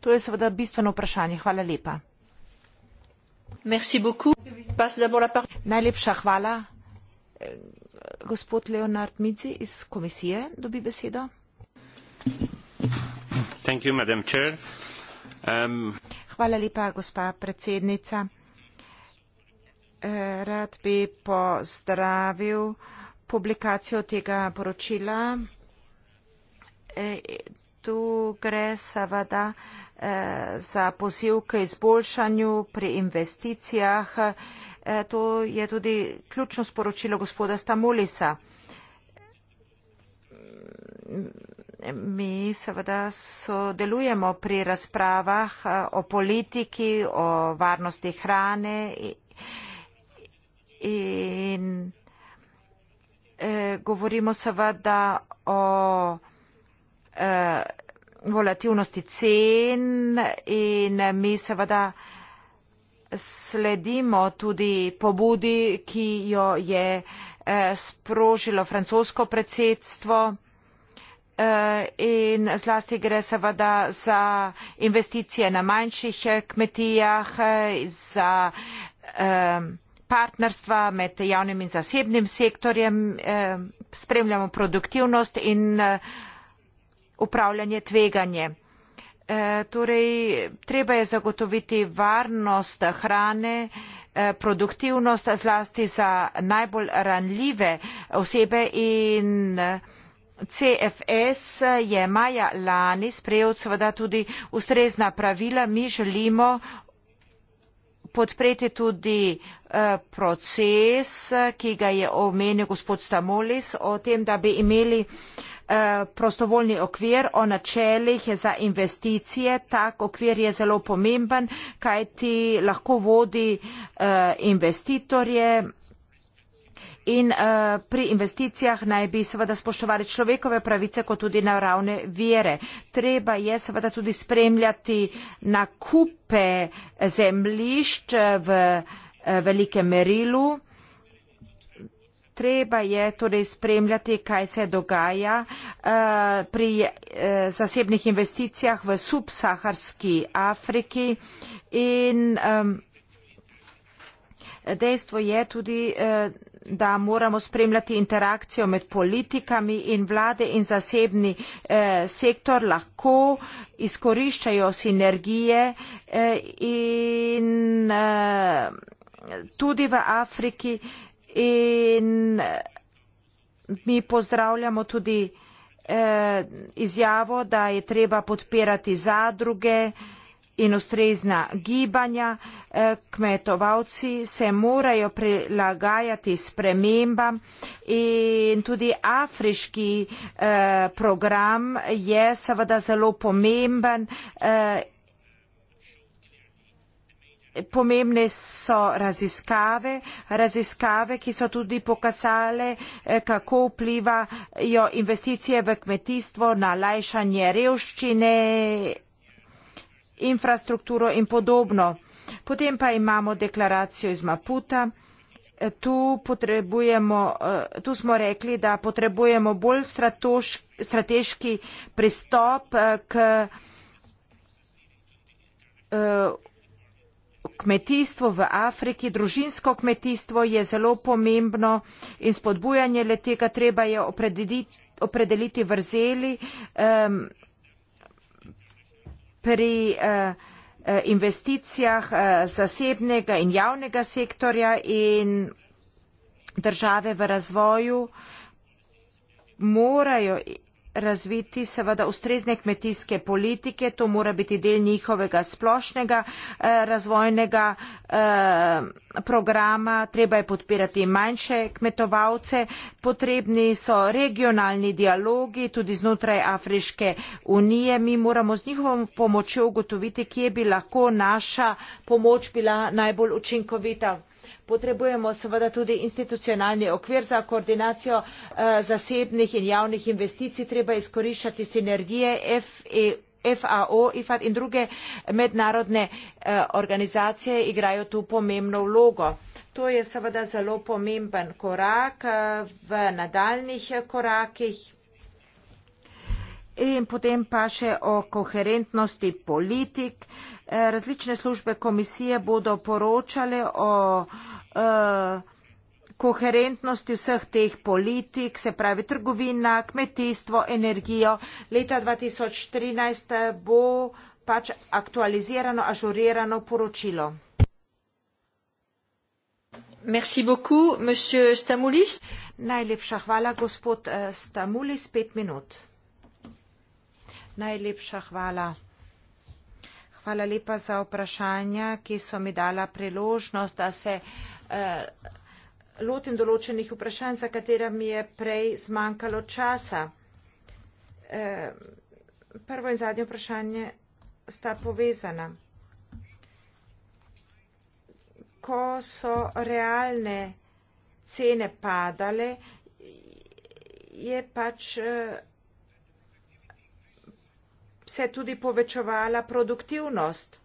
To je seveda bistveno vprašanje. Hvala lepa. Najlepša hvala. Gospod Leonard Mizzi iz komisije dobi besedo. Thank you, madam chair. Um, hvala lepa, gospa predsednica. Rad bi pozdravil publikacijo tega poročila tu gre seveda eh, za poziv k izboljšanju pri investicijah. Eh, to je tudi ključno sporočilo gospoda Stamulisa. Mi seveda sodelujemo pri razpravah eh, o politiki, o varnosti hrane in govorimo seveda o uh, volatilnosti cen in mi seveda sledimo tudi pobudi, ki jo je uh, sprožilo francosko predsedstvo eh, in zlasti gre seveda za investicije na manjših kmetijah, za partnerstva med javnim in zasebnim sektorjem, spremljamo produktivnost in upravljanje tveganje. E, torej, treba je zagotoviti varnost hrane, e, produktivnost zlasti za najbolj ranljive osebe in e, CFS je maja lani sprejel seveda tudi ustrezna pravila. Mi želimo podpreti tudi e, proces, ki ga je omenil gospod Stamolis o tem, da bi imeli Eh, prostovoljni okvir o načelih za investicije. Tak okvir je zelo pomemben, kaj ti lahko vodi eh, investitorje. In uh, pri investicijah naj bi seveda spoštovali človekove pravice, kot tudi naravne vere. Treba je seveda tudi spremljati nakupe zemljišč v uh, velikem merilu treba je torej spremljati, kaj se dogaja eh, pri eh, zasebnih investicijah v subsaharski Afriki in dejstvo je tudi, eh, da moramo spremljati interakcijo med politikami in vlade in zasebni sektor lahko izkoriščajo sinergije in tudi v Afriki in mi pozdravljamo tudi eh, izjavo, da je treba podpirati zadruge in ustrezna gibanja. Eh, kmetovalci se morajo prilagajati spremembam in tudi afriški eh, program je seveda zelo pomemben Pomembne so raziskave, raziskave, ki so tudi pokazale, eh, kako vplivajo investicije v kmetijstvo na lajšanje revščine, infrastrukturo in podobno. Potem pa imamo deklaracijo iz Maputa. Tu, eh, tu smo rekli, da potrebujemo bolj strateški pristop eh, k kmetijstvu v Afriki. Družinsko kmetijstvo je zelo pomembno in spodbujanje le tega treba je opredeliti, opredeliti vrzeli um, pri uh, investicijah uh, zasebnega in javnega sektorja in države v razvoju morajo razviti seveda ustrezne kmetijske politike, to mora biti del njihovega splošnega eh, razvojnega eh, programa, treba je podpirati manjše kmetovalce, potrebni so regionalni dialogi tudi znotraj Afriške unije. Mi moramo z njihovom pomočjo ugotoviti, kje bi lahko naša pomoč bila najbolj učinkovita potrebujemo seveda tudi institucionalni okvir za koordinacijo eh, zasebnih in javnih investicij, treba izkoriščati sinergije FEU. FAO, IFAD in druge mednarodne eh, organizacije igrajo tu pomembno vlogo. To je seveda zelo pomemben korak eh, v nadaljnih korakih. In potem pa še o koherentnosti politik. Različne službe komisije bodo poročale o koherentnosti politik. Eh, koherentnosti vseh teh politik, se pravi trgovina, kmetijstvo, energijo. Leta 2013 bo pač aktualizirano, ažurirano poročilo. Merci beaucoup, monsieur Stamoulis. Najlepša hvala, gospod eh, Stamoulis, pet minut. Najlepša hvala. Hvala lepa za vprašanja, ki so mi dala priložnost, da se uh, eh, lotim določenih vprašanj, za katera mi je prej zmanjkalo časa. Eh, prvo in zadnje vprašanje sta povezana. Ko so realne cene padale, je pač eh, se tudi povečevala produktivnost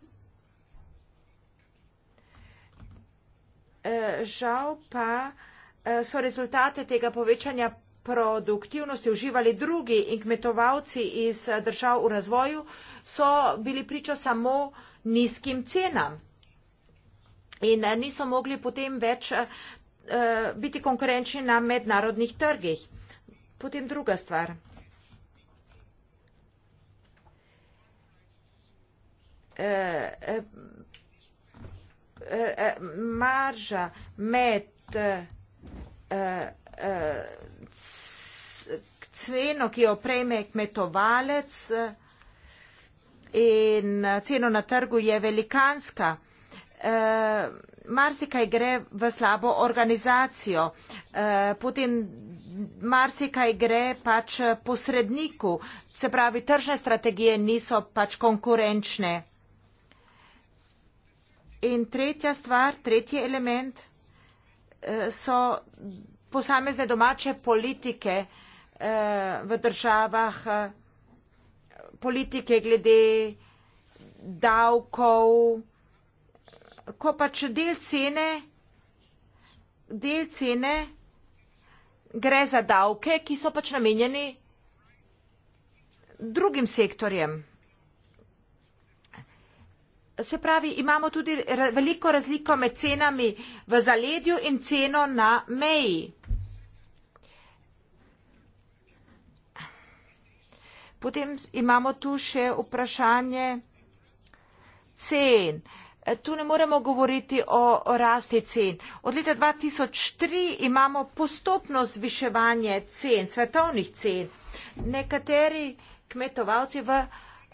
Eh, žal pa eh, so rezultate tega povečanja produktivnosti uživali drugi in kmetovalci iz eh, držav v razvoju so bili priča samo nizkim cenam in niso mogli potem več biti konkurenčni na mednarodnih trgih. Potem druga stvar marža med eh, eh, ceno, ki jo prejme kmetovalec eh, in ceno na trgu je velikanska. Marsikaj gre v slabo organizacijo, potem marsikaj gre pač posredniku, se pravi, tržne strategije niso pač konkurenčne. In tretja stvar, tretji element eh, so posamezne domače politike eh, v državah, eh, politike glede davkov, ko pač del cene, del cene gre za davke, ki so pač namenjeni drugim sektorjem. Se pravi, imamo tudi ra veliko razliko med cenami v zaledju in ceno na meji. Potem imamo tu še vprašanje cen. Tu ne moremo govoriti o, o rasti cen. Od leta 2003 imamo postopno zviševanje cen, svetovnih cen. Nekateri kmetovalci v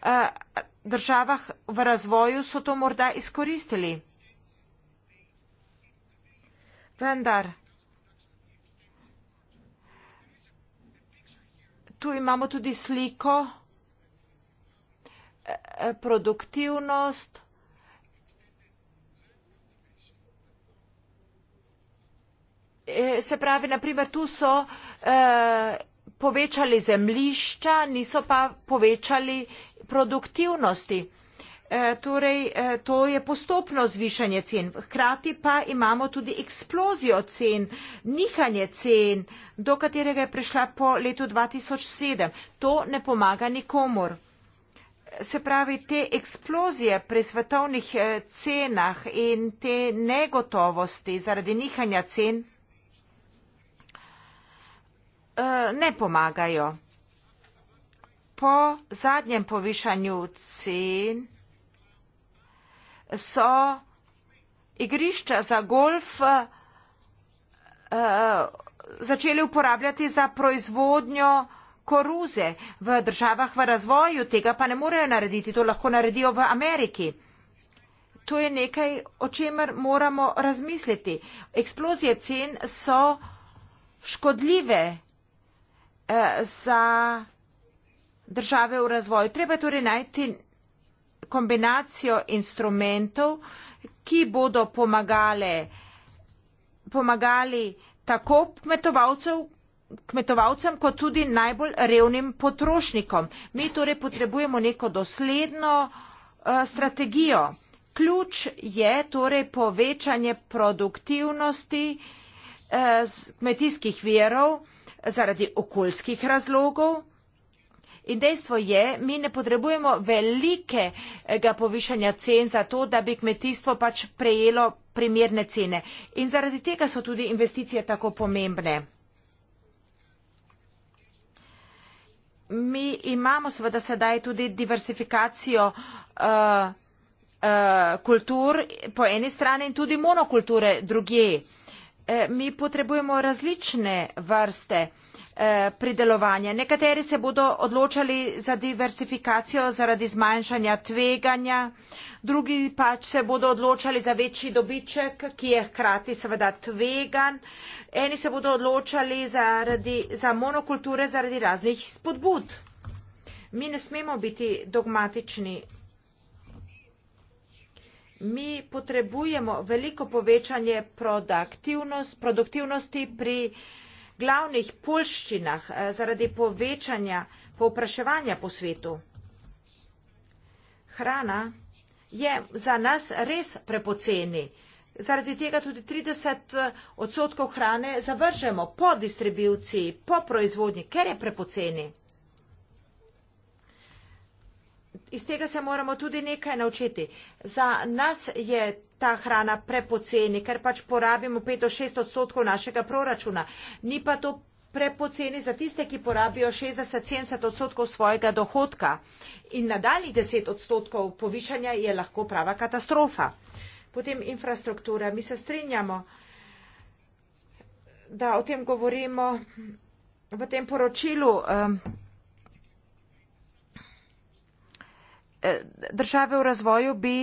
Eh, državah v razvoju so to morda izkoristili. Vendar tu imamo tudi sliko eh, eh, produktivnost Se pravi, naprimer, tu so eh, povečali zemlišča, niso pa povečali produktivnosti. E, torej, e, to je postopno zvišanje cen. Hkrati pa imamo tudi eksplozijo cen, nihanje cen, do katerega je prišla po letu 2007. To ne pomaga nikomor. Se pravi, te eksplozije pri svetovnih e, cenah in te negotovosti zaradi nihanja cen ne pomagajo po zadnjem povišanju cen so igrišča za golf uh, začeli uporabljati za proizvodnjo koruze v državah v razvoju. Tega pa ne morejo narediti, to lahko naredijo v Ameriki. To je nekaj, o čemer moramo razmisliti. Eksplozije cen so škodljive uh, za države v razvoju. Treba torej najti kombinacijo instrumentov, ki bodo pomagale, pomagali tako kmetovalcev, kmetovalcem, kot tudi najbolj revnim potrošnikom. Mi torej potrebujemo neko dosledno uh, strategijo. Ključ je torej povečanje produktivnosti uh, kmetijskih verov zaradi okoljskih razlogov, In dejstvo je, mi ne potrebujemo velikega povišanja cen za to, da bi kmetijstvo pač prejelo primerne cene. In zaradi tega so tudi investicije tako pomembne. Mi imamo seveda sedaj tudi diversifikacijo uh, uh, kultur po eni strani in tudi monokulture druge. Uh, eh, mi potrebujemo različne vrste uh, Eh, pridelovanje. Nekateri se bodo odločali za diversifikacijo zaradi zmanjšanja tveganja, drugi pač se bodo odločali za večji dobiček, ki je hkrati seveda tvegan, eni se bodo odločali zaradi, za monokulture zaradi raznih spodbud. Mi ne smemo biti dogmatični. Mi potrebujemo veliko povečanje produktivnost, produktivnosti pri uh, glavnih poljščinah eh, zaradi povečanja povpraševanja po svetu. Hrana je za nas res prepoceni. Zaradi tega tudi 30 eh, odstotkov hrane zavržemo po distribuciji, po proizvodnji, ker je prepoceni. iz tega se moramo tudi nekaj naučiti. Za nas je ta hrana prepoceni, ker pač porabimo 5 do 6 odstotkov našega proračuna. Ni pa to prepoceni za tiste, ki porabijo 60-70 odstotkov svojega dohodka. In nadaljnjih 10 odstotkov povišanja je lahko prava katastrofa. Potem infrastruktura. Mi se strinjamo, da o tem govorimo v tem poročilu. Um, Eh, države v razvoju bi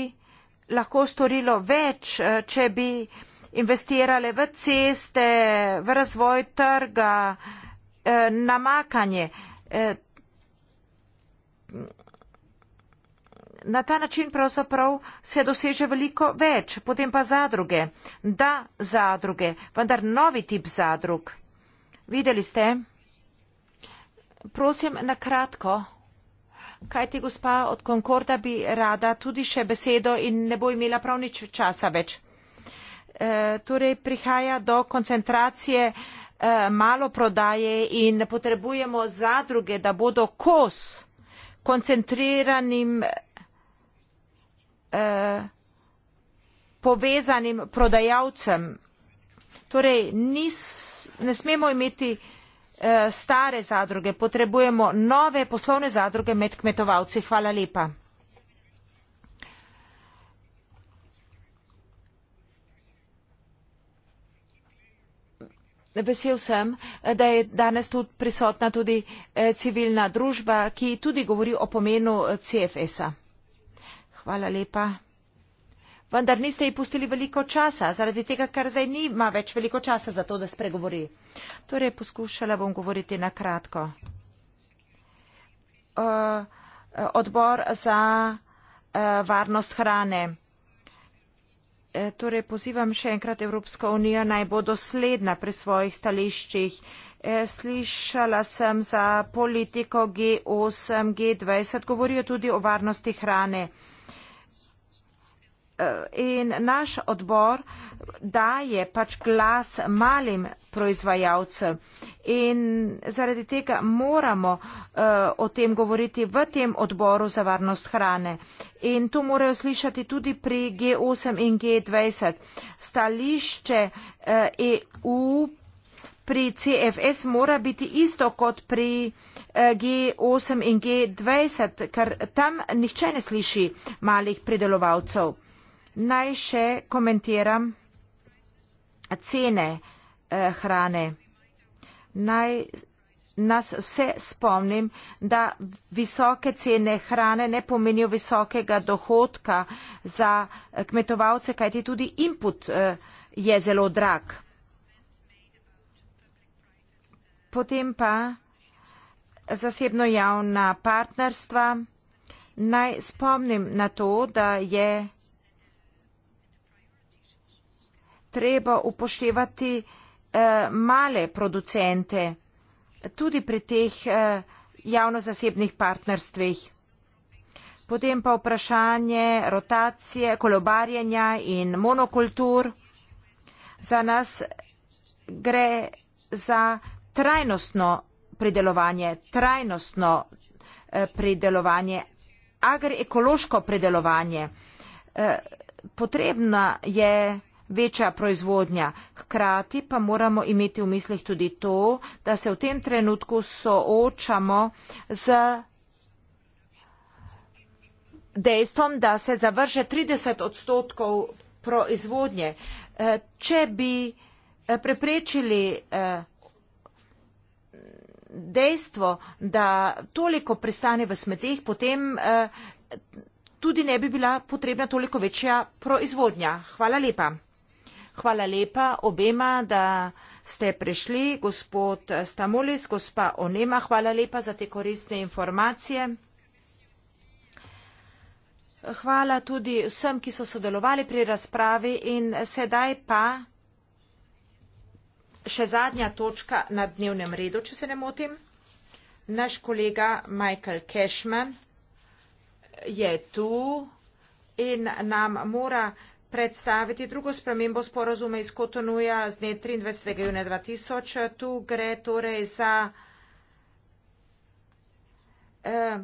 lahko storilo več, eh, če bi investirale v ceste, v razvoj trga, eh, namakanje. Na ta način pravzaprav se doseže veliko več, potem pa zadruge. Da, zadruge, vendar novi tip zadrug. Videli ste? Prosim, na kratko. Kaj ti gospa od Concorda bi rada tudi še besedo in ne bo imela prav nič časa več? E, torej prihaja do koncentracije e, malo prodaje in potrebujemo zadruge, da bodo kos koncentriranim e, povezanim prodajalcem. Torej nis, ne smemo imeti Eh, stare zadruge, potrebujemo nove poslovne zadruge med kmetovalci. Hvala lepa. Vesel sem, da je danes tu prisotna tudi eh, civilna družba, ki tudi govori o pomenu eh, CFS-a. Hvala lepa vendar niste ji pustili veliko časa, zaradi tega, ker zdaj nima več veliko časa za to, da spregovori. Torej, poskušala bom govoriti na kratko. Uh, uh, odbor za uh, varnost hrane. E, torej, pozivam še enkrat Evropsko unijo naj bo dosledna pri svojih stališčih. E, slišala sem za politiko G8, G20, govorijo tudi o varnosti hrane. Eh, in naš odbor daje pač glas malim proizvajalcem in zaradi tega moramo uh, o tem govoriti v tem odboru za varnost hrane. In to morajo slišati tudi pri G8 in G20. Stališče uh, eh, EU pri CFS mora biti isto kot pri G8 in G20, ker tam nihče ne sliši malih pridelovalcev. Naj še komentiram cene eh, hrane. Naj nas vse spomnim, da visoke cene hrane ne pomenijo visokega dohodka za eh, kmetovalce, kajti tudi input eh, je zelo drag. Potem pa zasebno-javna partnerstva. Naj spomnim na to, da je treba upoštevati eh, male producente tudi pri teh eh, javno-zasebnih partnerstvih. Potem pa vprašanje rotacije, kolobarjenja in monokultur. Za nas gre za trajnostno pridelovanje, trajnostno eh, pridelovanje, agroekološko pridelovanje. Eh, potrebna je eh, večja proizvodnja. Hkrati pa moramo imeti v mislih tudi to, da se v tem trenutku soočamo z dejstvom, da se zavrže 30 odstotkov proizvodnje. Eh, če bi eh, preprečili eh, dejstvo, da toliko pristane v smeteh, potem tudi ne bi bila potrebna toliko večja proizvodnja. Hvala lepa. Hvala lepa obema, da ste prišli. Gospod Stamulis, gospa Onema, hvala lepa za te koristne informacije. Hvala tudi vsem, ki so sodelovali pri razpravi in sedaj pa še zadnja točka na dnevnem redu, če se ne motim. Naš kolega Michael Cashman je tu in nam mora predstaviti drugo spremembo sporozume iz Kotonuja z dne 23. junija 2000. Tu gre torej za eh,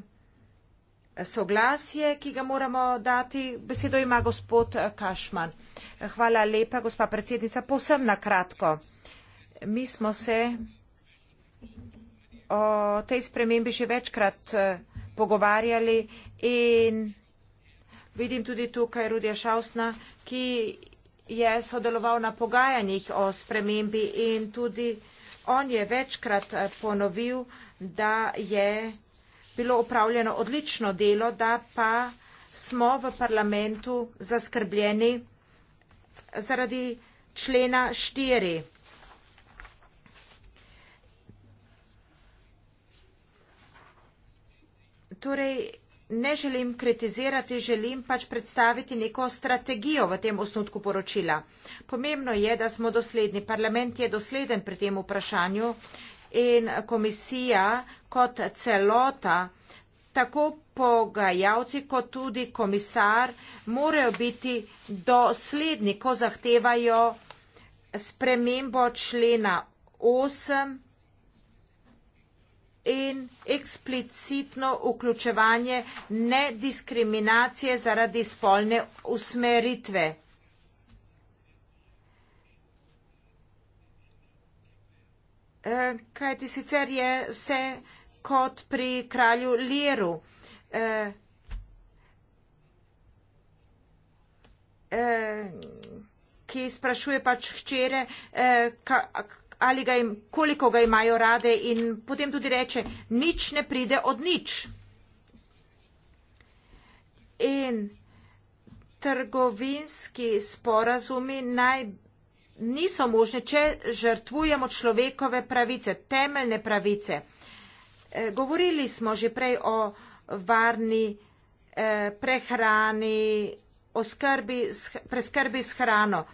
soglasje, ki ga moramo dati. Besedo ima gospod eh, Kašman. Hvala lepa, gospa predsednica. Posem na kratko. Mi smo se o tej spremembi že večkrat eh, pogovarjali in Vidim tudi tukaj Rudija Šausna, ki je sodeloval na pogajanjih o spremembi in tudi on je večkrat eh, ponovil, da je bilo upravljeno odlično delo, da pa smo v parlamentu zaskrbljeni zaradi člena štiri. Torej, ne želim kritizirati, želim pač predstaviti neko strategijo v tem osnutku poročila. Pomembno je, da smo dosledni. Parlament je dosleden pri tem vprašanju in komisija kot celota, tako pogajalci kot tudi komisar, morajo biti dosledni, ko zahtevajo spremembo člena 8 in eksplicitno vključevanje nediskriminacije zaradi spolne usmeritve. E, kajti sicer je vse kot pri kralju Liru. E, e, ki sprašuje pač hčere, ali ga im, koliko ga imajo rade in potem tudi reče, nič ne pride od nič. In trgovinski sporazumi naj niso možni, če žrtvujemo človekove pravice, temeljne pravice. E, govorili smo že prej o varni e, prehrani, o skrbi, preskrbi s hrano.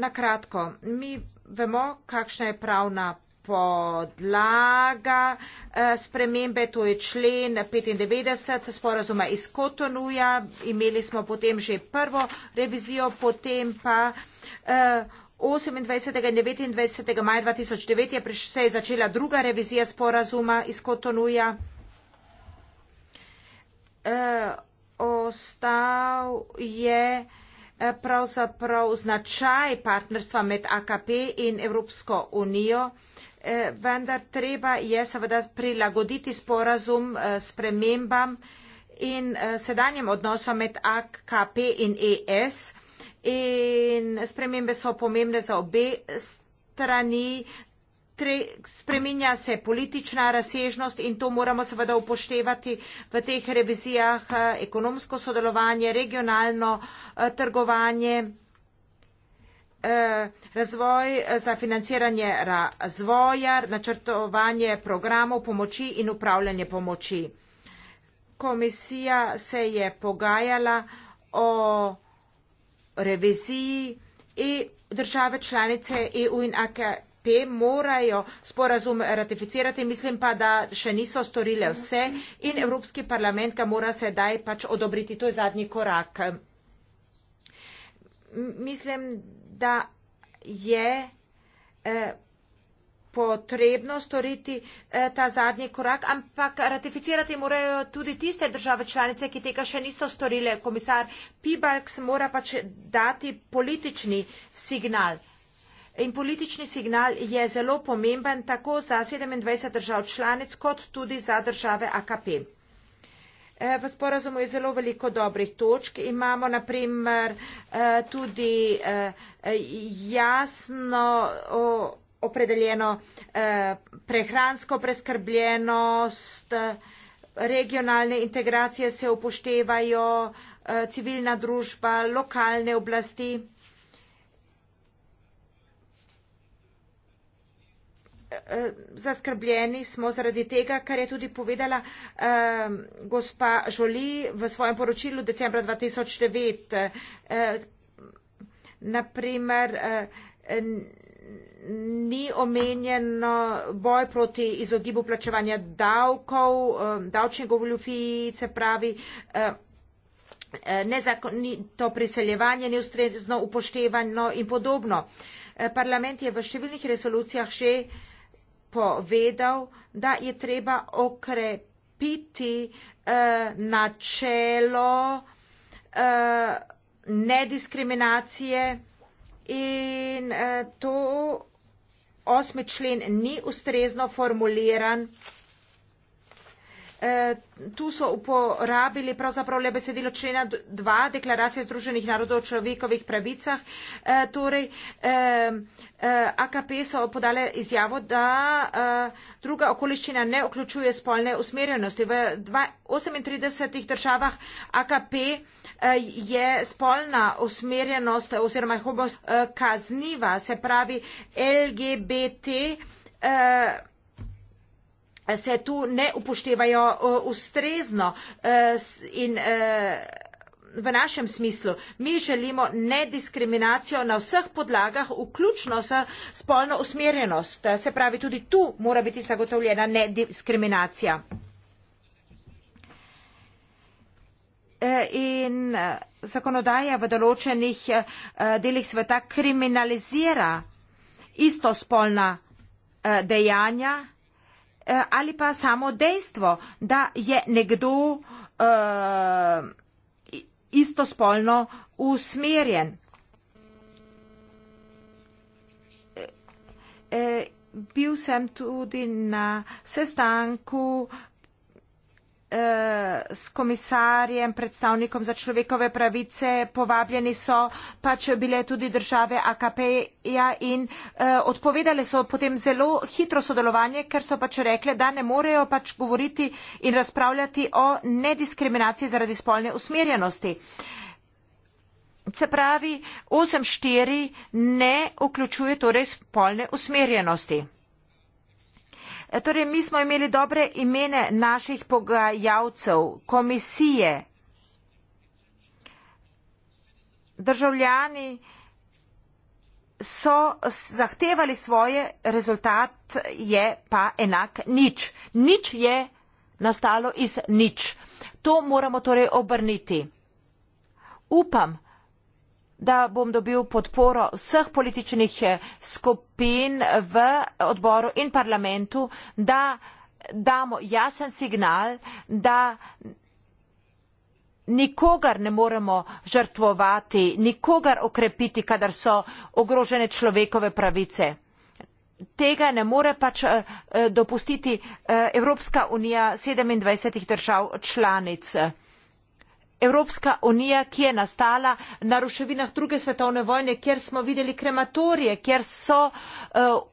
na kratko, mi vemo, kakšna je pravna podlaga eh, spremembe, to je člen 95 sporazuma iz Kotonuja, imeli smo potem že prvo revizijo, potem pa 28. Eh, in 29. maja 2009 se je začela druga revizija sporazuma iz Kotonuja. Eh, ostal je pravzaprav značaj partnerstva med AKP in Evropsko unijo, eh, vendar treba je seveda prilagoditi sporazum eh, spremembam in eh, sedanjem odnosom med AKP in ES in spremembe so pomembne za obe strani, tre, spreminja se politična razsežnost in to moramo seveda upoštevati v teh revizijah, eh, ekonomsko sodelovanje, regionalno eh, trgovanje, eh, razvoj za financiranje razvoja, načrtovanje programov pomoči in upravljanje pomoči. Komisija se je pogajala o reviziji e-, države članice EU in te morajo sporazum ratificirati, mislim pa, da še niso storile vse in Evropski parlament ga mora sedaj pač odobriti. To je zadnji korak. Mislim, da je eh, potrebno storiti eh, ta zadnji korak, ampak ratificirati morajo tudi tiste države članice, ki tega še niso storile. Komisar Pibalks mora pač dati politični signal. In politični signal je zelo pomemben tako za 27 držav članic, kot tudi za države AKP. Eh, v sporazumu je zelo veliko dobrih točk. Imamo naprimer eh, tudi eh, jasno opredeljeno prehransko preskrbljenost, regionalne integracije se upoštevajo, civilna družba, lokalne oblasti. Eh, zaskrbljeni smo zaradi tega, kar je tudi povedala eh, gospa Žoli v svojem poročilu decembra 2009. Eh, naprimer, eh, ni omenjeno boj proti izogibu plačevanja davkov, eh, davčni govoljufiji, se pravi, eh, eh, nezakonito priseljevanje, neustrezno upoštevanje in podobno. Eh, parlament je v številnih resolucijah še eh, povedal, da je treba okrepiti eh, načelo eh, nediskriminacije in eh, to osmi člen ni ustrezno formuliran. E, tu so uporabili pravzaprav le besedilo člena 2 deklaracije Združenih narodov o človekovih pravicah. E, torej, e, e, AKP so podale izjavo, da e, druga okoliščina ne vključuje spolne usmerjenosti. V 38 državah AKP e, je spolna usmerjenost oziroma homos e, kazniva, se pravi LGBT. E, se tu ne upoštevajo ustrezno e, in e, v našem smislu. Mi želimo nediskriminacijo na vseh podlagah, vključno s spolno usmerjenost. Se pravi, tudi tu mora biti zagotovljena nediskriminacija. E, in zakonodaja v določenih delih sveta kriminalizira isto spolna dejanja, Eh, ali pa samo dejstvo, da je nekdo uh, istospolno usmerjen. Uh, bil sem tudi na sestanku uh, Eh, s komisarjem, predstavnikom za človekove pravice, povabljeni so pač bile tudi države AKP-ja in eh, odpovedale so potem zelo hitro sodelovanje, ker so pač rekle, da ne morejo pač govoriti in razpravljati o nediskriminaciji zaradi spolne usmerjenosti. Se pravi, 8.4 ne vključuje torej spolne usmerjenosti. E, torej, mi smo imeli dobre imene naših pogajalcev, komisije, državljani so zahtevali svoje, rezultat je pa enak nič. Nič je nastalo iz nič. To moramo torej obrniti. Upam, da da bom dobil podporo vseh političnih eh, skupin v odboru in parlamentu, da damo jasen signal, da nikogar ne moremo žrtvovati, nikogar okrepiti, kadar so ogrožene človekove pravice. Tega ne more pač eh, eh, dopustiti Evropska unija 27 držav članic. Evropska unija, ki je nastala na ruševinah druge svetovne vojne, kjer smo videli krematorije, kjer so uh,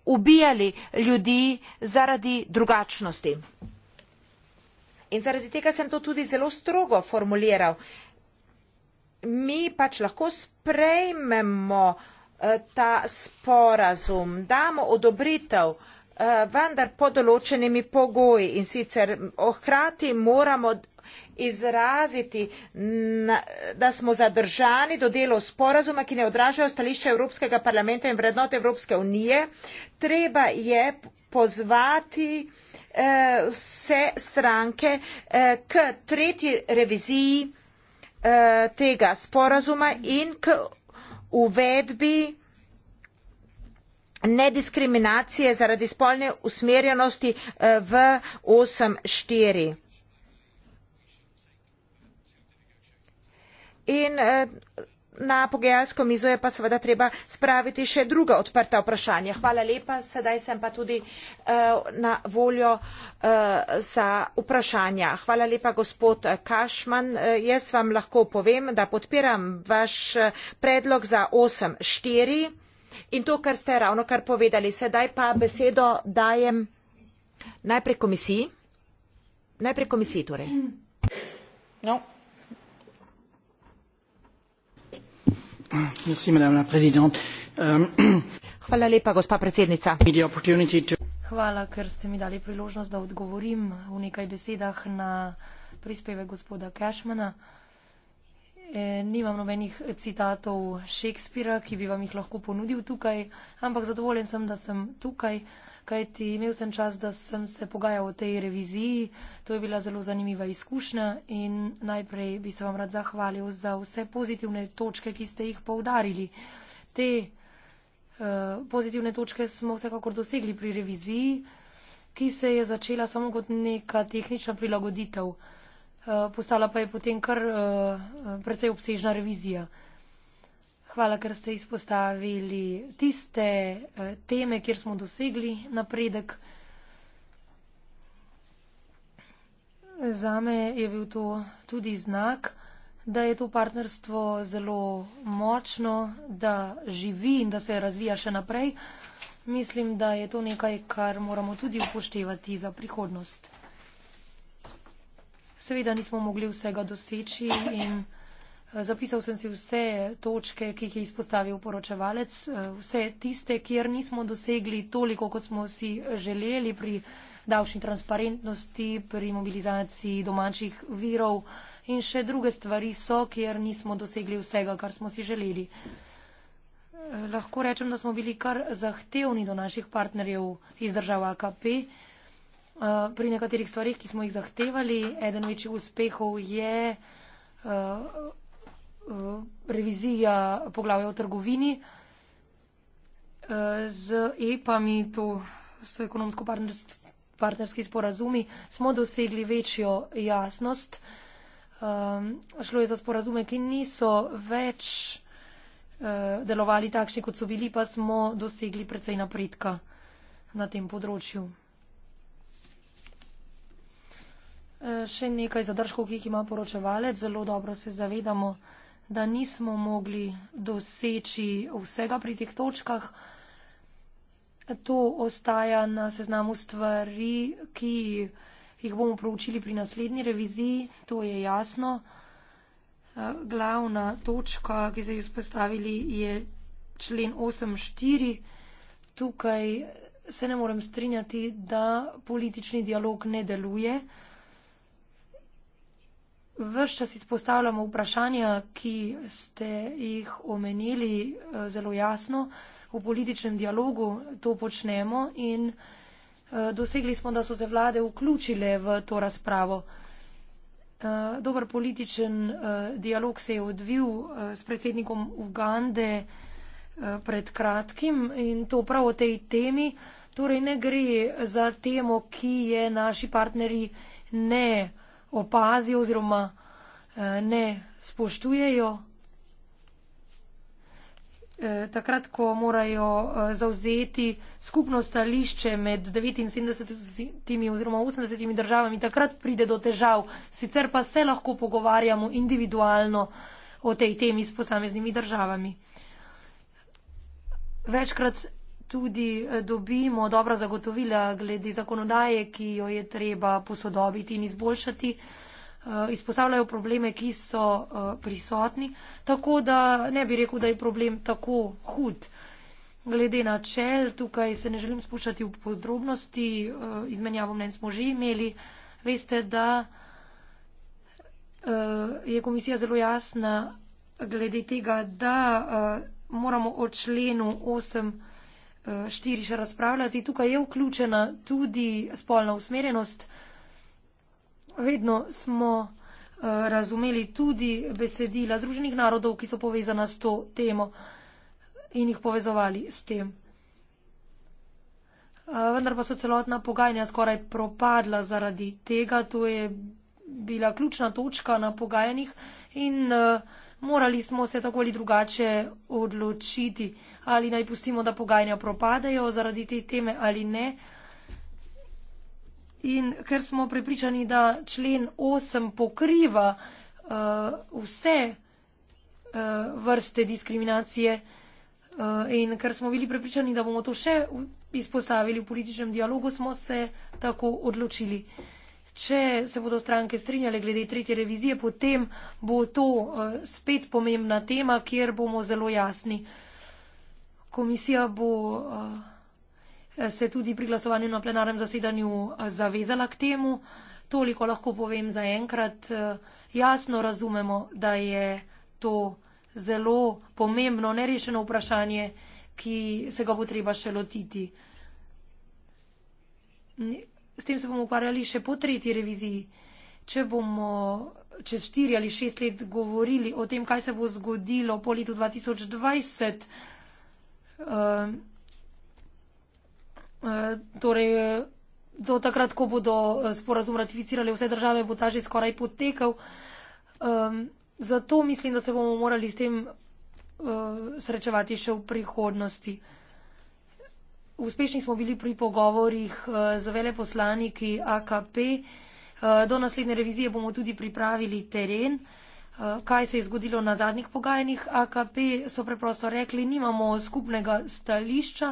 ubijali ljudi zaradi drugačnosti. In zaradi tega sem to tudi zelo strogo formuliral. Mi pač lahko sprejmemo uh, ta sporazum, damo odobritev uh, Eh, vendar pod določenimi pogoji in sicer ohrati moramo izraziti, da smo zadržani do delov sporazuma, ki ne odražajo stališče Evropskega parlamenta in vrednot Evropske unije. Treba je pozvati eh, vse stranke eh, k tretji reviziji tega sporazuma in k uvedbi nediskriminacije zaradi spolne usmerjenosti eh, v 8.4. In eh, na pogajalsko mizo je pa seveda treba spraviti še druga odprta vprašanja. Hvala lepa, sedaj sem pa tudi eh, na voljo za vprašanja. Hvala lepa, gospod Kašman. Jaz vam lahko povem, da podpiram vaš predlog za 8.4. In to, kar ste ravno kar povedali, sedaj pa besedo dajem najprej komisiji. Najprej komisiji torej. No. Euh, Hvala lepa, gospa predsednica. Hvala, ker ste mi dali priložnost, da odgovorim v nekaj besedah na prispeve gospoda Cashmana. E, nimam nobenih citatov Šekspira, ki bi vam jih lahko ponudil tukaj, ampak zadovoljen sem, da sem tukaj, kajti imel sem čas, da sem se pogajal o tej reviziji. To je bila zelo zanimiva izkušnja in najprej bi se vam rad zahvalil za vse pozitivne točke, ki ste jih poudarili. Te uh, pozitivne točke smo vsekakor dosegli pri reviziji, ki se je začela samo kot neka tehnična prilagoditev. Eh, postala pa je potem kar eh, precej obsežna revizija. Hvala, ker ste izpostavili tiste eh, teme, kjer smo dosegli napredek. Zame je bil to tudi znak, da je to partnerstvo zelo močno, da živi in da se razvija še naprej. Mislim, da je to nekaj, kar moramo tudi upoštevati za prihodnost. Seveda nismo mogli vsega doseči in eh, zapisal sem si vse točke, ki jih je izpostavil poročevalec, eh, vse tiste, kjer nismo dosegli toliko, kot smo si želeli pri davčni transparentnosti, pri mobilizaciji domačih virov in še druge stvari so, kjer nismo dosegli vsega, kar smo si želeli. Eh, lahko rečem, da smo bili kar zahtevni do naših partnerjev iz država KP. Eh, pri nekaterih stvarih, ki smo jih zahtevali. Eden večjih uspehov je uh, revizija poglavja o trgovini uh, z EPA-mi, to so ekonomsko partnerski sporazumi, smo dosegli večjo jasnost. Um, šlo je za sporazume, ki niso več uh, delovali takšni, kot so bili, pa smo dosegli precej napredka na tem področju. E, še nekaj zadržkov, ki jih ima poročevalec. Zelo dobro se zavedamo, da nismo mogli doseči vsega pri teh točkah. To ostaja na seznamu stvari, ki jih bomo proučili pri naslednji reviziji, to je jasno. E, glavna točka, ki ste jo spostavili, je člen 8.4. Tukaj se ne morem strinjati, da politični dialog ne deluje. Ves čas izpostavljamo vprašanja, ki ste jih omenili eh, zelo jasno v političnem dialogu, to počnemo in eh, dosegli smo, da so se vlade vključile v to razpravo. Eh, dober političen dialog se je odvil s predsednikom Ugande pred kratkim in to prav o tej temi. Torej ne gre za temo, ki je naši partneri ne opazijo oziroma eh, ne spoštujejo. Eh, takrat, ko morajo eh, zauzeti skupno stališče med 79 oziroma 80 državami, takrat pride do težav. Sicer pa se lahko pogovarjamo individualno o tej temi s posameznimi državami. Večkrat tudi eh, dobimo dobra zagotovila glede zakonodaje, ki jo je treba posodobiti in izboljšati. Eh, izpostavljajo probleme, ki so eh, prisotni, tako da ne bi rekel, da je problem tako hud. Glede na čel, tukaj se ne želim spuščati v podrobnosti, izmenjavo mnen smo že imeli. Veste, da je komisija zelo jasna glede tega, da moramo o členu 8 štiri še razpravljati. Tukaj je vključena tudi spolna usmerjenost. Vedno smo eh, razumeli tudi besedila Združenih narodov, ki so povezana s to temo in jih povezovali s tem. Eh, vendar pa so celotna pogajanja skoraj propadla zaradi tega. To je bila ključna točka na pogajanjih in uh, Morali smo se tako ali drugače odločiti, ali naj pustimo, da pogajanja propadajo zaradi te teme ali ne. In ker smo prepričani, da člen 8 pokriva uh, vse uh, vrste diskriminacije uh, in ker smo bili prepričani, da bomo to še izpostavili v političnem dialogu, smo se tako odločili. Uh, Če se bodo stranke strinjale glede tretje revizije, potem bo to eh, spet pomembna tema, kjer bomo zelo jasni. Komisija bo eh, se tudi pri glasovanju na plenarnem zasedanju eh, zavezala k temu. Toliko lahko povem za enkrat. Jasno razumemo, da je to zelo pomembno, nerešeno vprašanje, ki se ga bo treba še lotiti s tem se bomo ukvarjali še po tretji reviziji. Če bomo čez štiri ali šest let govorili o tem, kaj se bo zgodilo po letu 2020, uh, uh, torej do takrat, ko bodo eh, sporazum ratificirali vse države, bo ta že skoraj potekel. Um, zato mislim, da se bomo morali s tem uh, srečevati še v prihodnosti. Uspešni smo bili pri pogovorih eh, z veleposlaniki AKP. Eh, do naslednje revizije bomo tudi pripravili teren. Eh, kaj se je zgodilo na zadnjih pogajanjih AKP, so preprosto rekli, nimamo skupnega stališča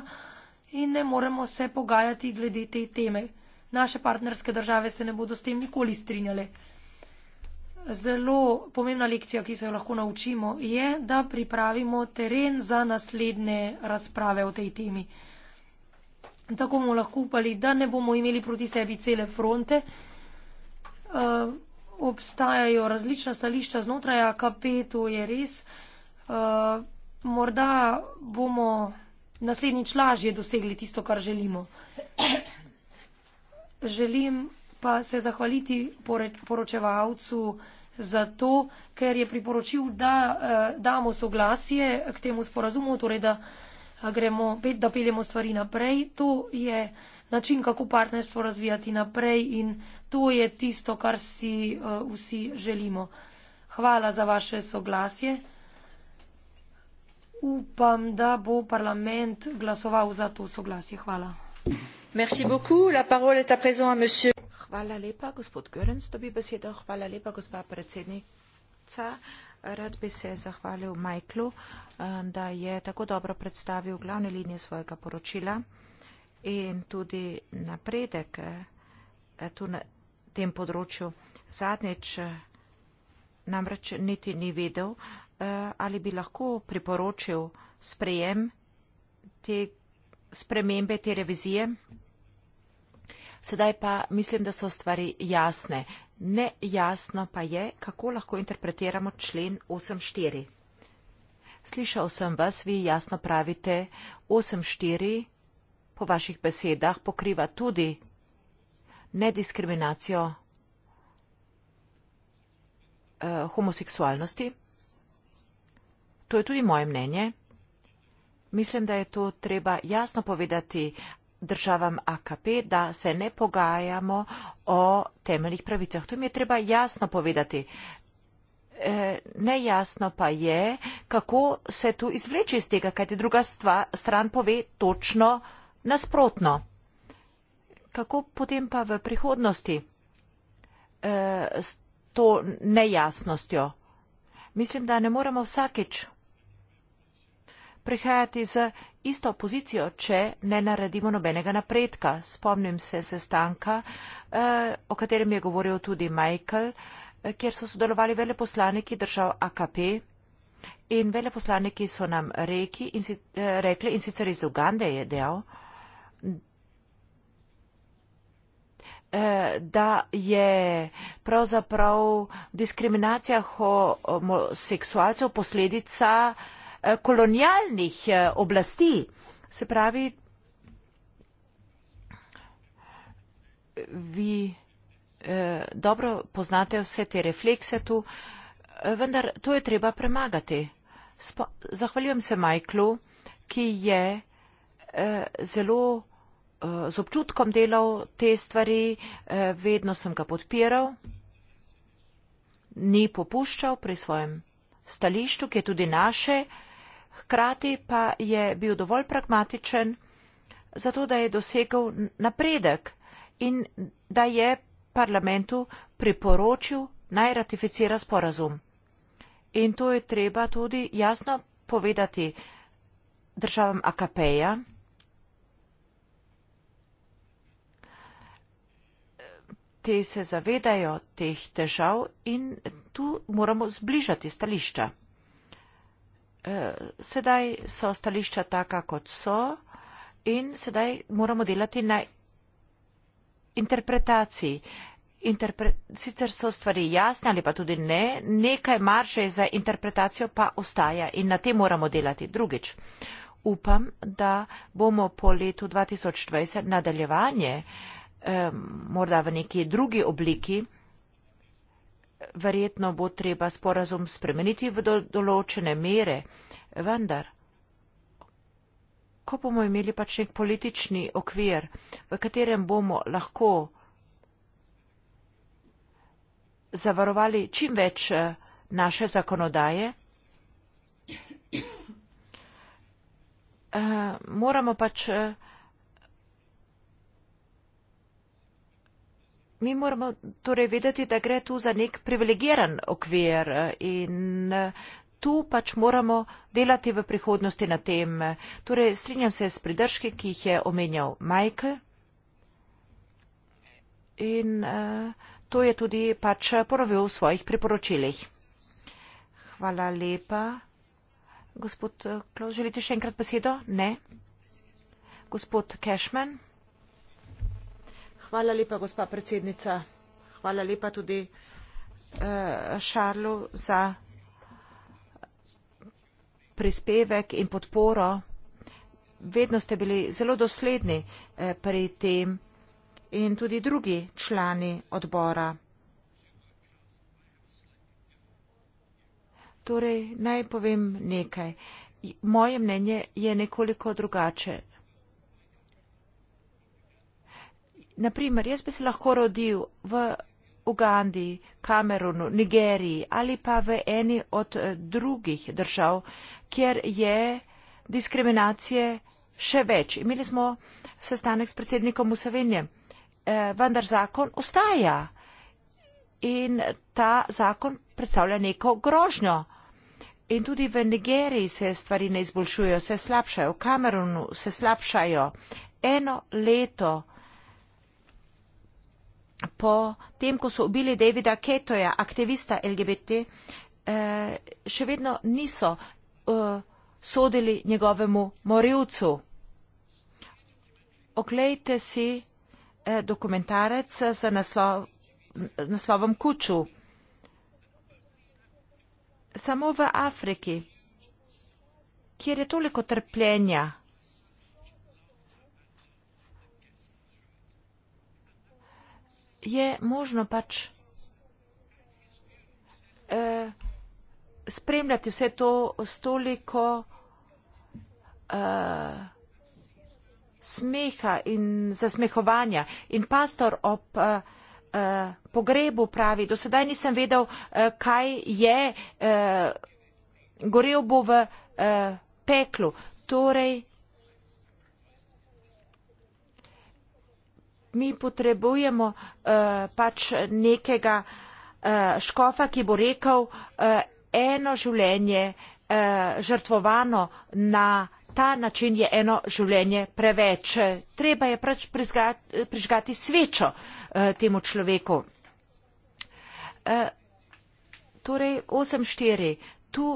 in ne moremo se pogajati glede te teme. Naše partnerske države se ne bodo s tem nikoli strinjale. Zelo pomembna lekcija, ki se jo lahko naučimo, je, da pripravimo teren za naslednje razprave o tej temi tako bomo lahko upali, da ne bomo imeli proti sebi cele fronte. Uh, obstajajo različna stališča znotraj AKP, to je res. Uh, morda bomo naslednjič lažje dosegli tisto, kar želimo. Želim pa se zahvaliti poročevalcu za to, ker je priporočil, da uh, damo soglasje k temu sporazumu, torej da uh, gremo, da peljemo stvari naprej. To je način, kako partnerstvo razvijati naprej in to je tisto, kar si eh, vsi želimo. Hvala za vaše soglasje. Upam, da bo parlament glasoval za to soglasje. Hvala. Merci beaucoup. La parole est à présent à monsieur. Hvala lepa, gospod Görens, dobi besedo. Hvala lepa, gospa predsednica. Rad bi se zahvalil Majklu. Uh, da je tako dobro predstavil glavne linije svojega poročila in tudi napredek eh, tu na tem področju. Zadnjič eh, namreč niti ni vedel, eh, ali bi lahko priporočil sprejem te spremembe, te revizije. Sedaj pa mislim, da so stvari jasne. Nejasno pa je, kako lahko interpretiramo člen 8.4. Slišal sem vas, vi jasno pravite, 8.4 po vaših besedah pokriva tudi nediskriminacijo eh, homoseksualnosti. To je tudi moje mnenje. Mislim, da je to treba jasno povedati državam AKP, da se ne pogajamo o temeljnih pravicah. To jim je treba jasno povedati. Eh, nejasno pa je, kako se tu izvleči iz tega, kajti druga stva, stran pove točno nasprotno. Kako potem pa v prihodnosti eh, s to nejasnostjo? Mislim, da ne moremo vsakič prihajati z isto pozicijo, če ne naredimo nobenega napredka. Spomnim se sestanka, eh, o katerem je govoril tudi Michael kjer so sodelovali veleposlaniki držav AKP. In veleposlaniki so nam reki in si, eh, rekli, in sicer iz Ugande je dejal, eh, da je pravzaprav diskriminacija homoseksualcev posledica eh, kolonialnih oblasti. Se pravi, vi. Eh, dobro poznate vse te reflekse tu, eh, vendar to je treba premagati. Spo zahvaljujem se Majklu, ki je eh, zelo z občutkom delal te stvari, vedno sem ga podpiral, ni popuščal pri svojem stališču, ki je tudi naše, hkrati pa je bil dovolj pragmatičen, zato da je dosegel napredek in da je parlamentu priporočil, naj ratificira sporazum. In to je treba tudi jasno povedati državam AKP-ja. Te se zavedajo teh težav in tu moramo zbližati stališča. Eh, sedaj so stališča taka, kot so in sedaj moramo delati na interpretaciji. Interpre sicer so stvari jasne ali pa tudi ne, nekaj marže za interpretacijo pa ostaja in na tem moramo delati drugič. Upam, da bomo po letu 2020 nadaljevanje, eh, morda v neki drugi obliki, verjetno bo treba sporazum spremeniti v do določene mere, vendar ko bomo imeli pač nek politični okvir, v katerem bomo lahko zavarovali čim več eh, naše zakonodaje, eh, moramo pač. Eh, mi moramo torej vedeti, da gre tu za nek privilegiran okvir in tu pač moramo delati v prihodnosti na tem. Torej, strinjam se s pridržki, ki jih je omenjal Michael. In uh, to je tudi pač ponovil v svojih priporočilih. Hvala lepa. Gospod eh, Klaus, želite še enkrat besedo? Ne. Gospod Cashman. Hvala lepa, gospa predsednica. Hvala lepa tudi uh, Šarlu za prispevek in podporo. Vedno ste bili zelo dosledni eh, pri tem in tudi drugi člani odbora. Torej, naj povem nekaj. Moje mnenje je nekoliko drugače. Naprimer, jaz bi se lahko rodil v Ugandiji, Kamerunu, Nigeriji ali pa v eni od eh, drugih držav, kjer je diskriminacije še več. Imeli smo sestanek s predsednikom Musavinje, eh, vendar zakon ostaja in ta zakon predstavlja neko grožnjo. In tudi v Nigeriji se stvari ne izboljšujejo, se slabšajo, v Kamerunu se slabšajo. Eno leto po tem, ko so ubili Davida Ketoja, aktivista LGBT, eh, še vedno niso uh, sodili njegovemu morilcu. Oglejte si eh, dokumentarec z naslo naslovom Kuču. Samo v Afriki, kjer je toliko trpljenja, je možno pač eh, spremljati vse to s toliko uh, smeha in zasmehovanja. In pastor ob uh, uh, pogrebu pravi, do sedaj nisem vedel, uh, kaj je, uh, gorel bo v uh, peklu. Torej, Mi potrebujemo uh, pač nekega uh, škofa, ki bo rekel, uh, eno življenje eh, žrtvovano na ta način je eno življenje preveč. Treba je pač prižgati svečo eh, temu človeku. Eh, torej, 8.4. Tu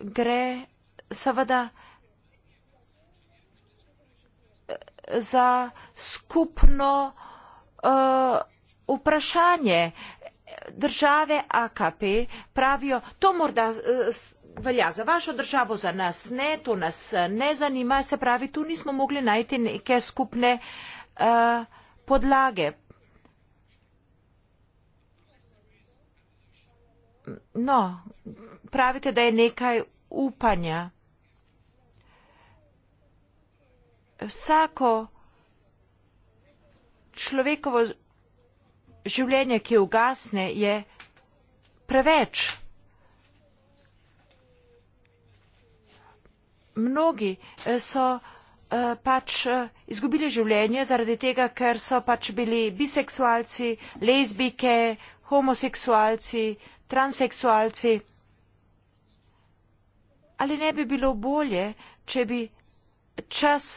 gre seveda za skupno vprašanje, države akp pravijo to morda eh, velja za vašo državo za nas ne to nas eh, ne zanima se pravi tu nismo mogli najti neke skupne uh, podlage no pravite da je nekaj upanja vsako človekovo življenje ki ugasne je preveč mnogi eh, so eh, pač eh, izgubili življenje zaradi tega ker so pač bili biseksualci lezbijke homoseksualci transseksualci ali ne bi bilo bolje če bi čas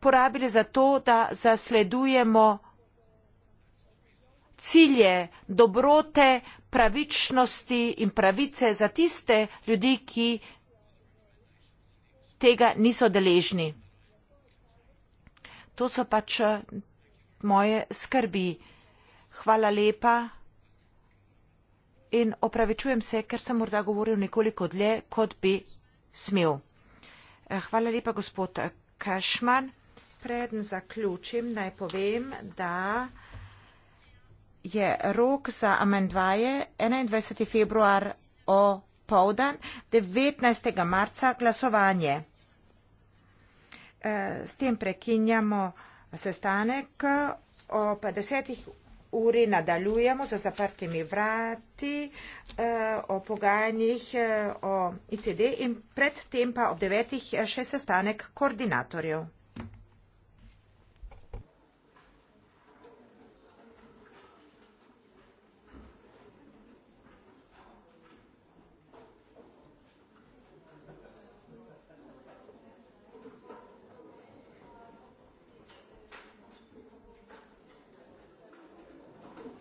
porabili za to da zasledujemo cilje dobrote, pravičnosti in pravice za tiste ljudi, ki tega niso deležni. To so pač eh, moje skrbi. Hvala lepa in opravičujem se, ker sem morda govoril nekoliko dlje, kot bi smel. Eh, hvala lepa, gospod Kašman. Eh, Preden zaključim, naj povem, da je rok za amendvaje 21. februar o povdan, 19. marca glasovanje. Eh, s tem prekinjamo sestanek. O 50. uri nadaljujemo za zaprtimi vrati eh, o pogajanjih eh, o ICD in predtem pa ob 9. še sestanek koordinatorjev.